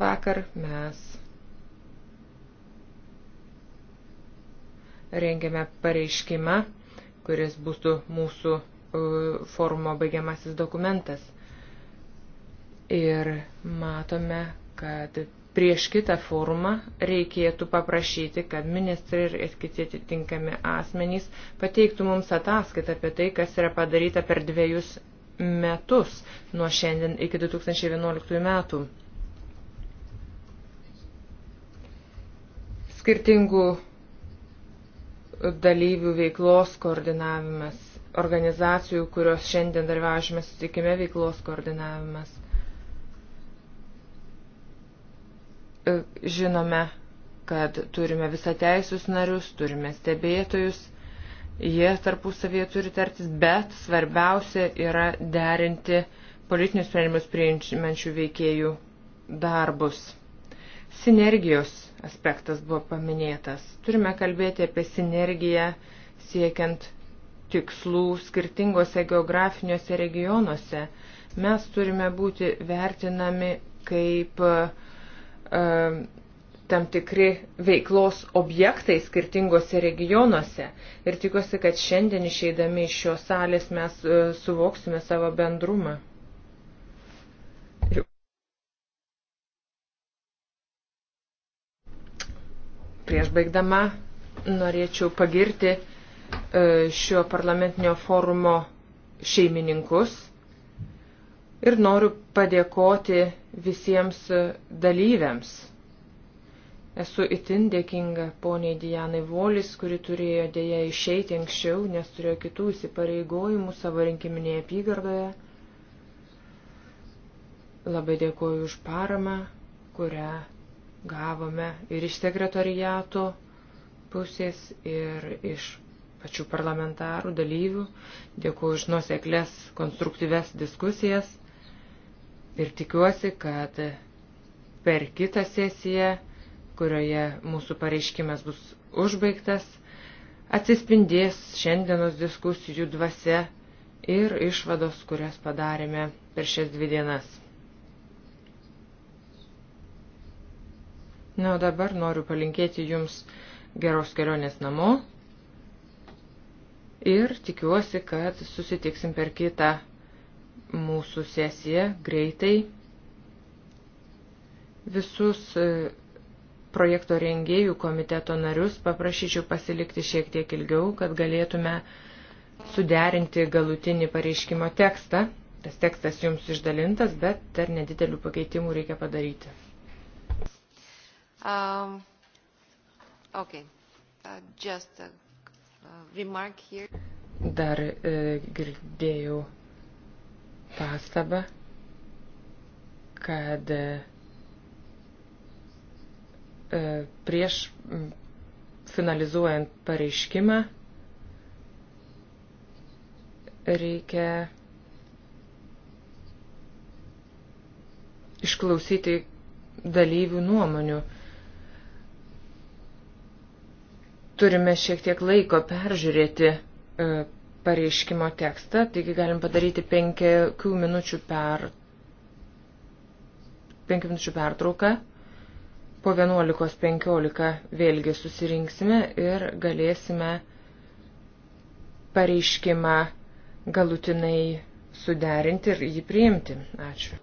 Vakar mes rengiame pareiškimą, kuris būtų mūsų e, forumo baigiamasis dokumentas. Ir matome, kad prieš kitą forumą reikėtų paprašyti, kad ministrai ir kiti atitinkami asmenys pateiktų mums ataskaitą apie tai, kas yra padaryta per dviejus metus nuo šiandien iki 2011 metų. Skirtingų dalyvių veiklos koordinavimas, organizacijų, kurios šiandien dalyvauja šiame sutikime, veiklos koordinavimas – E, žinome, kad turime visą teisės narius, turime stebėtojus, jie tarpusavėje turi tartis, bet svarbiausia yra derinti politinius sprendimus priimančių veikėjų darbus. Sinergijos aspektas buvo paminėtas. Turime kalbėti apie sinergiją siekiant tikslų skirtingose geografiniuose regionuose. Mes turime būti vertinami kaip uh, tam tikri veiklos objektai skirtingose regionuose. Ir tikiuosi, kad šiandien išeidami iš šios salės mes e, suvoksime savo bendrumą. Prieš baigdama norėčiau pagirti e, šio parlamentinio forumo šeimininkus ir noriu padėkoti visiems dalyviams. Esu itin dėkinga poniai Dianai Volis, kuri turėjo dėja išeiti anksčiau, nes turėjo kitų įsipareigojimų savo rinkiminėje apygardoje. Labai dėkoju už paramą, kurią gavome ir iš sekretoriato pusės, ir iš pačių parlamentarų dalyvių. Dėkoju už nuoseklės konstruktyves diskusijas ir tikiuosi, kad per kitą sesiją, kurioje mūsų pareiškimas bus užbaigtas, atsispindės šiandienos diskusijų dvasia ir išvados, kurias padarėme per šias dvi dienas. Na, o dabar noriu palinkėti Jums geros kelionės namo ir tikiuosi, kad susitiksim per kitą mūsų sesiją greitai. Visus e, projekto rengėjų komiteto narius paprašyčiau pasilikti šiek tiek ilgiau, kad galėtume suderinti galutinį pareiškimo tekstą. Tas tekstas jums išdalintas, bet dar nedidelių pakeitimų reikia padaryti. Um, okay. uh, just a, uh, remark here. Dar uh, girdėjau pastabą, kad e, e, prieš finalizuojant pareiškimą reikia išklausyti dalyvių nuomonių. Turime šiek tiek laiko peržiūrėti e, pareiškimo tekstą, taigi galim padaryti penkių minučių, per, penkių minučių pertrauką. Po 11.15 vėlgi susirinksime ir galėsime pareiškimą galutinai suderinti ir jį priimti. Ačiū.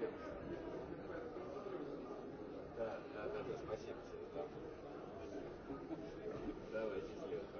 Да, да, да, да, спасибо. Давай, счастливо.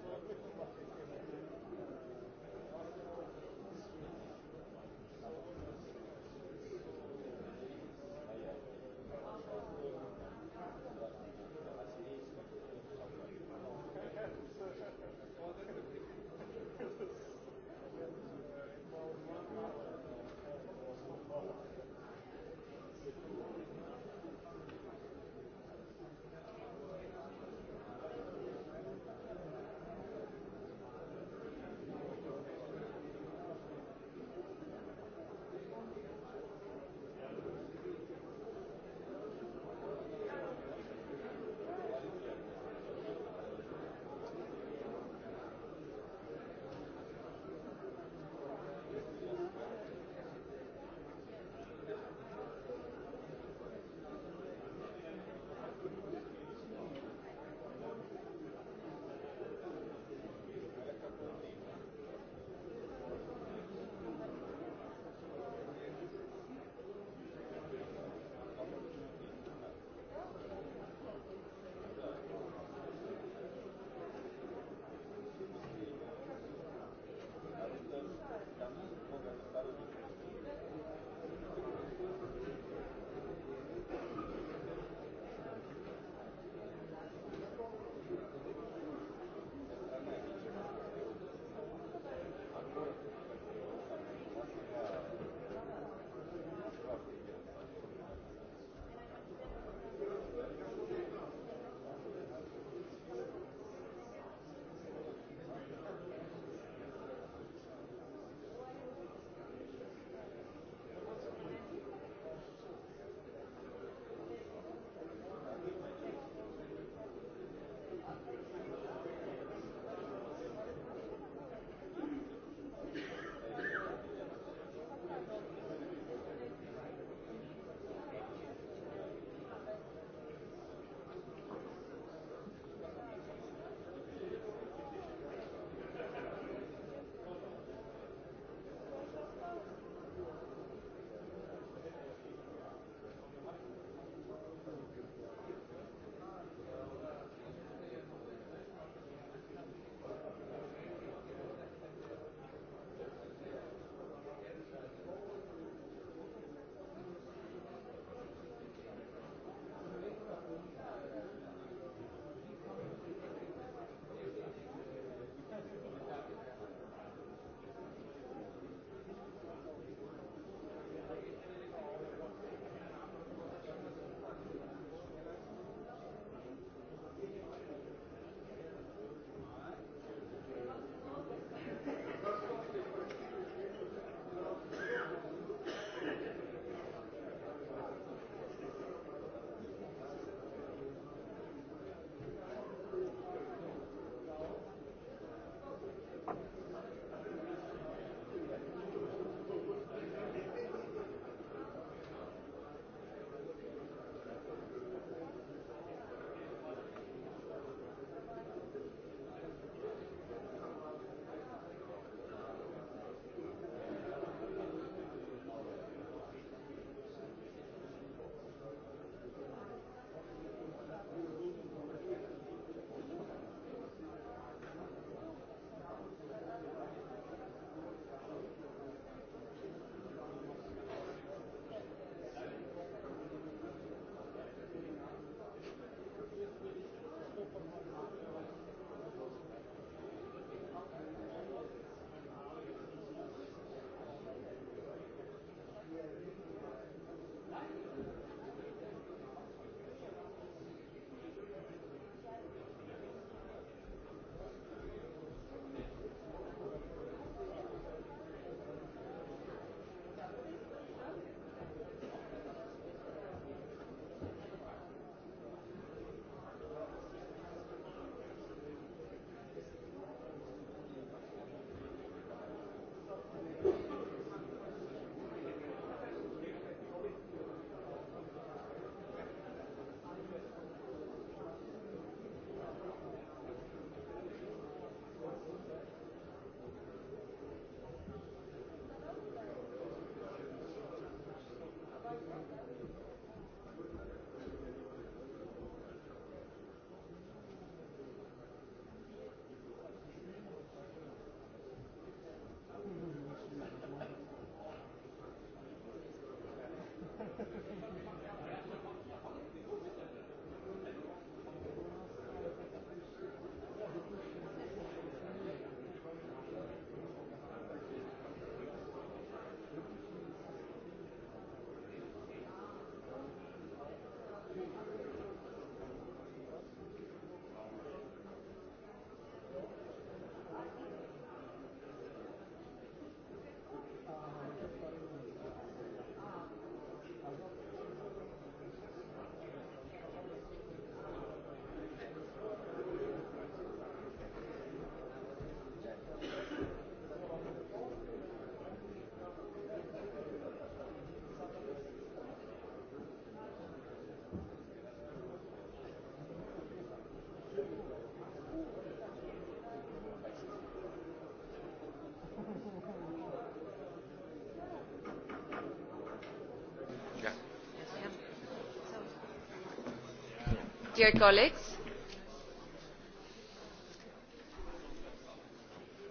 dear colleagues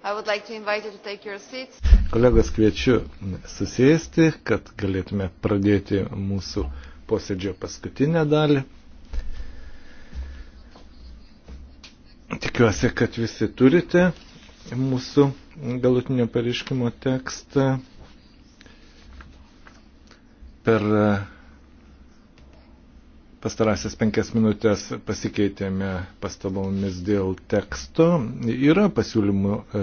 i would like to invite you to take your seats kolegos kviečiu susėsti kad galėtume pradėti mūsų posėdžio paskutinę dalį tikiuosi kad visi turite mūsų galutinio pareiškimo tekstą per pastarąsias penkias minutės pasikeitėme pastabomis dėl teksto. Yra pasiūlymų e,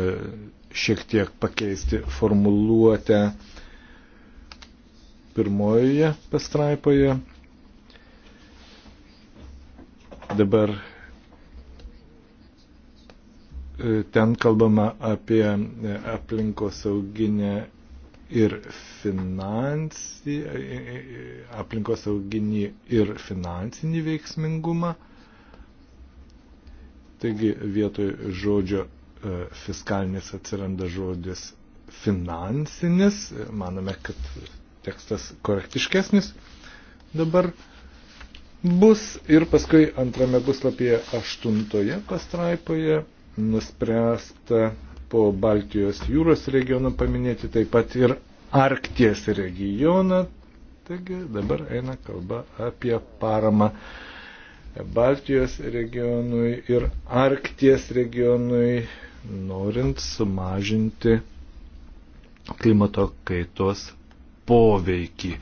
šiek tiek pakeisti formuluotę pirmojoje pastraipoje. Dabar e, ten kalbama apie e, aplinkosauginę ir finansi, aplinkos auginį ir finansinį veiksmingumą. Taigi vietoj žodžio e, fiskalinis atsiranda žodis finansinis. Manome, kad tekstas korektiškesnis dabar bus. Ir paskui antrame puslapyje aštuntoje pastraipoje nuspręsta po Baltijos jūros regioną paminėti, taip pat ir Arkties regioną. Taigi dabar eina kalba apie paramą Baltijos regionui ir Arkties regionui, norint sumažinti klimato kaitos poveikį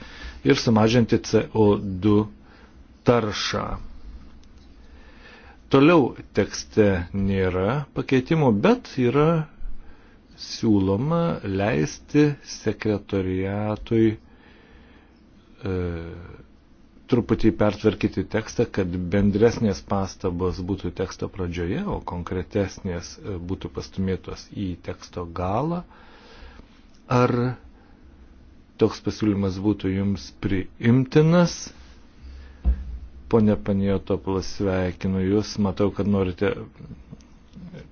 ir sumažinti CO2 taršą. Toliau tekste nėra pakeitimų, bet yra siūloma leisti sekretoriatui e, truputį pertvarkyti tekstą, kad bendresnės pastabos būtų teksto pradžioje, o konkretesnės e, būtų pastumėtos į teksto galą. Ar toks pasiūlymas būtų jums priimtinas? Pone Panijotopulas, sveikinu Jūs, matau, kad norite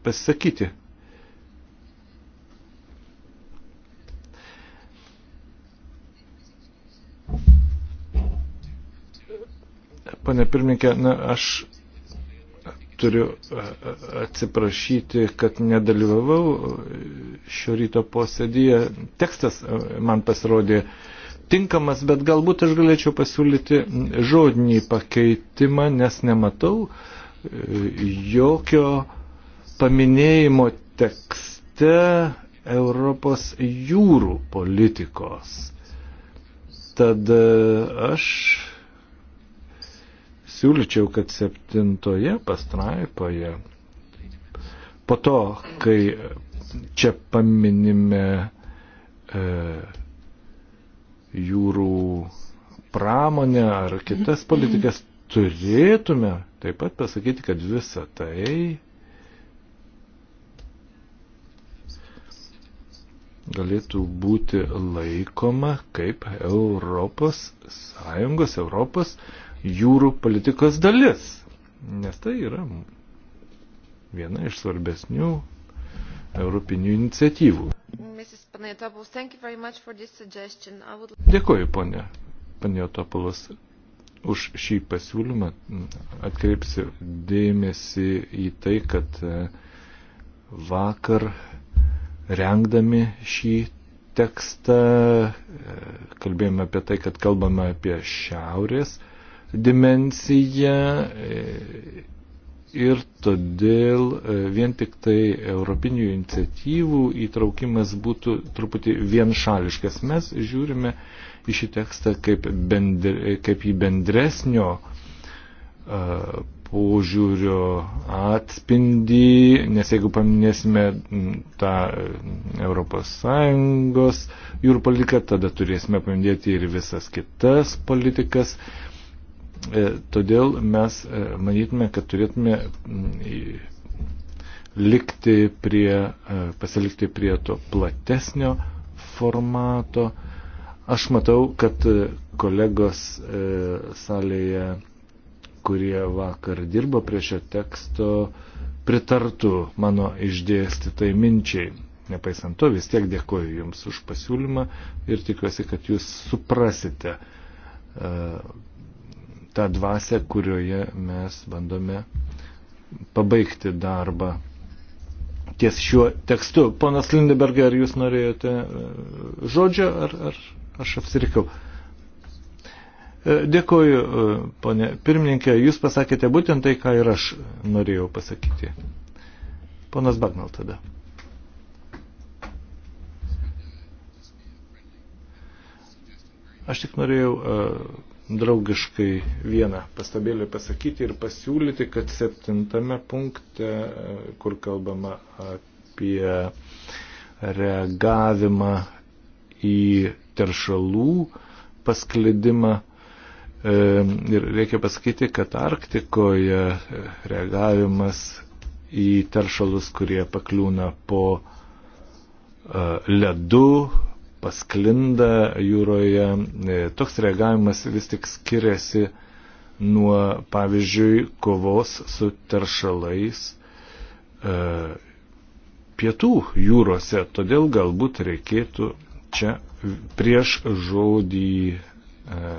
pasisakyti Pane pirmininkė, na, aš turiu atsiprašyti, kad nedalyvavau šio ryto posėdyje. Tekstas man pasirodė tinkamas, bet galbūt aš galėčiau pasiūlyti žodinį pakeitimą, nes nematau e, jokio paminėjimo tekste Europos jūrų politikos. Tad aš siūlyčiau, kad septintoje pastraipoje, po to, kai čia paminime e, jūrų pramonę ar kitas politikas, turėtume taip pat pasakyti, kad visa tai galėtų būti laikoma kaip Europos Sąjungos, Europos jūrų politikos dalis, nes tai yra viena iš svarbesnių europinių iniciatyvų. Dėkoju, ponė Paniotopoulos, už šį pasiūlymą. Atkreipsiu dėmesį į tai, kad e, vakar rengdami šį tekstą e, kalbėjome apie tai, kad kalbame apie šiaurės dimensiją e, ir todėl e, vien tik tai europinių iniciatyvų įtraukimas būtų truputį vienšališkas. Mes žiūrime į šį tekstą kaip, bendre, kaip į bendresnio e, požiūrio atspindį, nes jeigu paminėsime tą ES jūrų politiką, tada turėsime paminėti ir visas kitas politikas. E, todėl mes e, manytume, kad turėtume likti prie, e, pasilikti prie to platesnio formato. Aš matau, kad kolegos salėje, kurie vakar dirbo prie šio teksto, pritartų mano išdėstytai minčiai. Nepaisant to, vis tiek dėkoju Jums už pasiūlymą ir tikiuosi, kad Jūs suprasite tą dvasę, kurioje mes bandome pabaigti darbą. Ties šiuo tekstu. Ponas Lindebergai, ar jūs norėjote e, žodžio, ar, ar aš apsirikau? E, dėkoju, e, ponė pirmininkė, jūs pasakėte būtent tai, ką ir aš norėjau pasakyti. Ponas Bagnal tada. Aš tik norėjau uh, draugiškai vieną pastabėlį pasakyti ir pasiūlyti, kad septintame punkte, e, kur kalbama apie reagavimą į teršalų pasklidimą, e, ir reikia pasakyti, kad Arktikoje e, reagavimas į teršalus, kurie pakliūna po ledu, pasklinda jūroje, e, toks reagavimas vis tik skiriasi nuo, pavyzdžiui, kovos su teršalais e, pietų jūrose. Todėl galbūt reikėtų čia prieš žodį e,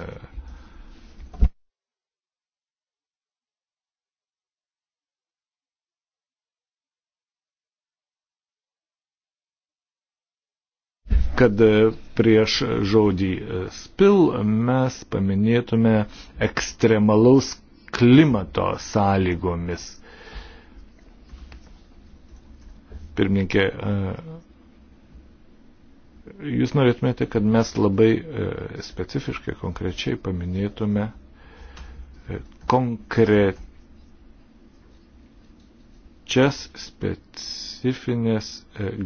kad e, prieš žodį e, spil mes paminėtume ekstremalaus klimato sąlygomis. Pirmininkė, e, jūs norėtumėte, kad mes labai specifiškai, konkrečiai paminėtume konkrečias specifines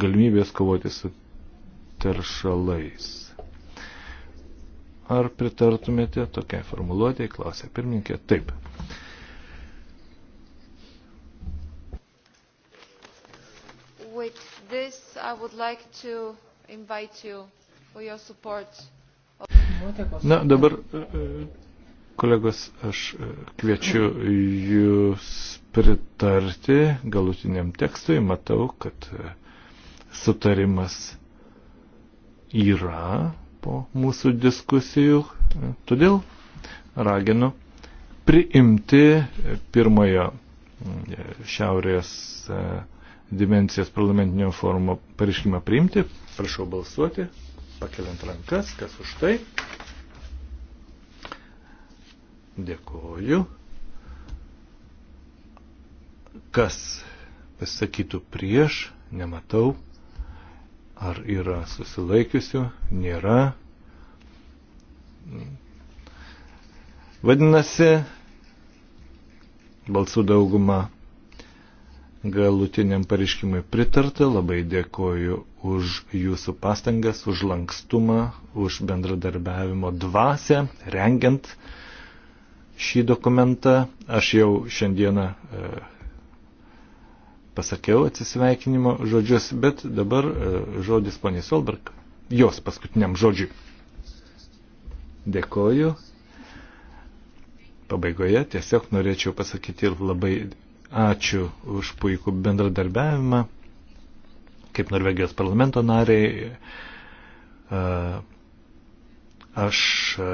galimybės kovoti su teršalais. Ar pritartumėte tokiai formuluotėjai, klausė pirmininkė. Taip. With this, I would like to invite you for your support. Na, dabar, e, e, kolegos, aš e, kviečiu jūs pritarti galutiniam tekstui. Matau, kad sutarimas yra po mūsų diskusijų. Todėl raginu priimti pirmojo e, šiaurės e, dimensijos parlamentinio forumo pareiškimą priimti. Prašau balsuoti, pakeliant rankas, kas už tai. Dėkoju. Kas pasakytų prieš, nematau. Ar yra susilaikiusių? Nėra. Vadinasi, balsų dauguma galutiniam pareiškimui pritarta. Labai dėkoju už jūsų pastangas, už lankstumą, už bendradarbiavimo dvasę, rengiant šį dokumentą. Aš jau šiandieną e, pasakiau atsisveikinimo žodžius, bet dabar e, žodis poniai Solberg, jos paskutiniam žodžiui. Dėkoju. Pabaigoje tiesiog norėčiau pasakyti ir labai ačiū už puikų bendradarbiavimą, kaip Norvegijos parlamento nariai. E, aš e,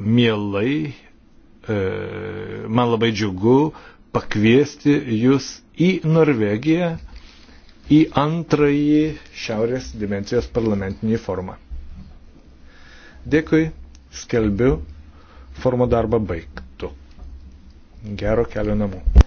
mielai, man labai džiugu pakviesti jūs į Norvegiją į antrąjį Šiaurės dimensijos parlamentinį formą. Dėkui, skelbiu, formo darbą baigtų. Gero kelio namų.